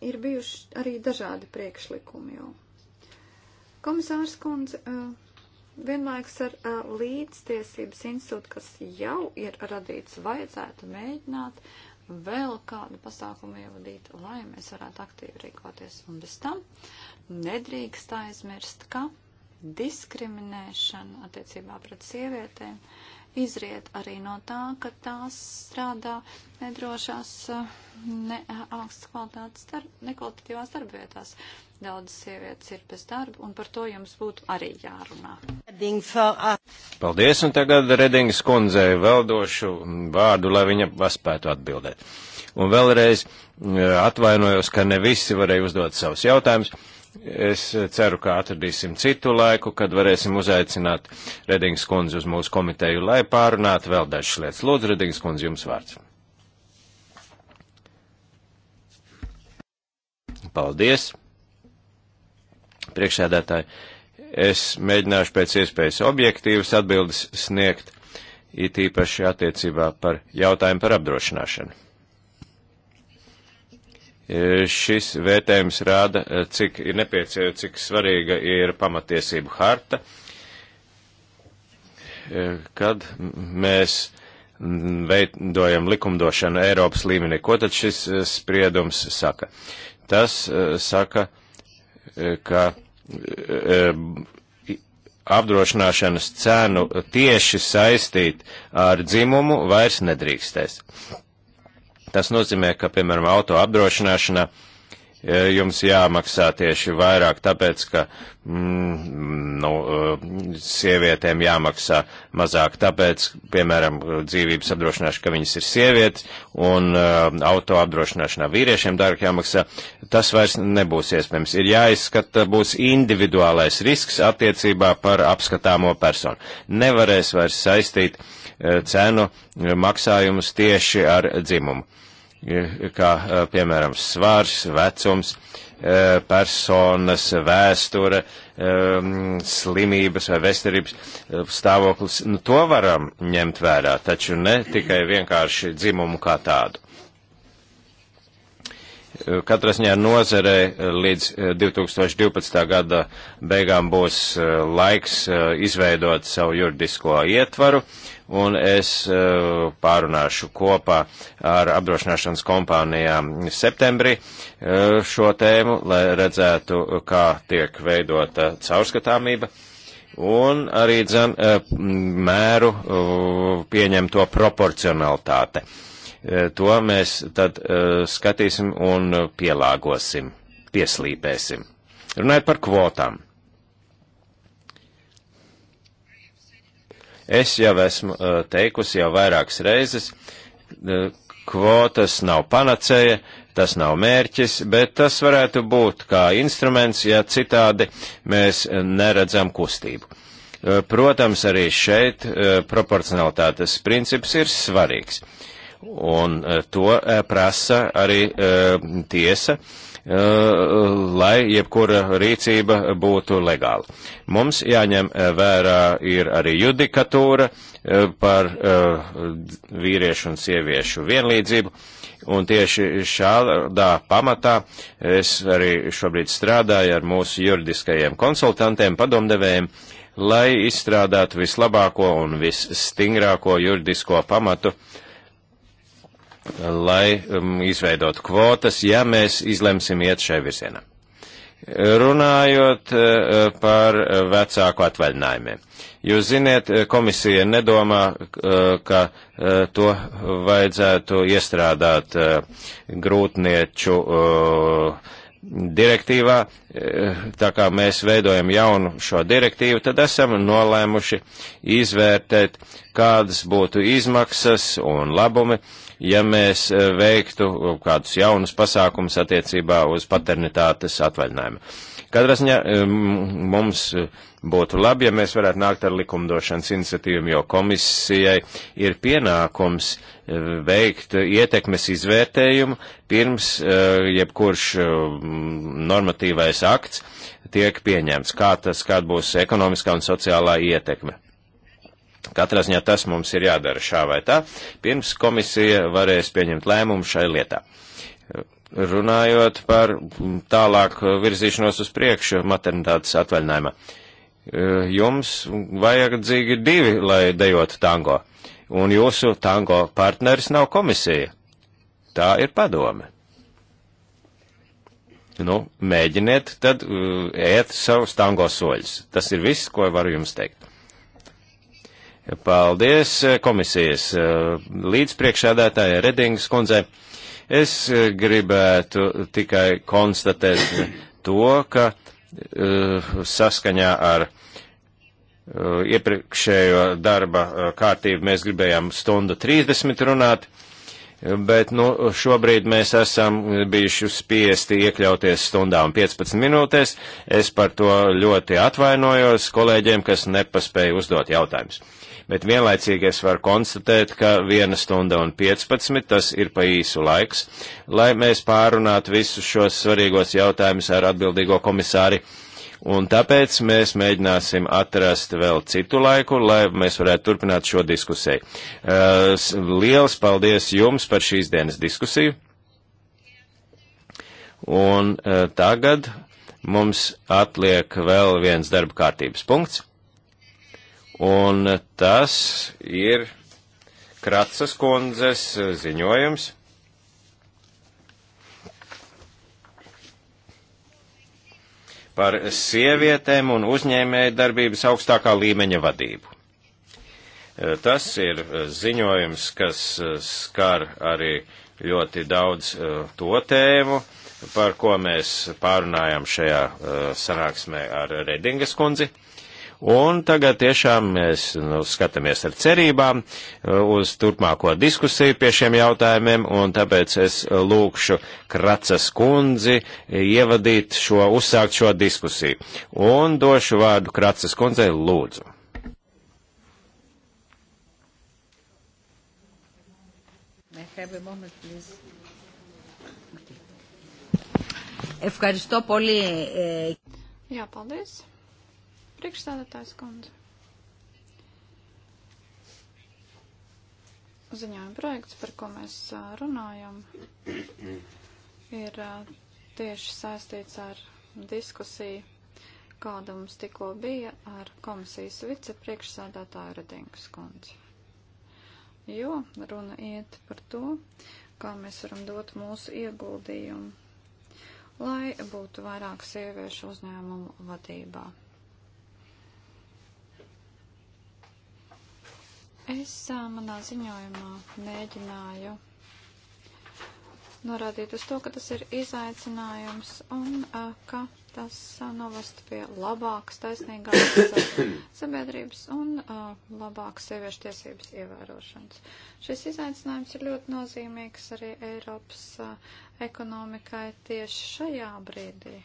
ir bijuši arī dažādi priekšlikumi jau. Komisārs kundze eh, vienlaiks ar eh, līdztiesības institūtu, kas jau ir radīts, vajadzētu mēģināt vēl kādu pasākumu ievadīt, lai mēs varētu aktīvi rīkoties. Un bez tam nedrīkst aizmirst, ka diskriminēšana attiecībā pret sievietēm uh, izriet arī no tā, ka tās strādā nedrošās, eh, ne eh, augstas kvalitātes, darb, nekvalitatīvās darbvietās. Daudzas sievietes ir bez darba, un par to jums būtu arī jārunā. Paldies, un tagad Redingas kundzei vēl došu vārdu, lai viņa paspētu atbildēt. Un vēlreiz eh, atvainojos, ka ne visi varēja uzdot savus jautājumus Es ceru, ka atradīsim citu laiku, kad varēsim uzaicināt Redings kundzi uz mūsu komiteju, lai pārunātu vēl dažas lietas. Lūdzu, Redings kundzi, jums vārds. Paldies. Priekšsēdētāji, es mēģināšu pēc iespējas objektīvas atbildes sniegt, it īpaši attiecībā par jautājumu par apdrošināšanu. E, šis vērtējums rāda, e, cik, ir nepiecie, cik svarīga ir pamatiesību harta, e, kad mēs veidojam likumdošanu Eiropas līmenī. Ko tad šis spriedums saka? Tas saka, ka apdrošināšanas cenu tieši saistīt ar dzimumu vairs nedrīkstēs. Tas nozīmē, ka, piemēram, auto apdrošināšana e, jums jāmaksā tieši vairāk, tāpēc, ka mm, nu, e, sievietēm jāmaksā mazāk, tāpēc, piemēram, dzīvības apdrošināšana, ka viņas ir sievietes, un uh, auto apdrošināšanā vīriešiem dārgi jāmaksā, tas vairs nebūs iespējams. Ir jāizskata, būs individuālais risks attiecībā par apskatāmo personu. Nevarēs vairs saistīt uh, Eh, cenu eh, maksājumus tieši ar dzimumu. Eh, kā, piemēram, svars, vecums, personas vēsture, slimības vai vesterības stāvoklis. Nu, to varam ņemt vērā, taču ne tikai vienkārši dzimumu kā tādu. Katrā ziņā nozarē līdz 2012. gada beigām būs laiks izveidot savu juridisko ietvaru un es eh, pārunāšu kopā ar apdrošināšanas kompānijām septembrī eh, šo tēmu, lai redzētu, kā tiek veidota caurskatāmība un arī dzen, eh, mēru pieņemto proporcionalitāte. To mēs tad skatīsim un pielāgosim, pieslīpēsim. Runājot par kvotām. Es jau esmu eh, teikusi jau vairākas reizes, eh, kvotas nav panacēja, tas nav mērķis, bet tas varētu būt kā instruments, ja citādi mēs neredzam kustību. Eh, protams, arī šeit proporcionalitātes princips ir svarīgs. Uh, Un eh, to eh, prasa arī eh, tiesa lai jebkura rīcība būtu legāla. Mums jāņem vērā ir arī judikatūra par vīriešu un sieviešu vienlīdzību, un tieši šādā pamatā es arī šobrīd strādāju ar mūsu juridiskajiem konsultantiem, padomdevējiem, lai izstrādātu vislabāko un visstingrāko juridisko pamatu lai um, izveidotu kvotas, ja mēs izlemsim iet šai virzienā. Runājot uh, par vecāku atvaļinājumiem. Jūs ziniet, komisija nedomā, uh, ka uh, to vajadzētu iestrādāt grūtnieču direktīvā, tā kā mēs veidojam jaunu šo direktīvu, tad esam nolēmuši izvērtēt, kādas būtu izmaksas un labumi, uh, ja mēs eh, veiktu eh, kādus jaunus pasākumus attiecībā uz paternitātes atvaļinājumu. Katrā ziņā mums eh, būtu labi, ja mēs varētu nākt ar likumdošanas iniciatīvām, jo komisijai ir pienākums veikt ietekmes izvērtējumu pirms jebkurš normatīvais akts tiek pieņemts, kā tas, kāda būs ekonomiskā un sociālā ietekme. Katrā ziņā tas mums ir jādara šā vai tā, pirms komisija varēs pieņemt lēmumu šai lietā. Runājot par tālāk virzīšanos uz priekšu maternitātes atvaļinājumā. Jums vajadzīgi divi, lai dejotu tango, un jūsu tango partneris nav komisija. Tā ir padome. Nu, mēģiniet tad uh, ēt savus tango soļus. Tas ir viss, ko varu jums teikt. Paldies eh, komisijas eh, līdzpriekšēdētāja Redingas kundzei. Es eh, gribētu tikai konstatēt to, ka saskaņā ar iepriekšējo darba kārtību mēs gribējām stundu 30 runāt, bet nu, šobrīd mēs esam bijuši spiesti iekļauties stundā un 15 minūtēs. Es par to ļoti atvainojos kolēģiem, kas nepaspēja uzdot jautājumus bet vienlaicīgi es varu konstatēt, ka 1 stunda un 15 tas ir pa īsu laiks, lai mēs pārunātu visus šos svarīgos jautājumus ar atbildīgo komisāri. Un tāpēc mēs mēģināsim atrast vēl citu laiku, lai mēs varētu turpināt šo diskusiju. Uh, liels paldies jums par šīs dienas diskusiju. Un uh, tagad mums atliek vēl viens darba kārtības punkts. Un tas ir Kratsas kundzes ziņojums. par sievietēm un uzņēmēju darbības augstākā līmeņa vadību. Tas ir ziņojums, kas skar arī ļoti daudz e, to tēmu, par ko mēs pārunājām šajā e, sanāksmē ar Redingas kundzi. Uh, Un tagad tiešām mēs nu, skatāmies ar cerībām uh, uz turpmāko diskusiju pie šiem jautājumiem, un tāpēc es lūkšu Kracas kundzi ievadīt šo, uzsākt šo diskusiju. Un došu vārdu Kracas kundzei lūdzu. Have a moment, please. Ευχαριστώ πολύ. Ε... Για πάντες. Priekšstādātājs kundze. Ziņojuma projekts, par ko mēs runājam, *clears throat* ir tieši saistīts ar diskusiju, kāda mums tikko bija ar komisijas vicepriekšsādātāju Redingas kundzi. Jo runa iet par to, kā mēs varam dot mūsu ieguldījumu, lai būtu vairāk sieviešu uzņēmumu vadībā. Es manā ziņojumā mēģināju norādīt uz to, ka tas ir izaicinājums un ka tas novest pie labākas, taisnīgākas *coughs* sabiedrības un labākas sieviešu tiesības ievērošanas. Šis izaicinājums ir ļoti nozīmīgs arī Eiropas ekonomikai tieši šajā brīdī.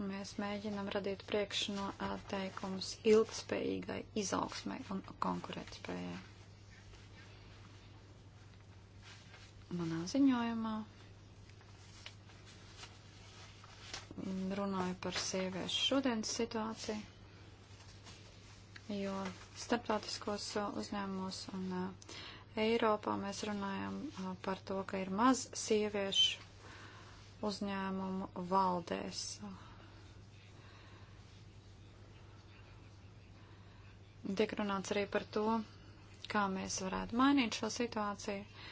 Mēs mēģinam radīt priekšnoteikumus ilgspējīgai izaugsmai un konkurētspējai. Manā ziņojumā runāju par sieviešu šodienas situāciju, jo starptautiskos uzņēmumos un uh, Eiropā mēs runājam uh, par to, ka ir maz sieviešu uzņēmumu valdēs. Uh, Tiek runāts arī par to, kā mēs varētu mainīt šo situāciju.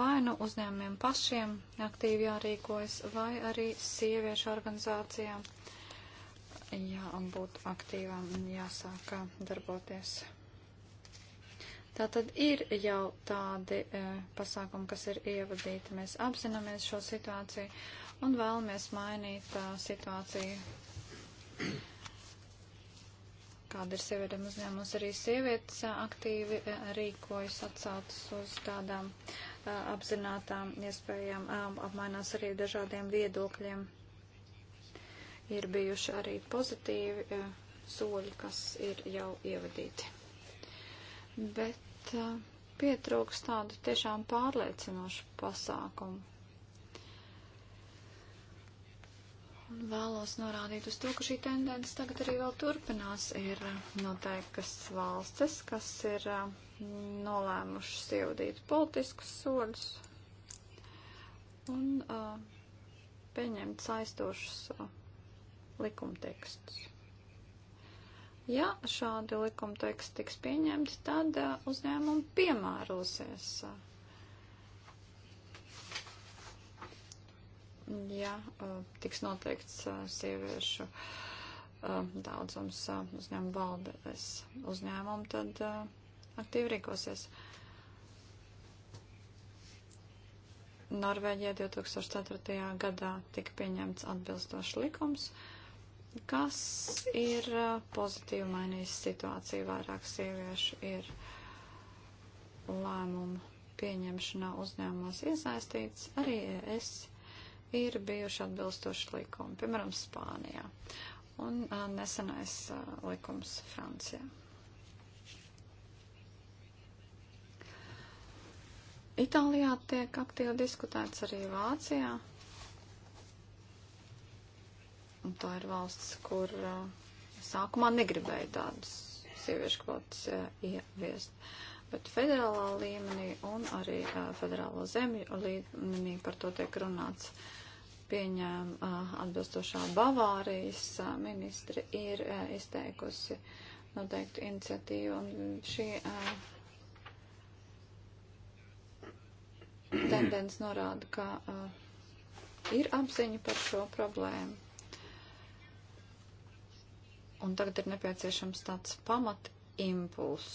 Vai nu uzņēmumiem pašiem aktīvi jārīkojas, vai arī sieviešu organizācijām jābūt aktīvām un jāsāk darboties. Tā tad ir jau tādi e, pasākumi, kas ir ievadīti. Mēs apzināmies šo situāciju un vēlamies mainīt tā, situāciju kāda ir sievietēm uzņēmums. Arī sievietes aktīvi rīkojas atsaucas uz tādām apzinātām iespējām, apmainās arī dažādiem viedokļiem. Ir bijuši arī pozitīvi soļi, kas ir jau ievadīti. Bet pietrūks tādu tiešām pārliecinošu pasākumu Un vēlos norādīt uz to, ka šī tendence tagad arī vēl turpinās. Ir noteiktas valstis, kas ir nolēmušas ievadīt politiskus sodus un uh, pieņemt saistošus uh, likumtekstus. Ja šādi likumteksti tiks pieņemti, tad uh, uzņēmumi piemērosies. Uh, ja eh, tiks noteikts eh, sieviešu eh, daudzums uzņēmuma valdes uzņēmumu, tad aktīvi rīkosies. Norvēģijā 2004. gadā tika pieņemts atbilstošs likums, kas ir pozitīvi mainījis situāciju. Vairāk sieviešu ir lēmumu pieņemšanā uzņēmumos iesaistīts, arī es ir bijuši atbilstoši likumi, piemēram, Spānijā un a, nesenais a, likums Francijā. Itālijā tiek aktīvi diskutēts arī Vācijā. Un tā ir valsts, kur a, sākumā negribēja tādas sieviešu kvotas ieviest. Bet federālā līmenī un arī federālo zemju līmenī par to tiek runāts. Uh, pieņēma atbilstošā Bavārijas ministri, ir izteikusi noteiktu iniciatīvu. Un šī tendence norāda, ka ir apziņa par šo problēmu. Un tagad ir nepieciešams tāds pamat impulss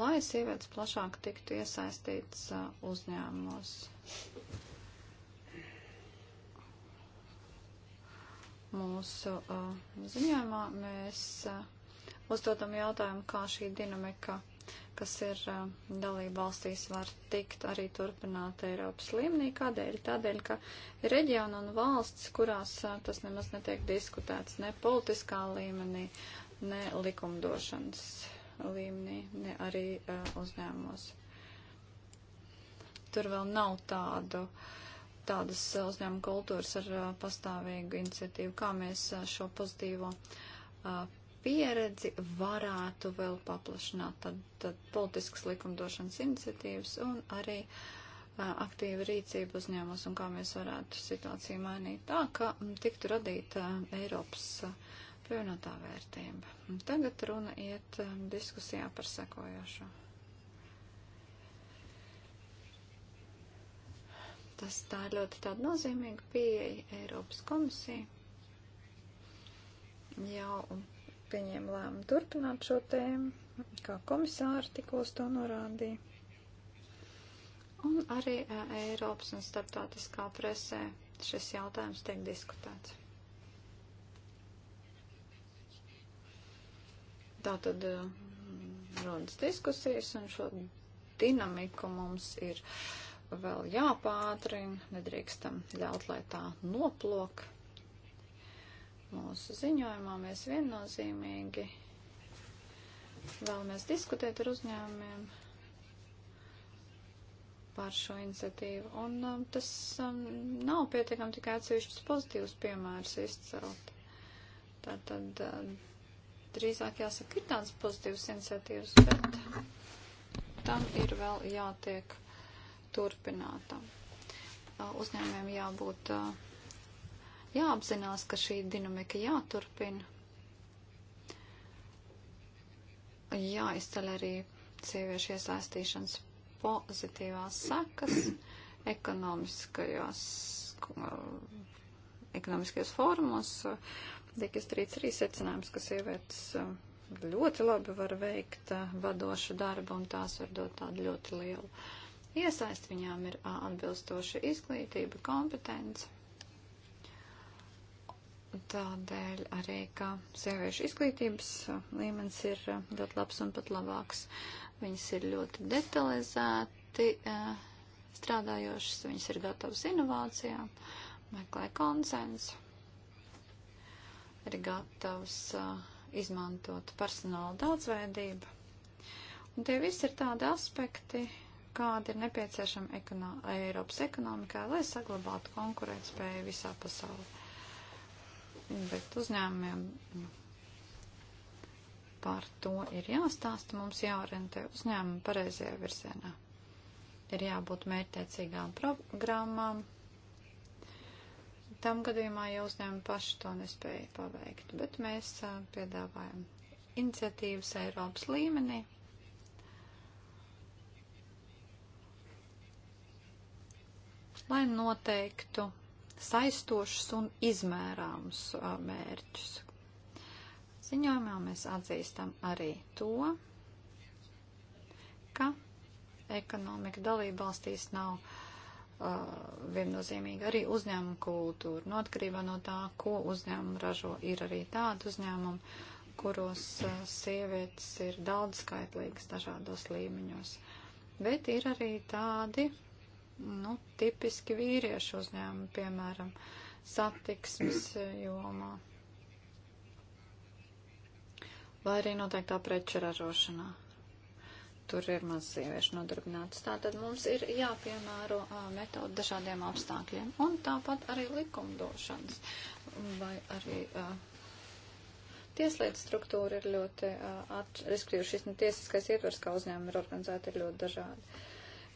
lai sievietes plašāk tiktu iesaistītas uzņēmumos. mūsu uh, ziņojumā mēs uh, uzdodam jautājumu, kā šī dinamika, kas ir uh, dalība valstīs, var tikt arī turpināt Eiropas līmenī. Kādēļ? Tādēļ, ka ir reģiona un valsts, kurās uh, tas nemaz netiek diskutēts ne politiskā līmenī, ne likumdošanas līmenī, ne arī uh, uzņēmumos. Tur vēl nav tādu uh, tādas uzņēmuma kultūras ar pastāvīgu iniciatīvu, kā mēs šo pozitīvo pieredzi varētu vēl paplašināt. Tad, tad politiskas likumdošanas iniciatīvas un arī aktīva rīcība uzņēmos un kā mēs varētu situāciju mainīt tā, ka tiktu radīta Eiropas pievienotā vērtība. Tagad runa iet diskusijā par sekojošo. Tas tā ir ļoti tāda nozīmīga pieeja Eiropas komisija. Jau pieņēma lēmumu turpināt šo tēmu, kā komisāri tikos to norādīja. Un arī Eiropas un starptautiskā presē šis jautājums tiek diskutēts. Tātad rodas diskusijas un šo dinamiku mums ir uh, vēl jāpātrina, nedrīkstam ļaut, lai tā noplok. Mūsu ziņojumā mēs viennozīmīgi vēlamies diskutēt ar uzņēmumiem par šo iniciatīvu. Un um, tas um, nav pietiekami tikai atsevišķus pozitīvus piemērus izcelt. Tātad uh, drīzāk jāsaka, ir tādas pozitīvas iniciatīvas, bet tam ir vēl jātiek turpinātam. Uzņēmumiem jābūt, jāapzinās, ka šī dinamika jāturpina. Jāizceļ arī sieviešu iesaistīšanas pozitīvās sekas ekonomiskajos, ekonomiskajos formos. Tiek izdarīts arī secinājums, ka sievietes ļoti labi var veikt vadošu darbu un tās var dot tādu ļoti lielu uh, Iesaist viņām ir atbilstoša izglītība, kompetence. Tādēļ arī, ka sieviešu izglītības līmenis ir ļoti labs un pat labāks. Viņas ir ļoti detalizēti strādājošas, viņas ir gatavas inovācijām, meklē konsensu, ir gatavas izmantot personāla daudzveidību. Un tie visi ir tādi aspekti, kāda ir nepieciešama ekono Eiropas ekonomikā, lai saglabātu konkurētspēju visā pasaulē. Bet uzņēmumiem par to ir jāstāsta, mums jāorientē uzņēmumu pareizajā virzienā. Ir jābūt mērķtiecīgām programmām. Tam gadījumā jau uzņēmumi paši to nespēja paveikt, bet mēs piedāvājam iniciatīvas Eiropas līmenī lai noteiktu saistošus un izmērāmus mērķus. Ziņojumā mēs atzīstam arī to, ka ekonomika dalība valstīs nav uh, viennozīmīga. Arī uzņēmuma kultūra, notkarībā no tā, ko uzņēmuma ražo, ir arī tāda uzņēmuma, kuros uh, sievietes ir daudz skaitlīgas dažādos līmeņos. Bet ir arī tādi nu, tipiski vīriešu uzņēmumi, piemēram, satiksmes jomā. Vai arī noteiktā preču ražošanā. Tur ir maz sieviešu nodarbinātas. Tātad mums ir jāpiemēro metodu dažādiem apstākļiem. Un tāpat arī likumdošanas. Vai arī uh, tieslietu struktūra ir ļoti uh, atšķirīga. Respektīvi, šis nu, tiesiskais ietvers, kā uzņēmumi ir organizēti, ir ļoti dažādi. Uh,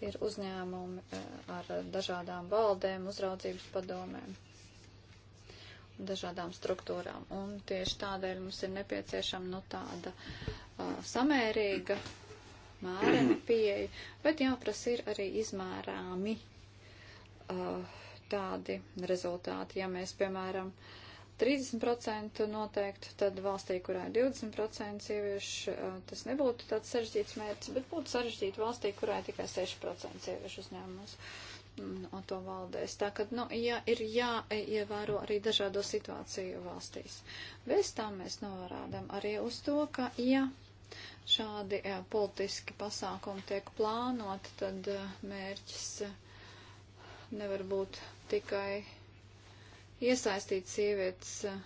ir uzņēmumi e, ar dažādām valdēm, uzraudzības padomēm un dažādām struktūrām. Un tieši tādēļ mums ir nepieciešama nu, tāda uh, samērīga, mērena pieeja, bet jāprasa ir arī izmērāmi uh, tādi rezultāti. Ja mēs, piemēram, uh, 30% noteiktu, tad valstī, kurā ir 20% sieviešu, tas nebūtu tāds sarežģīts mērķis, bet būtu sarežģīti valstī, kurā ir tikai 6% sieviešu uzņēmumus un to valdēs. Tā kad, nu, jā, ir jāievēro arī dažādo situāciju valstīs. Bez tam mēs norādām arī uz to, ka, ja šādi jā, politiski pasākumi tiek plānoti, tad mērķis nevar būt tikai iesaistīt sievietes eh,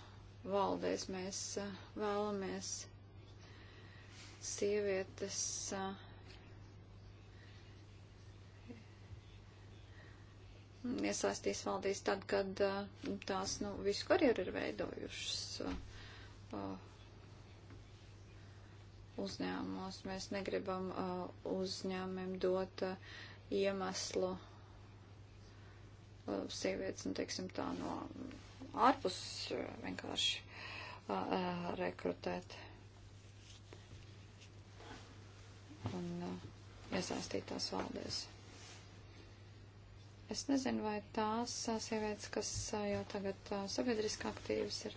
valdēs. Mēs eh, vēlamies sievietes eh, iesaistīs valdīs tad, kad tās nu, visu karjeru ir veidojušas uzņēmumos. Mēs negribam uzņēmumiem dot iemeslu sievietes, nu, teiksim, tā no ārpus eh, vienkārši uh, rekrutēt un uh, iesaistīt tās valdēs. Es nezinu, vai tās sievietes, kas jau tagad sabiedriski aktīvas ir,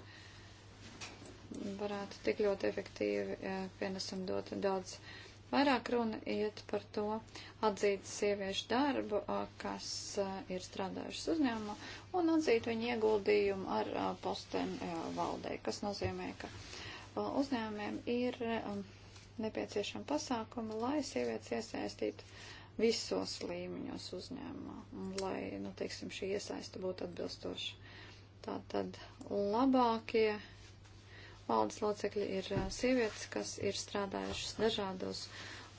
varētu tik ļoti efektīvi pienesam dot daudz. Uh, Vairāk runa iet par to atzīt sieviešu darbu, kas ir strādājušas uzņēmumā, un atzīt viņu ieguldījumu ar posteni valdē, kas nozīmē, ka uzņēmumiem ir nepieciešama pasākuma, lai sievietes iesaistītu visos līmeņos uzņēmumā, un lai, nu, teiksim, šī iesaista būtu atbilstoša. Tātad labākie paudas locekļi ir sievietes, kas ir strādājušas dažādos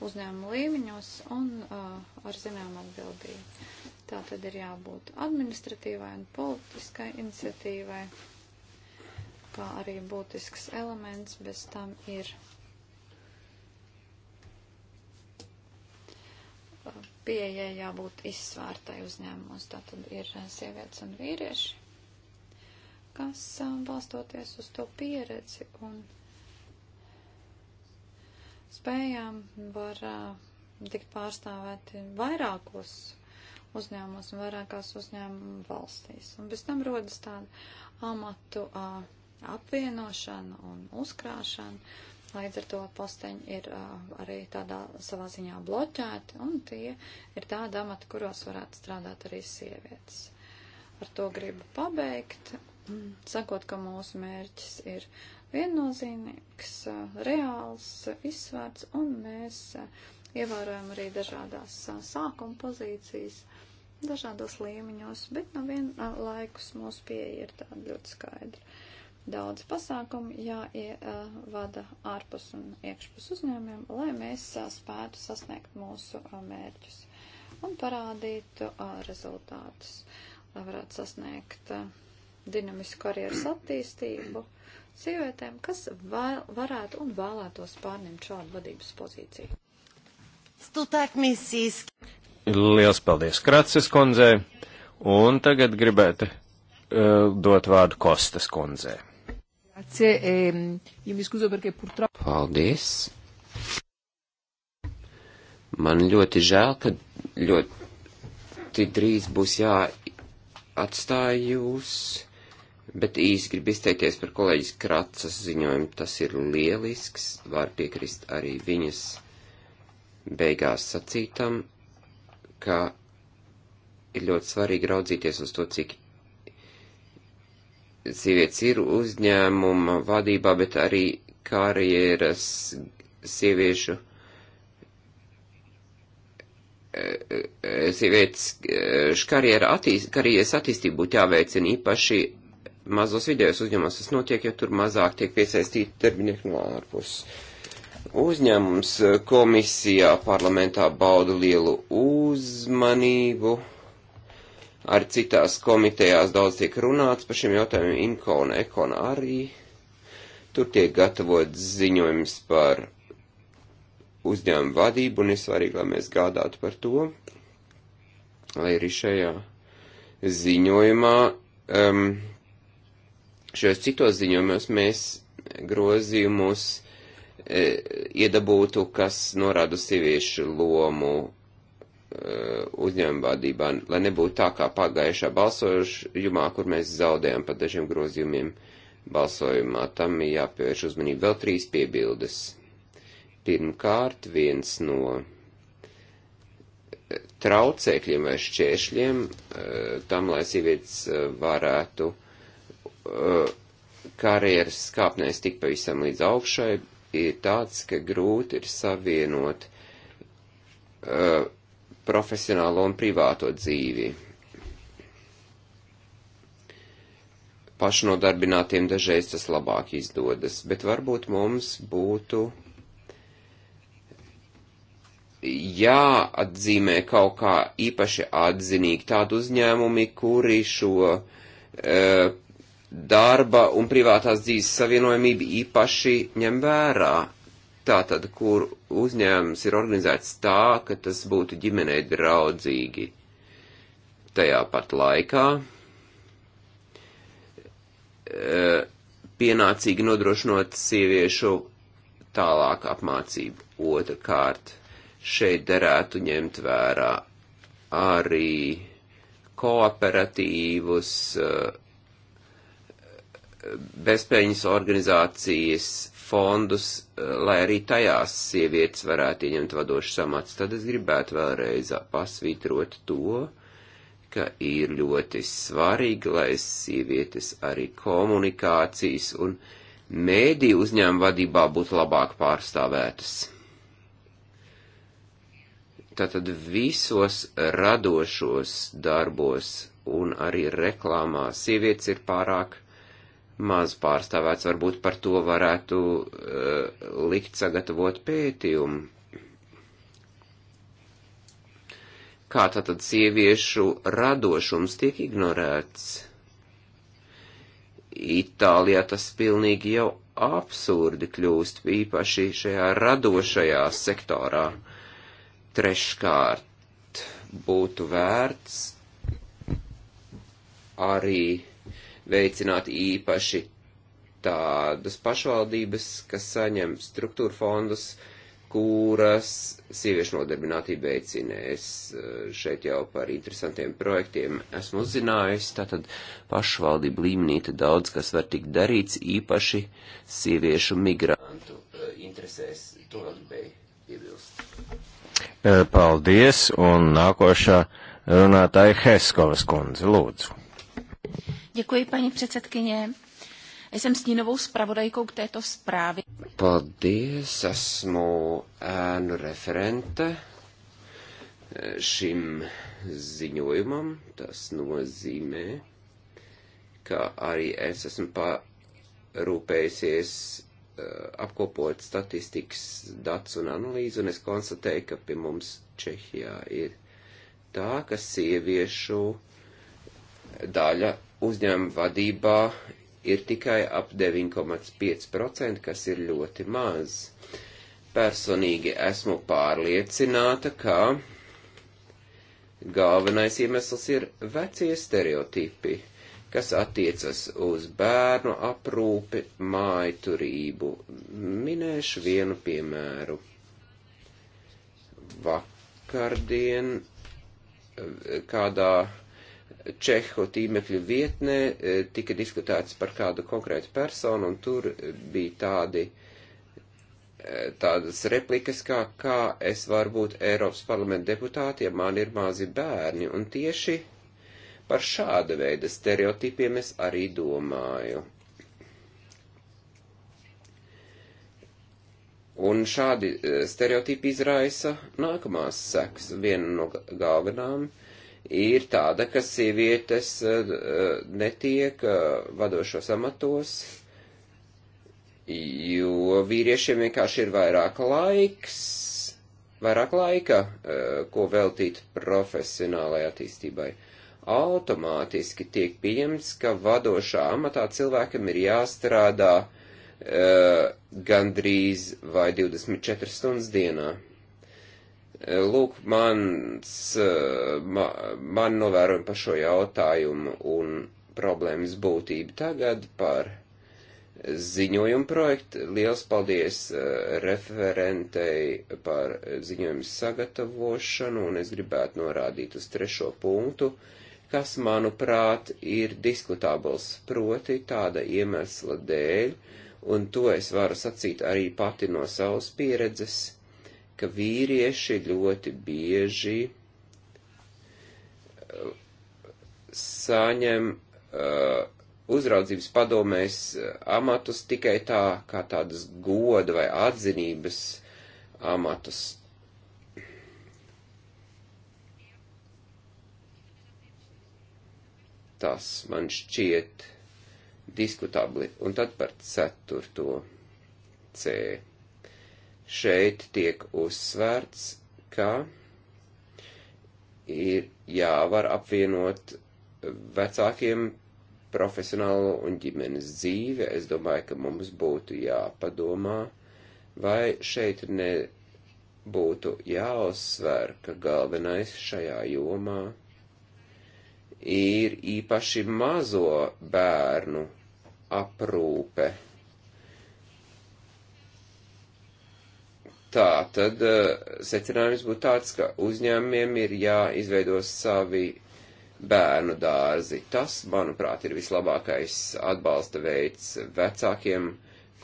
uzņēmumu līmeņos un uh, ar zinām atbildību. Tā tad ir jābūt administratīvai un politiskai iniciatīvai, kā arī būtisks elements, bez tam ir pieejai jābūt izsvērtai uzņēmumos. Tā tad ir sievietes un vīrieši kas um, balstoties uz to pieredzi un spējām var uh, tikt pārstāvēti vairākos uzņēmumos un vairākās uzņēmumu valstīs. Un bez tam rodas tāda amatu a, uh, apvienošana un uzkrāšana, līdz ar to posteņi ir a, uh, arī tādā savā ziņā bloķēti, un tie ir tāda amata, kuros varētu strādāt arī sievietes. Ar to gribu pabeigt, sakot, ka mūsu mērķis ir viennozīmīgs, reāls, izsvērts, un mēs ievērojam arī dažādās sākuma pozīcijas, dažādos līmeņos, bet no vienlaikus mūsu pieeja ir tāda ļoti skaidra. Daudz pasākumu jāievada ārpus un iekšpus uzņēmumiem, lai mēs spētu sasniegt mūsu mērķus un parādītu rezultātus, lai varētu sasniegt uh, dinamisku karjeras attīstību sievietēm, kas vēl, varētu un vēlētos pārņemt šādu vadības pozīciju. Stutāk misijas. Liels paldies Kraces kundzē, un tagad gribētu uh, dot vārdu Kostas kundzē. Ehm, paldies. Man ļoti žēl, ka ļoti drīz būs jāatstāj jūs bet īsi grib izteikties par kolēģis Kratsas ziņojumu. Tas ir lielisks, var piekrist arī viņas beigās sacītam, ka ir ļoti svarīgi raudzīties uz to, cik sievietes ir uzņēmuma vadībā, bet arī karjeras sieviešu eh, eh, sievietes eh, karjeras attīst, attīstību būtu jāveicina īpaši mazos vidējos uzņēmumos tas notiek, jo tur mazāk tiek piesaistīti darbinieki no ārpuses. Uzņēmums e, komisijā parlamentā bauda lielu uzmanību. Ar citās komitejās daudz tiek runāts par šiem jautājumiem, INCO un ECON arī. Tur tiek gatavot ziņojums par uzņēmumu vadību, un ir svarīgi, lai mēs gādātu par to, lai arī šajā ziņojumā um, šajos citos ziņojumos mēs grozījumus e, iedabūtu, kas norāda sieviešu lomu e, uzņēmumvādībā, lai nebūtu tā kā pagājušā balsojumā, kur mēs zaudējām par dažiem grozījumiem balsojumā. Tam ir jāpievērš uzmanība vēl trīs piebildes. Pirmkārt, viens no e, traucēkļiem vai šķēršļiem e, tam, lai sievietes e, varētu Uh, karjeras kāpnēs tik pavisam līdz augšai ir tāds, ka grūti ir savienot uh, profesionālo un privāto dzīvi. Pašnodarbinātiem dažreiz tas labāk izdodas, bet varbūt mums būtu jāatzīmē kaut kā īpaši atzinīgi tādi uzņēmumi, kuri šo uh, darba un privātās dzīves savienojamību īpaši ņem vērā. Tātad, kur uzņēmums ir organizēts tā, ka tas būtu ģimenei draudzīgi. Tajā pat laikā e, pienācīgi nodrošinot sieviešu tālāku apmācību. Otrakārt, šeit derētu ņemt vērā arī kooperatīvus, uh, bezpēļņas organizācijas fondus, eh, lai arī tajās sievietes varētu ieņemt vadošas amats, tad es gribētu vēlreiz pasvītrot to, ka ir ļoti svarīgi, lai sievietes arī komunikācijas un mēdīju uzņēmu vadībā būtu labāk pārstāvētas. Tātad visos radošos darbos un arī reklāmā sievietes ir pārāk maz pārstāvēts, varbūt par to varētu uh, likt sagatavot pētījumu. Kā tātad sieviešu radošums tiek ignorēts? Itālijā tas pilnīgi jau absurdi kļūst, īpaši šajā radošajā sektorā. Treškārt būtu vērts arī veicināt īpaši tādas pašvaldības, kas saņem struktūra fondus, kuras sieviešu nodarbinātību veicina. Es eh, šeit jau par interesantiem projektiem esmu uzzinājusi. Tātad pašvaldību līmenī te daudz, kas var tikt darīts, īpaši sieviešu migrantu eh, interesēs. To vēl gribēju piebilst. Eh, paldies, un nākošā runātāja Heskovas kundze, lūdzu. Děkuji, paní předsedkyně. Esmu stínovou spravodajkou k této zprávě. Paldies, esmu ēnu referente eh, šim ziņojumam. Tas nozīmē, ka arī es esmu parūpējusies eh, apkopot statistikas datus un analīzi, un es konstatēju, ka pie mums Čehijā ir tā, ka sieviešu daļa uzņēmuma vadībā ir tikai ap 9,5%, kas ir ļoti maz. Personīgi esmu pārliecināta, ka galvenais iemesls ir vecie stereotipi, kas attiecas uz bērnu aprūpi, mājturību. Minēšu vienu piemēru. Vakardien kādā Čehu tīmekļu vietnē e, tika diskutēts par kādu konkrētu personu, un tur bija tādi, e, tādas replikas, kā, kā es varu būt Eiropas parlamenta deputāti, ja man ir mazi bērni, un tieši par šāda veida stereotipiem es arī domāju. Un šādi e, stereotipi izraisa nākamās seks, viena no galvenām. Uh, ir tāda, ka sievietes eh, netiek eh, vadošos amatos, jo vīriešiem vienkārši ir vairāk laiks, vairāk laika, eh, ko veltīt profesionālajai attīstībai. Automātiski tiek pieņemts, ka vadošā amatā cilvēkam ir jāstrādā uh, gandrīz vai 24 stundas dienā. Lūk, mans, eh, ma, man novērojumi par šo jautājumu un problēmas būtību tagad par ziņojumu projektu. Liels paldies eh, referentei par ziņojumu sagatavošanu, un es gribētu norādīt uz trešo punktu, kas, manuprāt, ir diskutabls, proti tāda iemesla dēļ, un to es varu sacīt arī pati no savas pieredzes ka vīrieši ļoti bieži uh, saņem uh, uzraudzības padomēs uh, amatus tikai tā, kā tādas goda vai atzinības amatus. Tas man šķiet diskutabli. Un tad par ceturto C. Šeit tiek uzsvērts, ka ir jāvar apvienot vecākiem profesionālo un ģimenes dzīve. Es domāju, ka mums būtu jāpadomā, vai šeit nebūtu jāuzsver, ka galvenais šajā jomā ir īpaši mazo bērnu aprūpe. Tā tad eh, secinājums būtu tāds, ka uzņēmumiem ir jāizveido savi bērnu dārzi. Tas, manuprāt, ir vislabākais atbalsta veids vecākiem,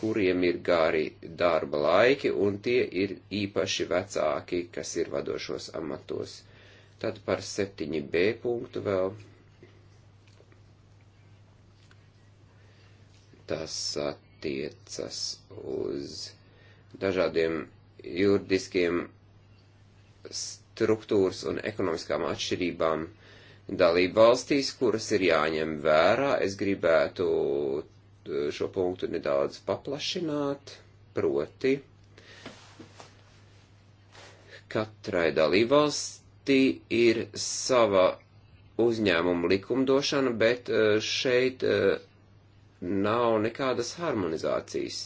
kuriem ir gari darba laiki, un tie ir īpaši vecāki, kas ir vadošos amatos. Tad par 7b punktu vēl. Tas attiecas uz dažādiem juridiskiem struktūras un ekonomiskām atšķirībām dalību valstīs, kuras ir jāņem vērā. Es gribētu eh, šo punktu nedaudz paplašināt, proti katrai dalību valstī ir sava uzņēmuma likumdošana, bet eh, šeit eh, nav nekādas harmonizācijas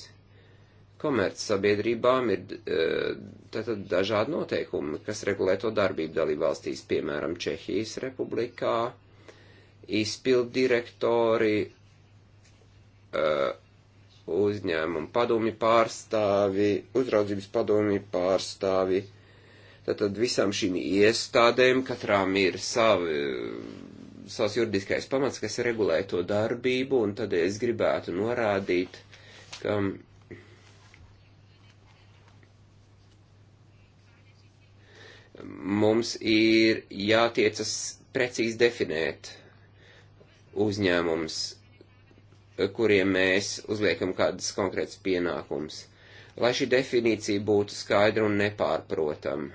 komercsabiedrībām ir e, tātad dažādi noteikumi, kas regulē to darbību dalībvalstīs, piemēram, Čehijas republikā, izpilddirektori, e, uzņēmumu padomi pārstāvi, uzraudzības padomi pārstāvi. Tātad visām šīm iestādēm katrām ir savi, savs juridiskais pamats, kas regulē to darbību, un tad es gribētu norādīt, ka mums ir jātiecas precīzi definēt uzņēmums, kuriem mēs uzliekam kādas konkrētas pienākums, lai šī definīcija būtu skaidra un nepārprotama,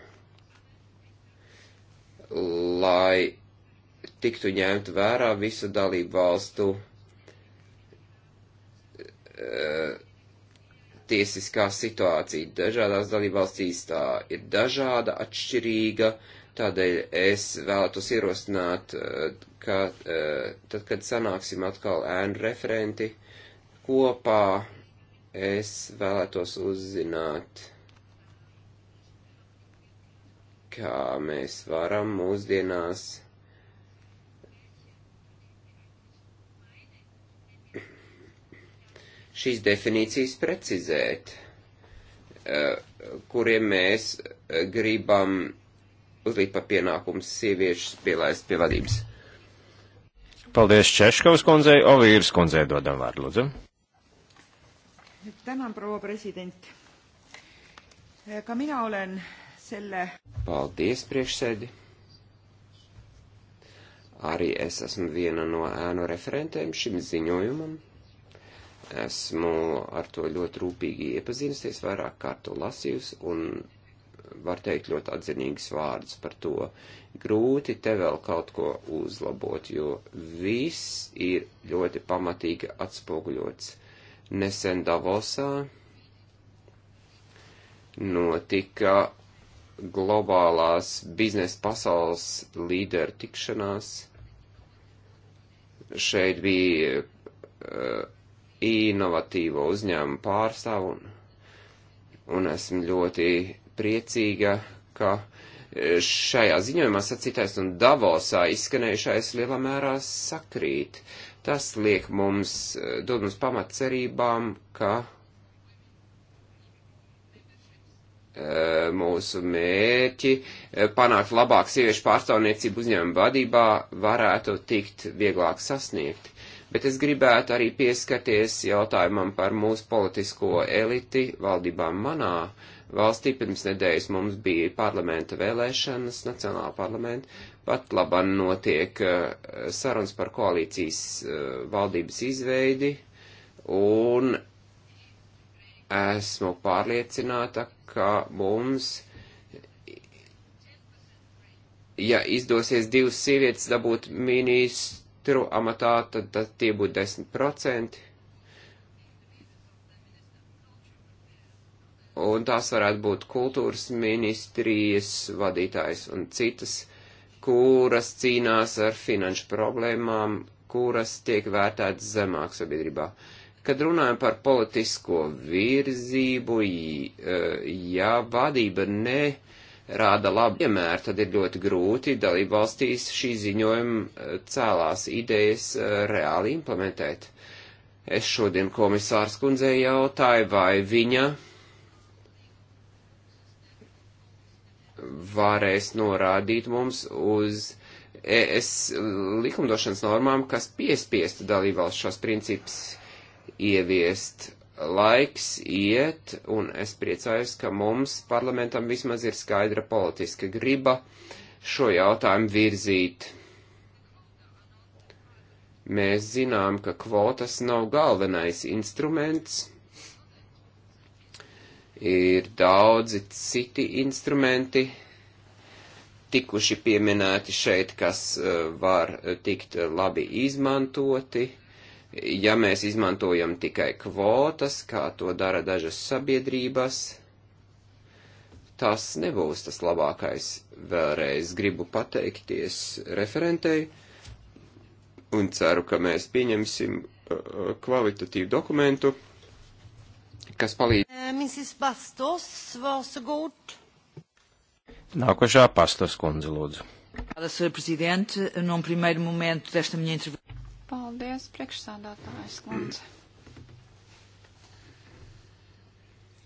lai tiktu ņemt vērā visu dalību valstu uh, tiesiskā situācija dažādās dalībvalstīs tā ir dažāda, atšķirīga, tādēļ es vēlētos ierosināt, eh, ka eh, tad, kad sanāksim atkal ēnu referenti kopā, es vēlētos uzzināt, kā mēs varam mūsdienās šīs definīcijas precizēt, eh, kuriem mēs eh, gribam uzlikt pa pienākums sieviešas pielaist pie vadības. Paldies Češkavas kundzei, Ovīras kundzei dodam vārdu, lūdzu. Tänan, proua president. Eh, ka mina olen selle... Paldies, priekšsēdi. Arī es esmu viena no ēnu referentēm šim ziņojumam. Esmu ar to ļoti rūpīgi iepazinusies, vairāk kārt to lasījusi un var teikt ļoti atzinīgas vārdas par to. Grūti te vēl kaut ko uzlabot, jo viss ir ļoti pamatīgi atspoguļots. Nesen Davosā notika globālās biznesa pasaules līderu tikšanās. Šeit bija uh, inovatīvo uzņēmumu pārstāvu un, un esmu ļoti priecīga, ka e, šajā ziņojumā sacītais un Davosā izskanējušais lielā mērā sakrīt. Tas liek mums, e, dod mums pamat cerībām, ka e, mūsu mērķi panākt labāku sieviešu pārstāvniecību uzņēmumu vadībā varētu tikt vieglāk sasniegti. Bet es gribētu arī pieskarties jautājumam par mūsu politisko eliti valdībām manā valstī. Pirms nedēļas mums bija parlamenta vēlēšanas, nacionāla parlamenta. Pat labam notiek eh, sarunas par koalīcijas eh, valdības izveidi. Un esmu pārliecināta, ka mums ja izdosies divas sievietes dabūt ministru ministru amatā, tad, tad tie būtu 10%. Un tās varētu būt kultūras ministrijas vadītājs un citas, kuras cīnās ar finanšu problēmām, kuras tiek vērtētas zemāk sabiedrībā. Kad runājam par politisko virzību, eh, ja vadība ne. Uh, rāda labu piemēru, tad ir ļoti grūti dalību valstīs šī ziņojuma eh, cēlās idejas eh, reāli implementēt. Es šodien komisārs kundzei jautāju, vai viņa varēs norādīt mums uz es likumdošanas normām, kas piespiestu dalībvalsts šos principus ieviest Laiks iet, un es priecājos, ka mums parlamentam vismaz ir skaidra politiska griba šo jautājumu virzīt. Mēs zinām, ka kvotas nav galvenais instruments, ir daudzi citi instrumenti tikuši pieminēti šeit, kas eh, var eh, tikt eh, labi izmantoti ja mēs izmantojam tikai kvotas, kā to dara dažas sabiedrības, tas nebūs tas labākais. Vēlreiz gribu pateikties referentei un ceru, ka mēs pieņemsim uh, kvalitatīvu dokumentu, kas palīdz. Eh, Mrs. Bastos, vāsagūt. Nākošā pastas kundze, lūdzu. Senhora Presidente, num primeiro momento desta minha intervenção. Paldies, priekšsādātājs Lundze.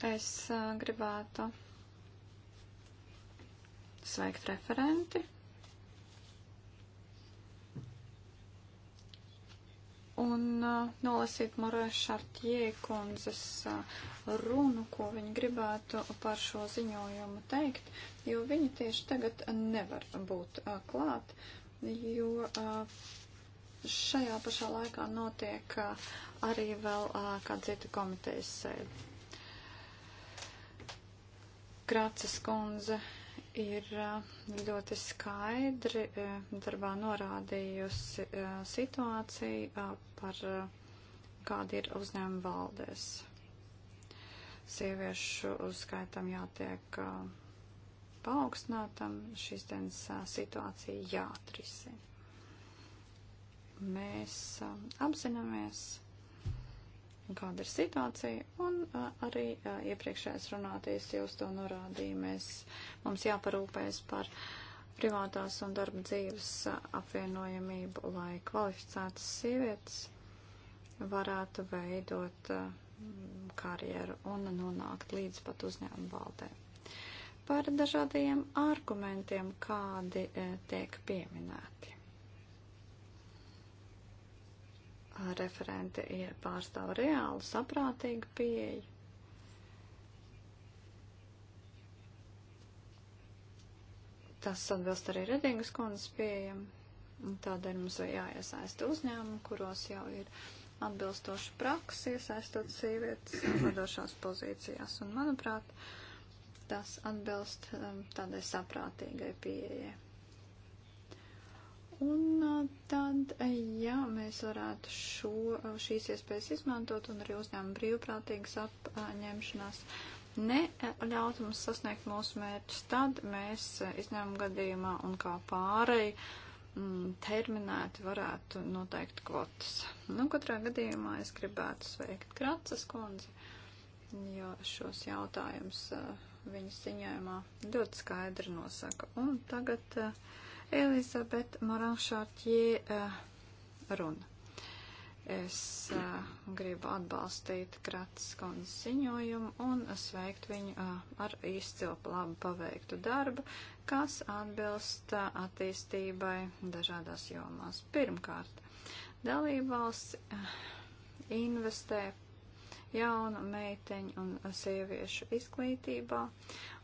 Es uh, gribētu sveikt referenti. Un uh, nolasīt Morēs Šartjē kundzes uh, runu, ko viņa gribētu par šo ziņojumu teikt, jo viņa tieši tagad nevar būt uh, klāt, jo uh, šajā pašā laikā notiek uh, arī vēl uh, kāda cita komitejas sēde. Krācas kundze ir uh, ļoti skaidri darbā norādījusi situāciju par kāda ir uzņēmuma valdēs. Sieviešu skaitam jātiek paaugstinātam, šīs dienas situācija jāatrisina. Mēs apzināmies, kāda ir situācija, un arī iepriekšējais runāties jūs to norādīja. Mēs, mums jāparūpēs par privātās un darba dzīves apvienojamību, lai kvalificētas sievietes varētu veidot karjeru un nonākt līdz pat uzņēmuma valdē. Par dažādiem argumentiem, kādi e, tiek pieminēti. referente pārstāv reālu, saprātīgu pieeju. Tas atbilst arī Redingas kundzes pieejam. Tādēļ mums jāiesaista uzņēmumi, kuros jau ir atbilstoša praksa, iesaistot sievietes vadošās pozīcijās. Un, manuprāt, tas atbilst um, tādai saprātīgai pieejai. Un uh, tad, eh, ja mēs varētu šo, uh, šīs iespējas izmantot un arī uzņēmumu brīvprātīgas apņemšanās neļaut mums sasniegt mūsu mērķus, tad mēs eh, izņēmumu gadījumā un kā pārēji mm, terminēti varētu noteikt kvotas. Nu, katrā gadījumā es gribētu sveikt Kracas kundzi, jo šos jautājumus eh, viņas ziņojumā ļoti skaidri nosaka. Un tagad uh, Elizabet Moranšārķie uh, eh, runa. Es uh, gribu atbalstīt Kratas kundzes ziņojumu un sveikt viņu uh, ar izcilu labu paveiktu darbu, kas atbilst uh, attīstībai dažādās jomās. Pirmkārt, dalībvalsts uh, investē jaunu meiteņu un sieviešu izglītībā,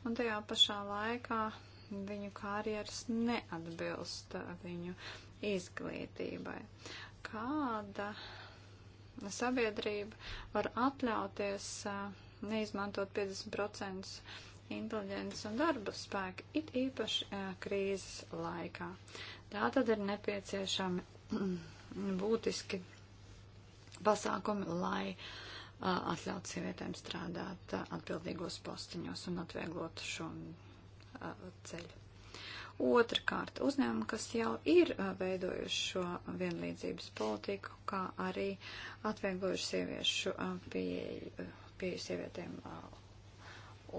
un tajā pašā laikā viņu karjeras neatbilst viņu izglītībai. Kāda sabiedrība var atļauties neizmantot 50% inteliģences un darba spēka, it īpaši krīzes laikā. Tā tad ir nepieciešami *clears throat* būtiski pasākumi, lai atļautu sievietēm strādāt atbildīgos postiņos un atvieglotu šo Uh, ceļu. Otrakārt, uzņēmumi, kas jau ir uh, veidojuši šo vienlīdzības politiku, kā arī atvieglojuši sieviešu uh, pieeju pie sievietēm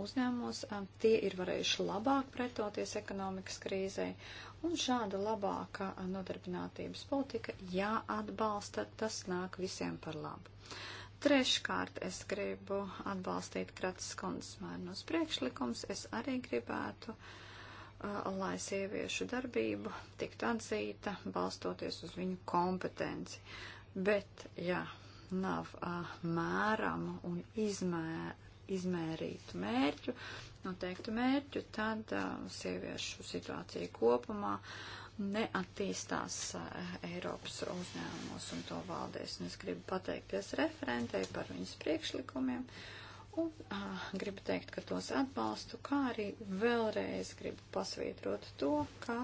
uzņēmumos, tie ir varējuši labāk pretoties ekonomikas krīzei, un šāda labāka nodarbinātības politika jāatbalsta, tas nāk visiem par labu. Treškārt es gribu atbalstīt Kratas kundzes mērnos priekšlikums. Es arī gribētu, uh, lai sieviešu darbība tiktu atzīta, balstoties uz viņu kompetenci. Bet, ja nav uh, mēramu un izmē, izmērītu mērķu, noteiktu mērķu, tad uh, sieviešu situācija kopumā neattīstās eh, Eiropas uzņēmumos un to valdēs. Un es gribu pateikties referentei par viņas priekšlikumiem un uh, gribu teikt, ka tos atbalstu, kā arī vēlreiz gribu pasvītrot to, ka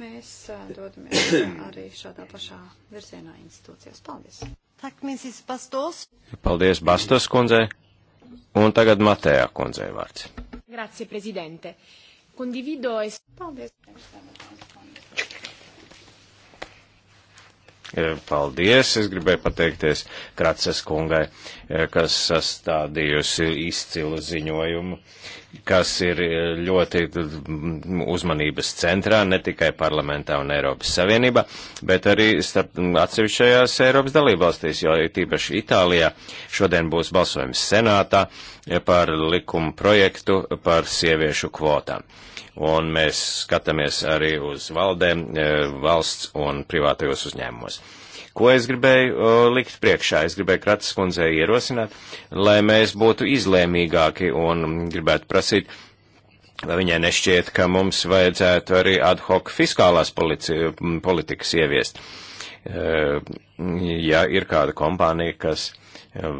mēs uh, dodamies *coughs* arī šādā pašā virzienā institūcijās. Paldies! Tak, Mrs. Bastos. Paldies, Bastos kundzei! Un tagad Matējā kundzei vārds. Grazie, prezidente. Condivido es... Paldies, prezidente. E, paldies! Es gribēju pateikties Kraces kungai, e, kas sastādījusi izcilu ziņojumu, kas ir ļoti uzmanības centrā ne tikai parlamentā un Eiropas Savienībā, bet arī starp atsevišķajās Eiropas dalībvalstīs, jo tīpaši Itālijā šodien būs balsojums senātā par likumu projektu par sieviešu kvotām. Un mēs skatāmies arī uz valdēm eh, valsts un privātajos uzņēmumos. Ko es gribēju uh, likt priekšā? Es gribēju Kratas kundzei ierosināt, lai mēs būtu izlēmīgāki un gribētu prasīt, Vai viņai nešķiet, ka mums vajadzētu arī ad hoc fiskālās polici, politikas ieviest? E, ja ir kāda kompānija, kas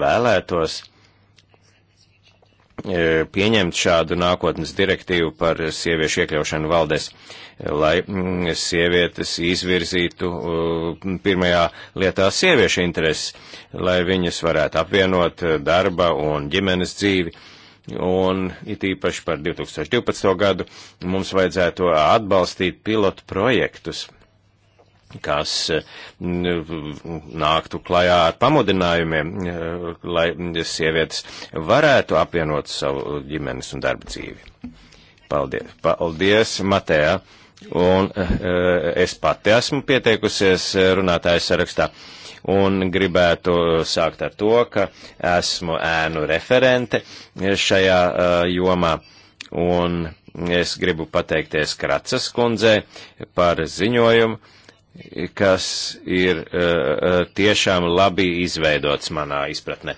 vēlētos E, pieņemt šādu nākotnes direktīvu par sieviešu iekļaušanu valdēs, lai mm, sievietes izvirzītu e, pirmajā lietā sieviešu intereses, lai viņas varētu apvienot e, darba un ģimenes dzīvi. Un it īpaši par 2012. gadu mums vajadzētu atbalstīt pilotu projektus kas mm, nāktu klajā ar pamudinājumiem, mm, lai sievietes varētu apvienot savu ģimenes un darba dzīvi. Paldies, paldies Matējā. Un eh, es pati esmu pieteikusies runātāju sarakstā un gribētu sākt ar to, ka esmu ēnu referente šajā eh, jomā. Un es gribu pateikties Kracas kundzei par ziņojumu kas ir eh, eh, tiešām labi izveidots manā izpratne,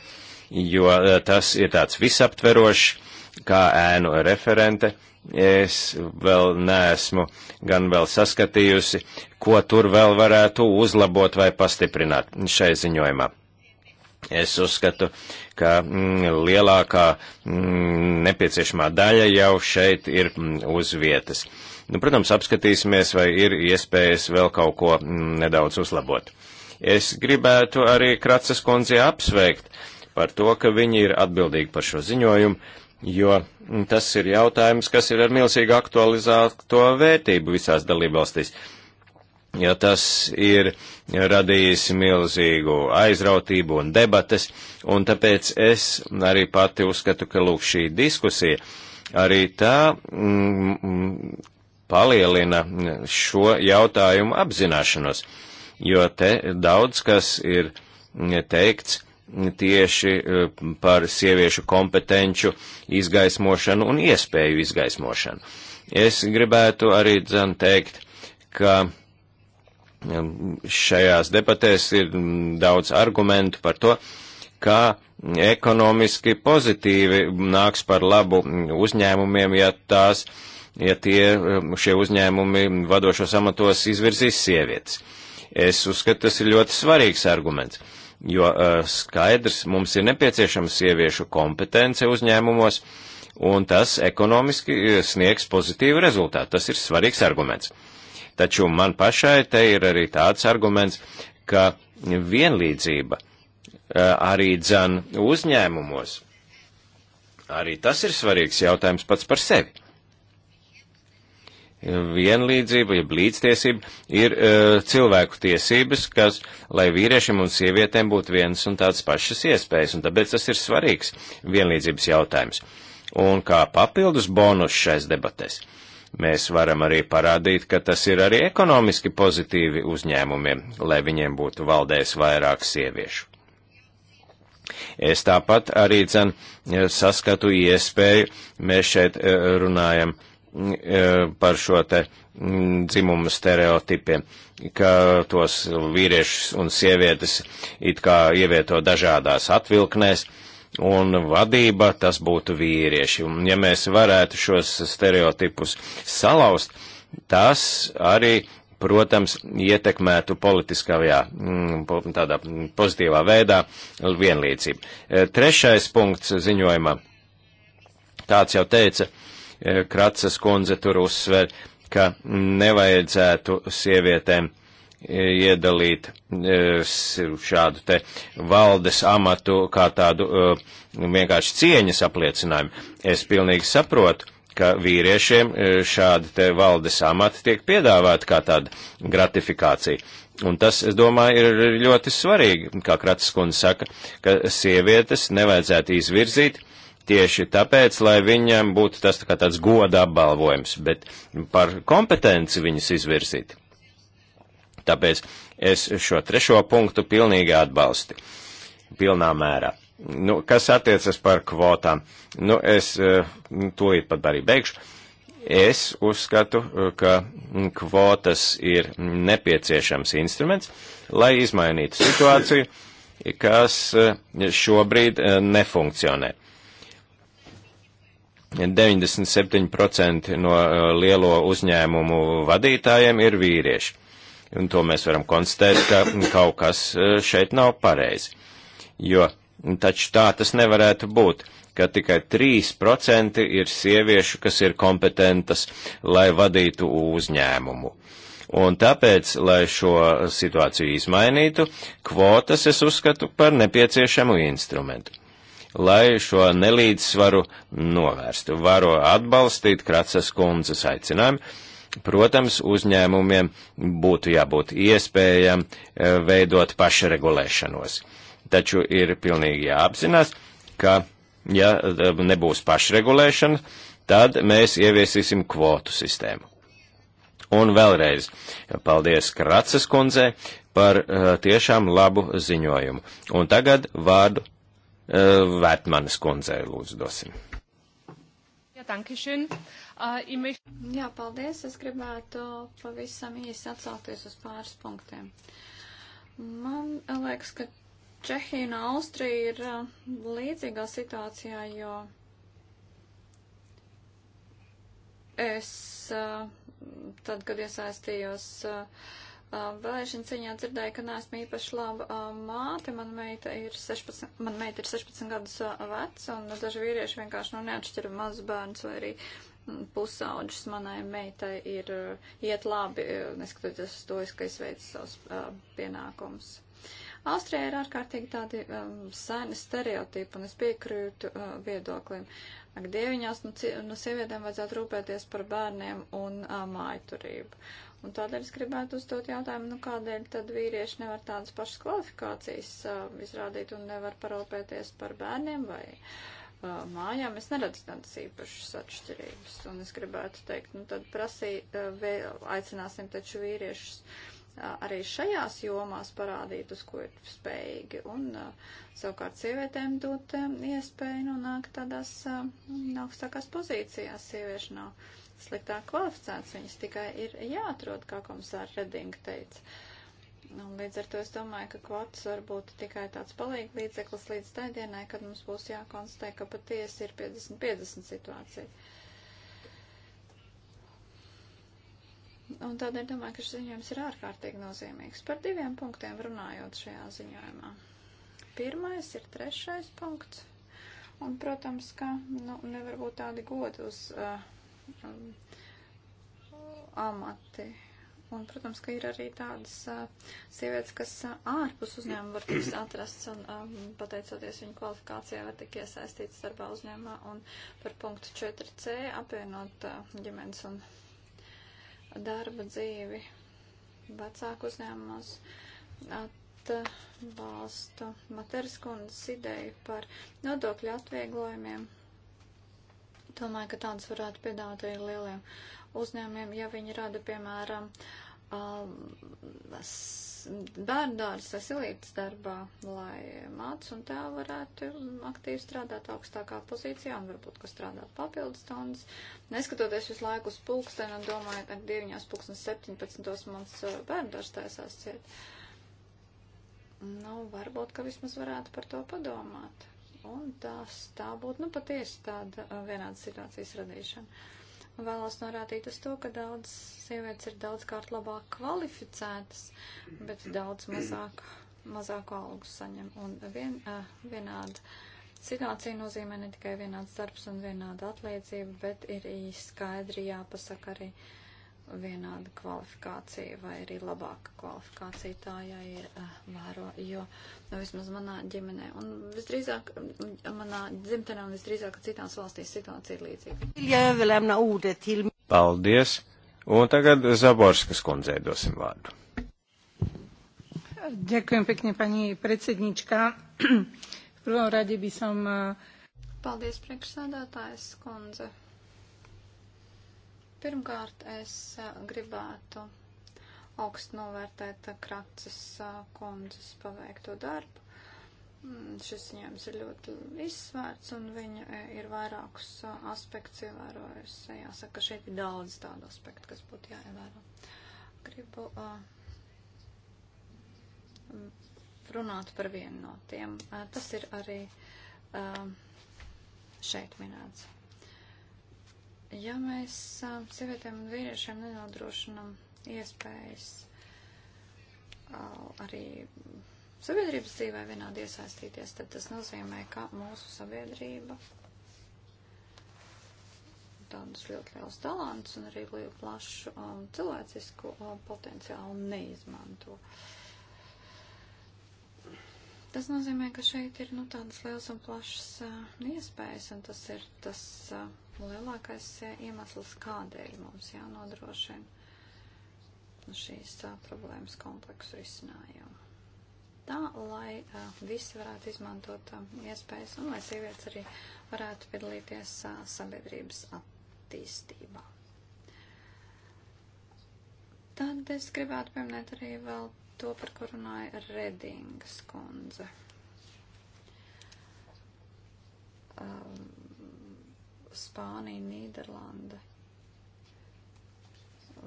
jo eh, tas ir tāds visaptverošs, kā ēnu referente. Es vēl neesmu gan vēl saskatījusi, ko tur vēl varētu uzlabot vai pastiprināt šai ziņojumā. Es uzskatu, ka mm, lielākā mm, nepieciešamā daļa jau šeit ir mm, uz vietas. Uh, Nu, protams, apskatīsimies, vai ir iespējas vēl kaut ko mm, nedaudz uzlabot. Es gribētu arī Kratsas kundzi apsveikt par to, ka viņi ir atbildīgi par šo ziņojumu, jo mm, tas ir jautājums, kas ir ar milzīgu aktualizēto vērtību visās dalībvalstīs ja tas ir radījis milzīgu aizrautību un debates, un tāpēc es arī pati uzskatu, ka lūk šī diskusija arī tā mm, mm palielina šo jautājumu apzināšanos, jo te daudz kas ir teikts tieši eh, par sieviešu kompetenču izgaismošanu un iespēju izgaismošanu. Es gribētu arī dzan teikt, ka mm, šajās debatēs ir mm, daudz argumentu par to, kā ekonomiski pozitīvi nāks par labu mm, uzņēmumiem, ja tās uh, ja tie, um, šie uzņēmumi vadošos amatos izvirzīs sievietes. Es uzskatu, tas ir ļoti svarīgs arguments, jo uh, skaidrs, mums ir nepieciešama sieviešu kompetence uzņēmumos, un tas ekonomiski uh, sniegs pozitīvu rezultātu. Tas ir svarīgs arguments. Taču man pašai te ir arī tāds arguments, ka vienlīdzība uh, arī dzan uzņēmumos. Arī tas ir svarīgs jautājums pats par sevi vienlīdzība, jeb līdztiesība, ir uh, cilvēku tiesības, kas, lai vīriešiem un sievietēm būtu vienas un tādas pašas iespējas, un tāpēc tas ir svarīgs vienlīdzības jautājums. Un kā papildus bonus šais debatēs, mēs varam arī parādīt, ka tas ir arī ekonomiski pozitīvi uzņēmumiem, lai viņiem būtu valdējis vairāk sieviešu. Es tāpat arī, dzen, e, saskatu iespēju, mēs šeit e, runājam uh, E, par šo te mm, dzimumu stereotipiem, ka tos vīriešus un sievietes it kā ievieto dažādās atvilknēs, un vadība tas būtu vīrieši. Un ja mēs varētu šos stereotipus salauzt, tas arī, protams, ietekmētu politiskajā, mm, tādā pozitīvā veidā vienlīdzību. E, trešais punkts ziņojumā, tāds jau teica, Eh, Kracas kundze tur uzsver, ka nevajadzētu sievietēm eh, iedalīt eh, šādu te valdes amatu kā tādu vienkārši cieņas apliecinājumu. Es pilnīgi saprotu, ka vīriešiem šādi te valdes amati tiek piedāvāti kā tāda gratifikācija. Un tas, es domāju, ir ļoti svarīgi, kā Kratis kundze saka, ka sievietes nevajadzētu izvirzīt tieši tāpēc, lai viņam būtu tas tā kā tāds goda apbalvojums, bet par kompetenci viņus izvirzīt. Tāpēc es šo trešo punktu pilnīgi atbalstu, pilnā mērā. Nu, kas attiecas par kvotām? Nu, es nu, tūlīt pat arī beigšu. Es uzskatu, eh, ka kvotas ir nepieciešams instruments, lai izmainītu situāciju, kas eh, šobrīd nefunkcionē. 97% no eh, lielo uzņēmumu vadītājiem ir vīrieši. Un to mēs varam konstatēt, ka kaut kas eh, šeit nav pareizi. Jo taču tā tas nevarētu būt, ka tikai 3% ir sieviešu, kas ir kompetentas, lai vadītu uzņēmumu. Un tāpēc, lai šo situāciju izmainītu, kvotas es uzskatu par nepieciešamu instrumentu lai šo nelīdzsvaru novērstu. Varu atbalstīt Kratsas kundzes aicinājumu. Protams, uzņēmumiem būtu jābūt iespējam e, veidot pašregulēšanos. Taču ir pilnīgi jāapzinās, ka ja e, nebūs pašregulēšana, tad mēs ieviesīsim kvotu sistēmu. Un vēlreiz paldies Kratsas kundzei par e, tiešām labu ziņojumu. Un tagad vārdu Eh, Vērtmanes kundzei lūdzu dosim. Jā, tankišin. Eh, Jā, paldies. Es gribētu pavisam īsi atsaukties uz pāris punktiem. Man liekas, ka Čehija un Austrija ir eh, līdzīgā situācijā, jo es tad, kad iesaistījos uh, vēlēšana ciņā dzirdēju, ka neesmu īpaši laba māte. Man meita ir 16, man meita ir 16 gadus veca, un daži vīrieši vienkārši nu, neatšķir mazus bērnus vai arī pusauģis manai meitai ir iet labi, neskatoties uz to, ka es veicu savus uh, pienākumus. Austrijā ir ārkārtīgi tādi um, sēni stereotipi, un es piekrītu uh, viedoklim. Ak, dieviņās no, nu, no nu, sievietēm vajadzētu rūpēties par bērniem un uh, mājaturību. Un tādēļ es gribētu uzdot jautājumu, nu kādēļ tad vīrieši nevar tādas pašas kvalifikācijas uh, izrādīt un nevar parūpēties par bērniem vai uh, mājām. Es neredzu tādas īpašas atšķirības. Un es gribētu teikt, nu tad prasī, uh, vēl aicināsim taču vīriešus arī šajās jomās parādīt, uz ko ir spējīgi, un savukārt sievietēm dot iespēju nonākt tādās augstākās pozīcijās. Sievieši nav sliktāk kvalificēts. Viņas tikai ir jāatrod, kā komisāra Redinga teica. Un līdz ar to es domāju, ka kvotas var būt tikai tāds palīgi līdzeklis līdz tai dienai, kad mums būs jākonstatē, ka patiesi ir 50-50 situācija. Un tādēļ domāju, ka šis ziņojums ir ārkārtīgi nozīmīgs. Par diviem punktiem runājot šajā ziņojumā. Pirmais ir trešais punkts. Un, protams, ka nu, nevar būt tādi godi uz uh, Um, amati. Un, protams, ka ir arī tādas uh, sievietes, kas uh, ārpus uzņēmuma var tikt atrasts un, um, pateicoties viņu kvalifikācijai, var tik iesaistīts darbā uzņēmumā. Un par punktu 4c apvienot uh, ģimenes un darba dzīvi vecāku uzņēmumos atbalstu Materas kundzes ideju par nodokļu atvieglojumiem Domāju, ka tādas varētu piedāvāt arī lieliem uzņēmumiem, ja viņi rada, piemēram, bērnu um, dārzus vai silītas darbā, lai māc un tā varētu aktīvi strādāt augstākā pozīcijā un varbūt, ka strādā papildus stundas. Neskatoties visu laiku uz pulksteni un domāju, ka 9. pulkstens 17. mans uh, bērnu dārzs taisās ciet. Nu, varbūt, ka vismaz varētu par to padomāt un tās tā būtu, nu, patiesi tāda uh, vienādas situācijas radīšana. Vēlos norādīt uz to, ka daudz sievietes ir daudz kārt labāk kvalificētas, bet daudz mazāk, mazāku algu saņem. Un vien, uh, vienāda situācija nozīmē ne tikai vienāds darbs un vienāda atliecība, bet ir skaidri jāpasaka arī. Uh, vienāda kvalifikācija vai arī labāka kvalifikācija tā, ja ir uh, vēro, jo nu, vismaz manā ģimenē un visdrīzāk manā dzimtenē un visdrīzāk citās valstīs situācija ir līdzīga. Paldies! Un tagad Zaborskas kundzei dosim vārdu. Ďakujem pekne, pani predsednička. V prvom rade by som... Eh, Paldies, priekšsādātājs kundze. Pirmkārt, es gribētu augstu novērtēt Kracis kundzes paveikto darbu. Mm, šis ziņojums ir ļoti izsvērts, un viņa ir vairākus aspektus ievērojusi. Jāsaka, šeit ir daudz tādu aspektu, kas būtu jāievēro. Gribu uh, runāt par vienu no tiem. Uh, tas ir arī uh, šeit minēts. Ja mēs sievietēm un vīriešiem nenodrošinam iespējas arī sabiedrības dzīvē vienādi iesaistīties, tad tas nozīmē, ka mūsu sabiedrība tādus ļoti liels talants un arī ļoti plašu um, cilvēcisku um, potenciālu neizmanto. Uh, Tas nozīmē, ka šeit ir nu, tādas liels un plašas uh, iespējas, un tas ir tas uh, lielākais uh, iemesls, kādēļ mums jānodrošina šīs uh, problēmas kompleksu risinājumu. Tā, lai uh, visi varētu izmantot uh, iespējas, un lai sievietes arī varētu piedalīties uh, sabiedrības attīstībā. Tad es gribētu pieminēt arī vēl to, par ko runāja Redingas kundze. Um, Spānija, Nīderlanda,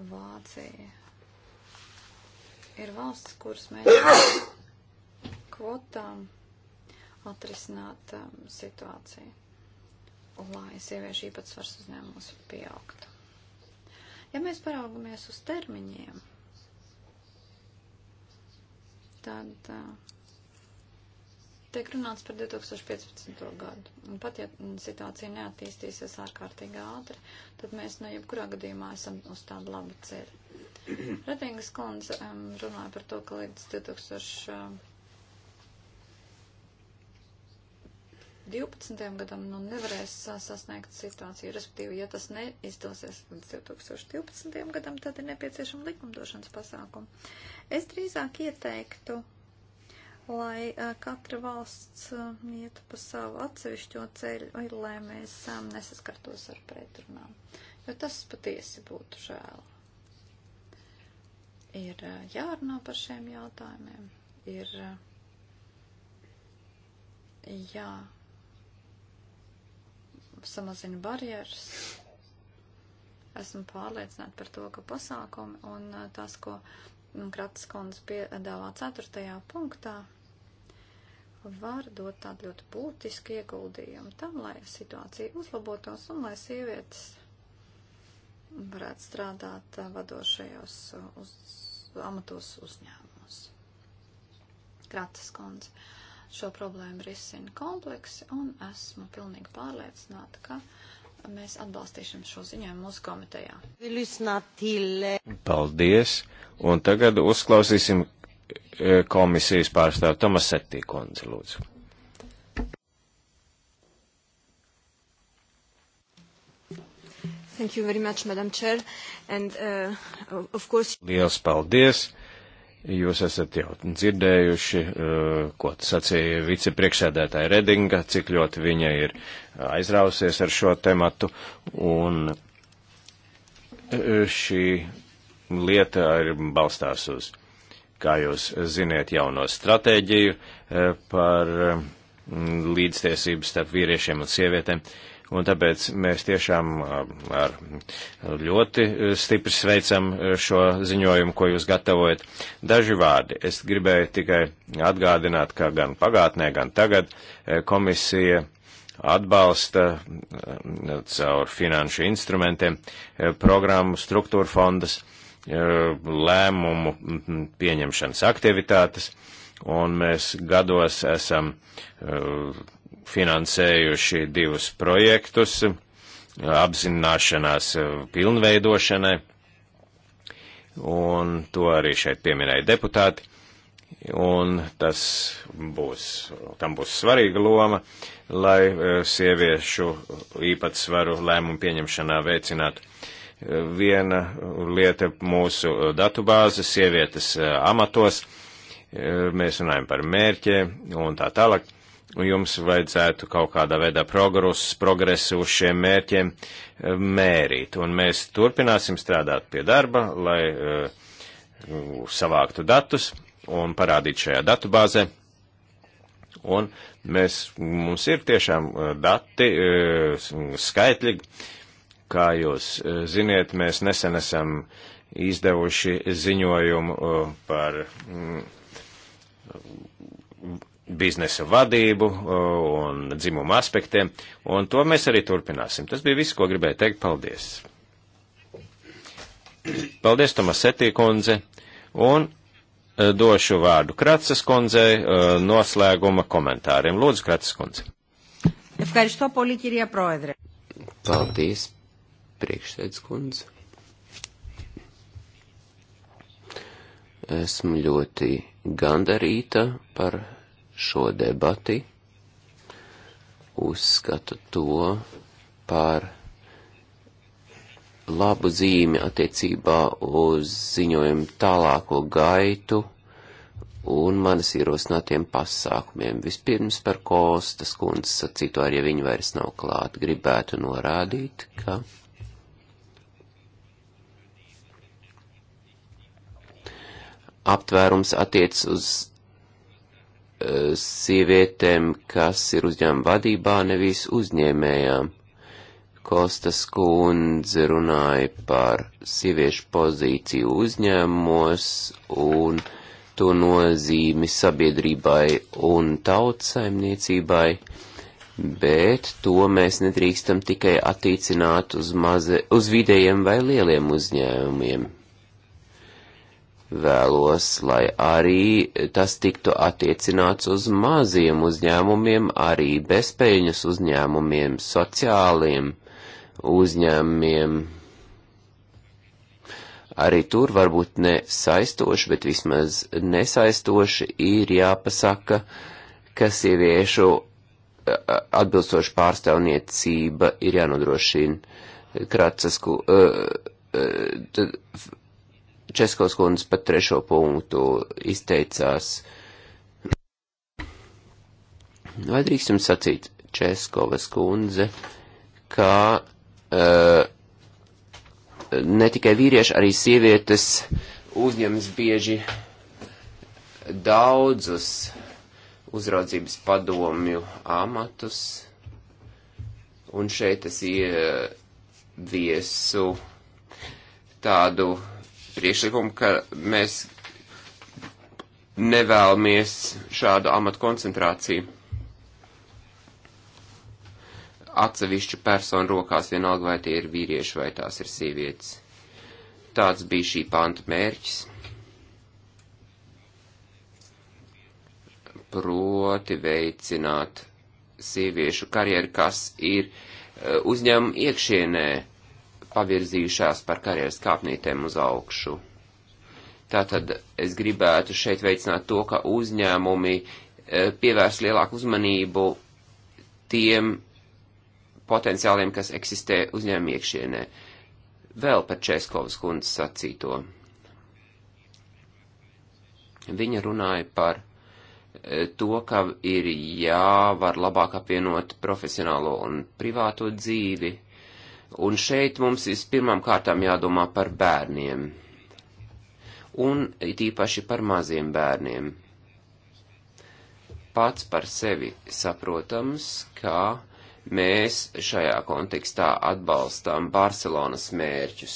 Vācija ir valsts, kuras mēģina *coughs* kvotām atrisināt um, situāciju, lai sieviešu īpatsvars uzņēmumos pieaugtu. Ja mēs paraugamies uz termiņiem, tad tiek runāts par 2015. gadu. Un pat ja situācija neattīstīsies ārkārtīgi ātri, tad mēs no nu, jebkurā gadījumā esam uz tādu labu ceļu. *clears throat* Redingas kundze um, runāja par to, ka līdz 2000. 12. gadam nu, nevarēs sasniegt situāciju. Respektīvi, ja tas neizdosies līdz 2012. gadam, tad ir nepieciešama likumdošanas pasākuma. Es drīzāk ieteiktu, lai eh, katra valsts eh, ietu pa savu atsevišķo ceļu, lai mēs eh, nesaskartos ar pretrunām. Jo tas patiesi būtu žēl. Ir jārunā par šiem jautājumiem. Ir jā samazina barjeras. Esmu pārliecināta par to, ka pasākumi un uh, tas, ko mm, Kratas kundze piedāvā ceturtajā punktā, var dot tādu ļoti būtisku ieguldījumu tam, lai situācija uzlabotos un lai sievietes varētu strādāt uh, vadošajos uh, uz, amatos uzņēmumos. Kratas kundze šo problēmu risina kompleksi, un esmu pilnīgi pārliecināta, ka mēs atbalstīsim šo ziņojumu mūsu komitejā. Paldies, un tagad uzklausīsim e, komisijas pārstāvu Tomasetti kundzi, lūdzu. Thank you very much, Madam Chair, and uh, of course... Liels paldies! Uh, Jūs esat jau dzirdējuši, uh, ko sacīja vicepriekšsēdētāja Redinga, cik ļoti viņa ir aizrausies ar šo tematu, un uh, šī lieta ir balstās uz, kā jūs ziniet, jauno stratēģiju uh, par um, līdztiesību starp vīriešiem un sievietēm. Uh, un tāpēc mēs tiešām uh, ar ļoti uh, stipri sveicam uh, šo ziņojumu, ko jūs gatavojat. Daži vārdi. Es gribēju tikai atgādināt, ka gan pagātnē, gan tagad komisija atbalsta caur finanšu instrumentiem programmu struktūra fondas lēmumu pieņemšanas aktivitātes, un mēs gados esam finansējuši divus projektus apzināšanās pilnveidošanai, un to arī šeit pieminēja deputāti, un tas būs, tam būs svarīga loma, lai e, sieviešu īpatsvaru lēmumu pieņemšanā veicinātu e, viena lieta mūsu datubāze, sievietes e, amatos, mēs runājam par mērķiem un tā tālāk jums vajadzētu kaut kādā veidā progresu, progresu uz šiem mērķiem eh, mērīt. Un mēs turpināsim strādāt pie darba, lai uh, savāktu datus un parādītu šajā datu bāzē. Un mēs, mums ir tiešām eh, dati, uh, skaitļi, kā jūs ziniet, mēs nesen esam izdevuši ziņojumu par mm, biznesa vadību un dzimumu aspektiem, un to mēs arī turpināsim. Tas bija viss, ko gribēju teikt. Paldies! Paldies, Tomasetī kundze, un e, došu vārdu Kratsas kundzei e, noslēguma komentāriem. Lūdzu, Kratsas kundze. Ευχαριστώ πολύ, κυρία Πρόεδρε. Paldies, priekšsēdz kundze. Esmu ļoti gandarīta par šo debati. Uzskatu to par labu zīmi attiecībā uz ziņojumu tālāko gaitu un manas ierosinātiem pasākumiem. Vispirms par Kostas kundzes sacīto, arī ja viņa vairs nav klāt, gribētu norādīt, ka aptvērums attiec uz Eh, sievietēm, kas ir uzņēmuma vadībā, nevis uzņēmējām. Kostas kundze runāja par sieviešu pozīciju uzņēmumos un to nozīmi sabiedrībai un tautsaimniecībai, bet to mēs nedrīkstam tikai attiecināt uz, maze, uz vidējiem vai lieliem uzņēmumiem vēlos, lai arī tas tiktu attiecināts uz maziem uzņēmumiem, arī bezpēļņas uzņēmumiem, sociāliem uzņēmumiem. Arī tur varbūt ne saistoši, bet vismaz nesaistoši ir jāpasaka, ka sieviešu atbilstoši pārstāvniecība ir jānodrošina. Kratsasku, uh, uh, Českos kundze pat trešo punktu izteicās. Vai drīkstam sacīt Českovas kundze, ka uh, ne tikai vīrieši, arī sievietes uzņems bieži daudzus uzraudzības padomju amatus, un šeit es ieviesu tādu priekšlikumu, ka mēs nevēlamies šādu amatu koncentrāciju atsevišķu personu rokās, vienalga vai tie ir vīrieši vai tās ir sievietes. Tāds bija šī panta mērķis. Proti veicināt sieviešu karjeru, kas ir eh, uzņēmuma iekšienē pavirzījušās par karjeras kāpnītēm uz augšu. Tātad es gribētu šeit veicināt to, ka uzņēmumi e, pievērs lielāku uzmanību tiem potenciāliem, kas eksistē uzņēmuma iekšienē. Vēl par Českovas kundzes sacīto. Viņa runāja par e, to, ka ir jāvar labāk apvienot profesionālo un privāto dzīvi Un šeit mums vispirmām kārtām jādomā par bērniem. Un tīpaši par maziem bērniem. Pats par sevi saprotams, ka mēs šajā kontekstā atbalstām Barcelonas mērķus.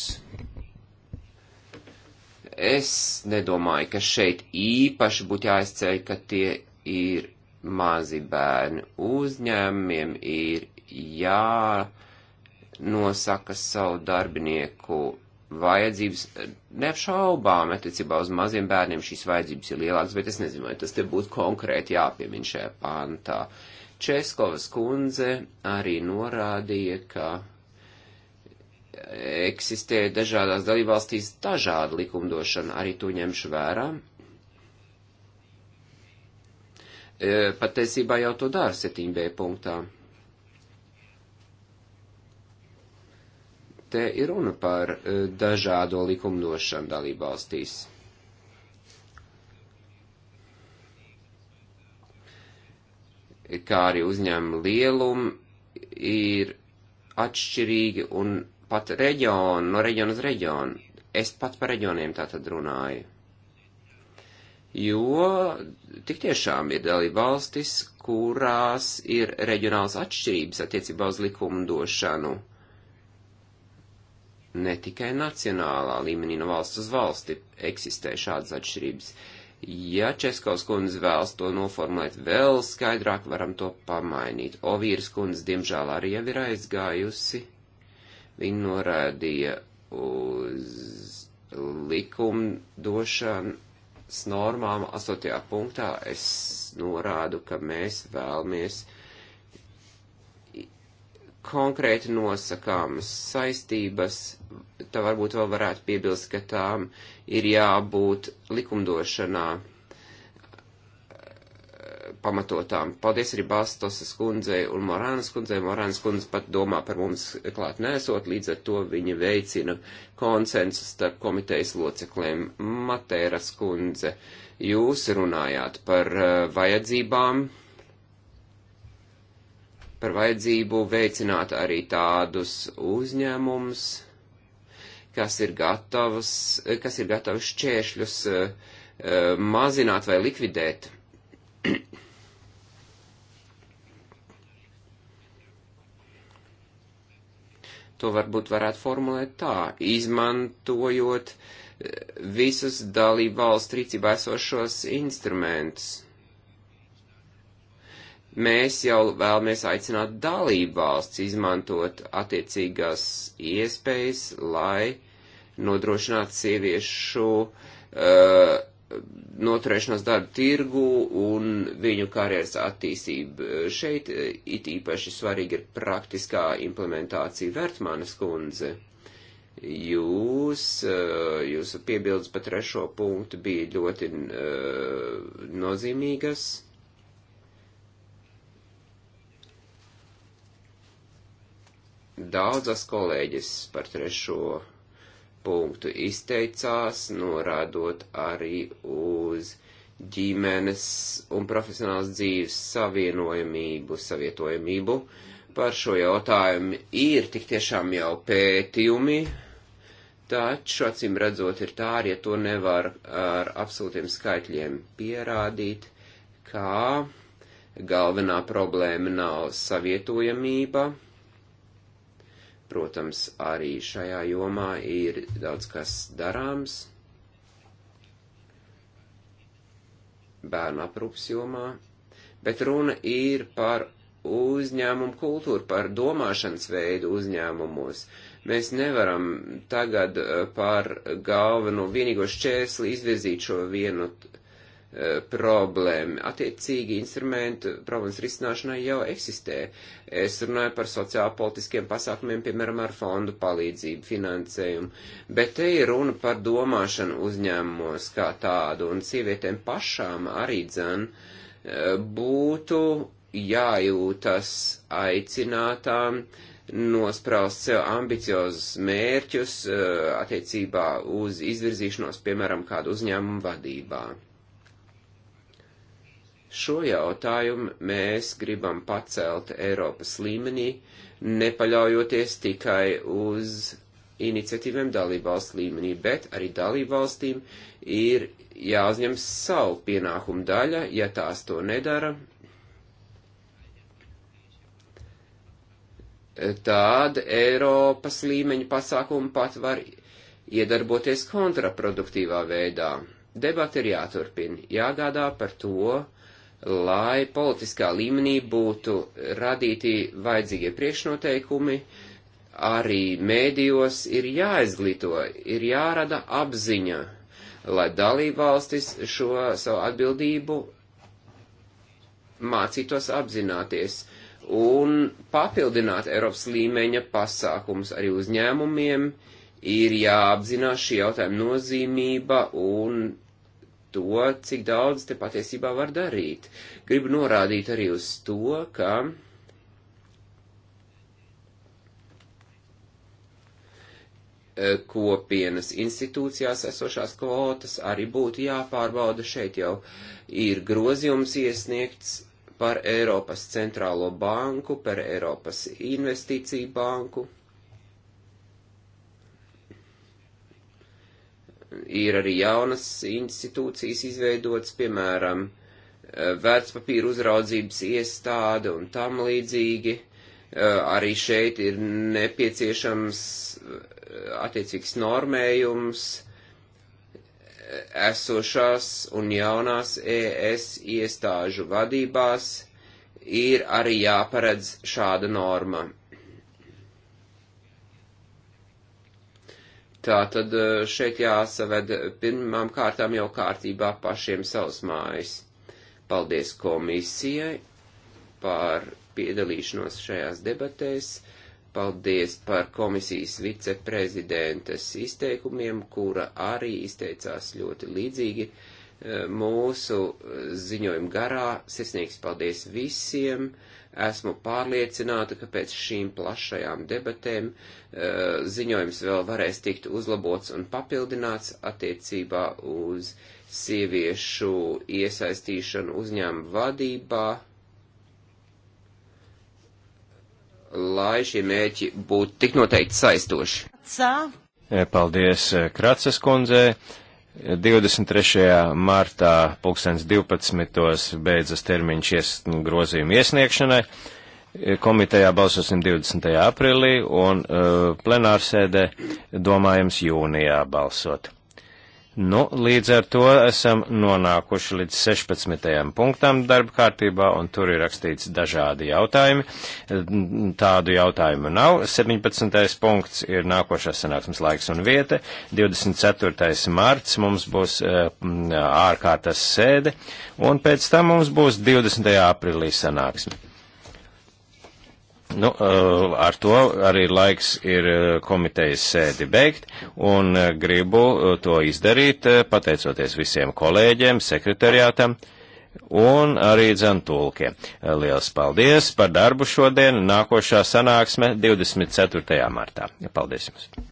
Es nedomāju, ka šeit īpaši būtu jāizceļ, ka tie ir mazi bērni. Uzņēmumiem ir jā nosaka savu darbinieku vajadzības. Neapšaubām attiecībā uz maziem bērniem šīs vajadzības ir lielākas, bet es nezinu, vai tas te būtu konkrēti jāpiemin šajā pantā. Českovas kundze arī norādīja, ka eksistē dažādās dalībvalstīs dažāda likumdošana, arī to ņemšu vērā. E, patiesībā jau to dara 7b punktā. Te ir runa par e, dažādo likumdošanu dalību valstīs. Kā arī uzņēmuma lielumu ir atšķirīgi un pat reģionu, no reģiona uz reģionu. Es pat par reģioniem tā tad runāju. Jo tik tiešām ir dalība valstis, kurās ir reģionāls atšķirības attiecībā uz likumdošanu. Ne tikai nacionālā līmenī no valsts uz valsti eksistē šādas atšķirības. Ja Českaus kundze vēlas to noformulēt vēl skaidrāk, varam to pamainīt. Ovīras kundze, diemžēl, arī jau ir aizgājusi. Viņa norādīja uz likumdošanas normām 8. punktā. Es norādu, ka mēs vēlamies uh, konkrēti nosakāmas saistības, tā varbūt vēl varētu piebilst, ka tām ir jābūt likumdošanā eh, pamatotām. Paldies arī Bastosas kundzei un Morānas kundzei. Morānas kundze pat domā par mums klāt nesot, līdz ar to viņa veicina konsensu starp komitejas locekļiem. Matēras kundze, jūs runājāt par uh, vajadzībām par vajadzību veicināt arī tādus uzņēmumus, kas ir gatavs, kas ir gatavs šķēršļus eh, eh, mazināt vai likvidēt. To varbūt varētu formulēt tā, izmantojot eh, visus dalību valsts rīcībā esošos instrumentus mēs jau vēlamies aicināt dalību valsts izmantot attiecīgās iespējas, lai nodrošinātu sieviešu uh, noturēšanos darba tirgu un viņu karjeras attīstību. Šeit uh, it īpaši svarīgi ir praktiskā implementācija Vertmanas kundze. Jūs, uh, jūsu piebildes par trešo punktu bija ļoti uh, nozīmīgas Daudzas kolēģis par trešo punktu izteicās, norādot arī uz ģimenes un profesionālas dzīves savienojamību, savietojamību. Par šo jautājumu ir tik tiešām jau pētījumi, taču acīm redzot ir tā, ja to nevar ar absolūtiem skaitļiem pierādīt, kā galvenā problēma nav savietojamība Protams, arī šajā jomā ir daudz kas darāms. Bērnu aprūpas jomā, bet runa ir par uzņēmumu kultūru, par domāšanas veidu uzņēmumos. Mēs nevaram tagad eh, par galveno vienīgo šķēsli izvirzīt šo vienu uh, E, problēma. Attiecīgi instrumentu problēmas risināšanai jau eksistē. Es runāju par sociāli politiskiem pasākumiem, piemēram, ar fondu palīdzību, finansējumu, bet te ir runa par domāšanu uzņēmumos kā tādu, un sievietēm pašām arī dzen e, būtu jājūtas aicinātām nospraust sev ambiciozus mērķus e, attiecībā uz izvirzīšanos, piemēram, kādu uzņēmumu vadībā. Šo jautājumu mēs gribam pacelt Eiropas līmenī, nepaļaujoties tikai uz iniciatīviem dalībvalstu līmenī, bet arī dalībvalstīm ir jāuzņem savu pienākumu daļa, ja tās to nedara. Tāda Eiropas līmeņa pasākuma pat var iedarboties kontraproduktīvā veidā. Debati ir jāturpina, jāgādā par to, lai politiskā līmenī būtu radīti vajadzīgie priekšnoteikumi, arī mēdījos ir jāizglīto, ir jārada apziņa, lai dalībvalstis šo savu atbildību mācītos apzināties un papildināt Eiropas līmeņa pasākums arī uzņēmumiem, ir jāapzinās šī jautājuma nozīmība un to, cik daudz te patiesībā var darīt. Gribu norādīt arī uz to, ka e, kopienas institūcijās esošās kvotas arī būtu jāpārbauda. Šeit jau ir grozījums iesniegts par Eiropas centrālo banku, par Eiropas investīciju banku. ir arī jaunas institūcijas izveidotas, piemēram, eh, vērtspapīra uzraudzības iestāde un tam līdzīgi. Eh, arī šeit ir nepieciešams eh, attiecīgs normējums esošās un jaunās ES iestāžu vadībās ir arī jāparedz šāda norma. Tā tad e, šeit jāsaved pirmām kārtām jau kārtībā pašiem savus mājas. Paldies komisijai par piedalīšanos šajās debatēs. Paldies par komisijas viceprezidentes izteikumiem, kura arī izteicās ļoti līdzīgi e, mūsu ziņojumu garā. Sirsnīgs paldies visiem! Esmu pārliecināta, ka pēc šīm plašajām debatēm eh, ziņojums vēl varēs tikt uzlabots un papildināts attiecībā uz sieviešu iesaistīšanu uzņēmu vadībā, lai šie mērķi būtu tik noteikti saistoši. Paldies eh, Kratsas kundzei. 23. martā 2012. beidzas termiņš ies, grozījumu iesniegšanai. Komitejā balsosim 20. aprīlī un uh, plenārsēdē domājams jūnijā balsot. Nu, līdz ar to esam nonākuši līdz 16. punktam darba kārtībā, un tur ir rakstīts dažādi jautājumi. Tādu jautājumu nav. 17. punkts ir nākošās sanāksmes laiks un vieta. 24. marts mums būs eh, ārkārtas sēde, un pēc tam mums būs 20. aprīlī sanāksme. Nu, eh, ar to arī laiks ir eh, komitejas sēdi beigt, un eh, gribu to izdarīt pateicoties visiem kolēģiem, sekretariātam un arī dzantulkiem. Liels paldies par darbu šodien, nākošā sanāksme 24. martā. Paldies jums!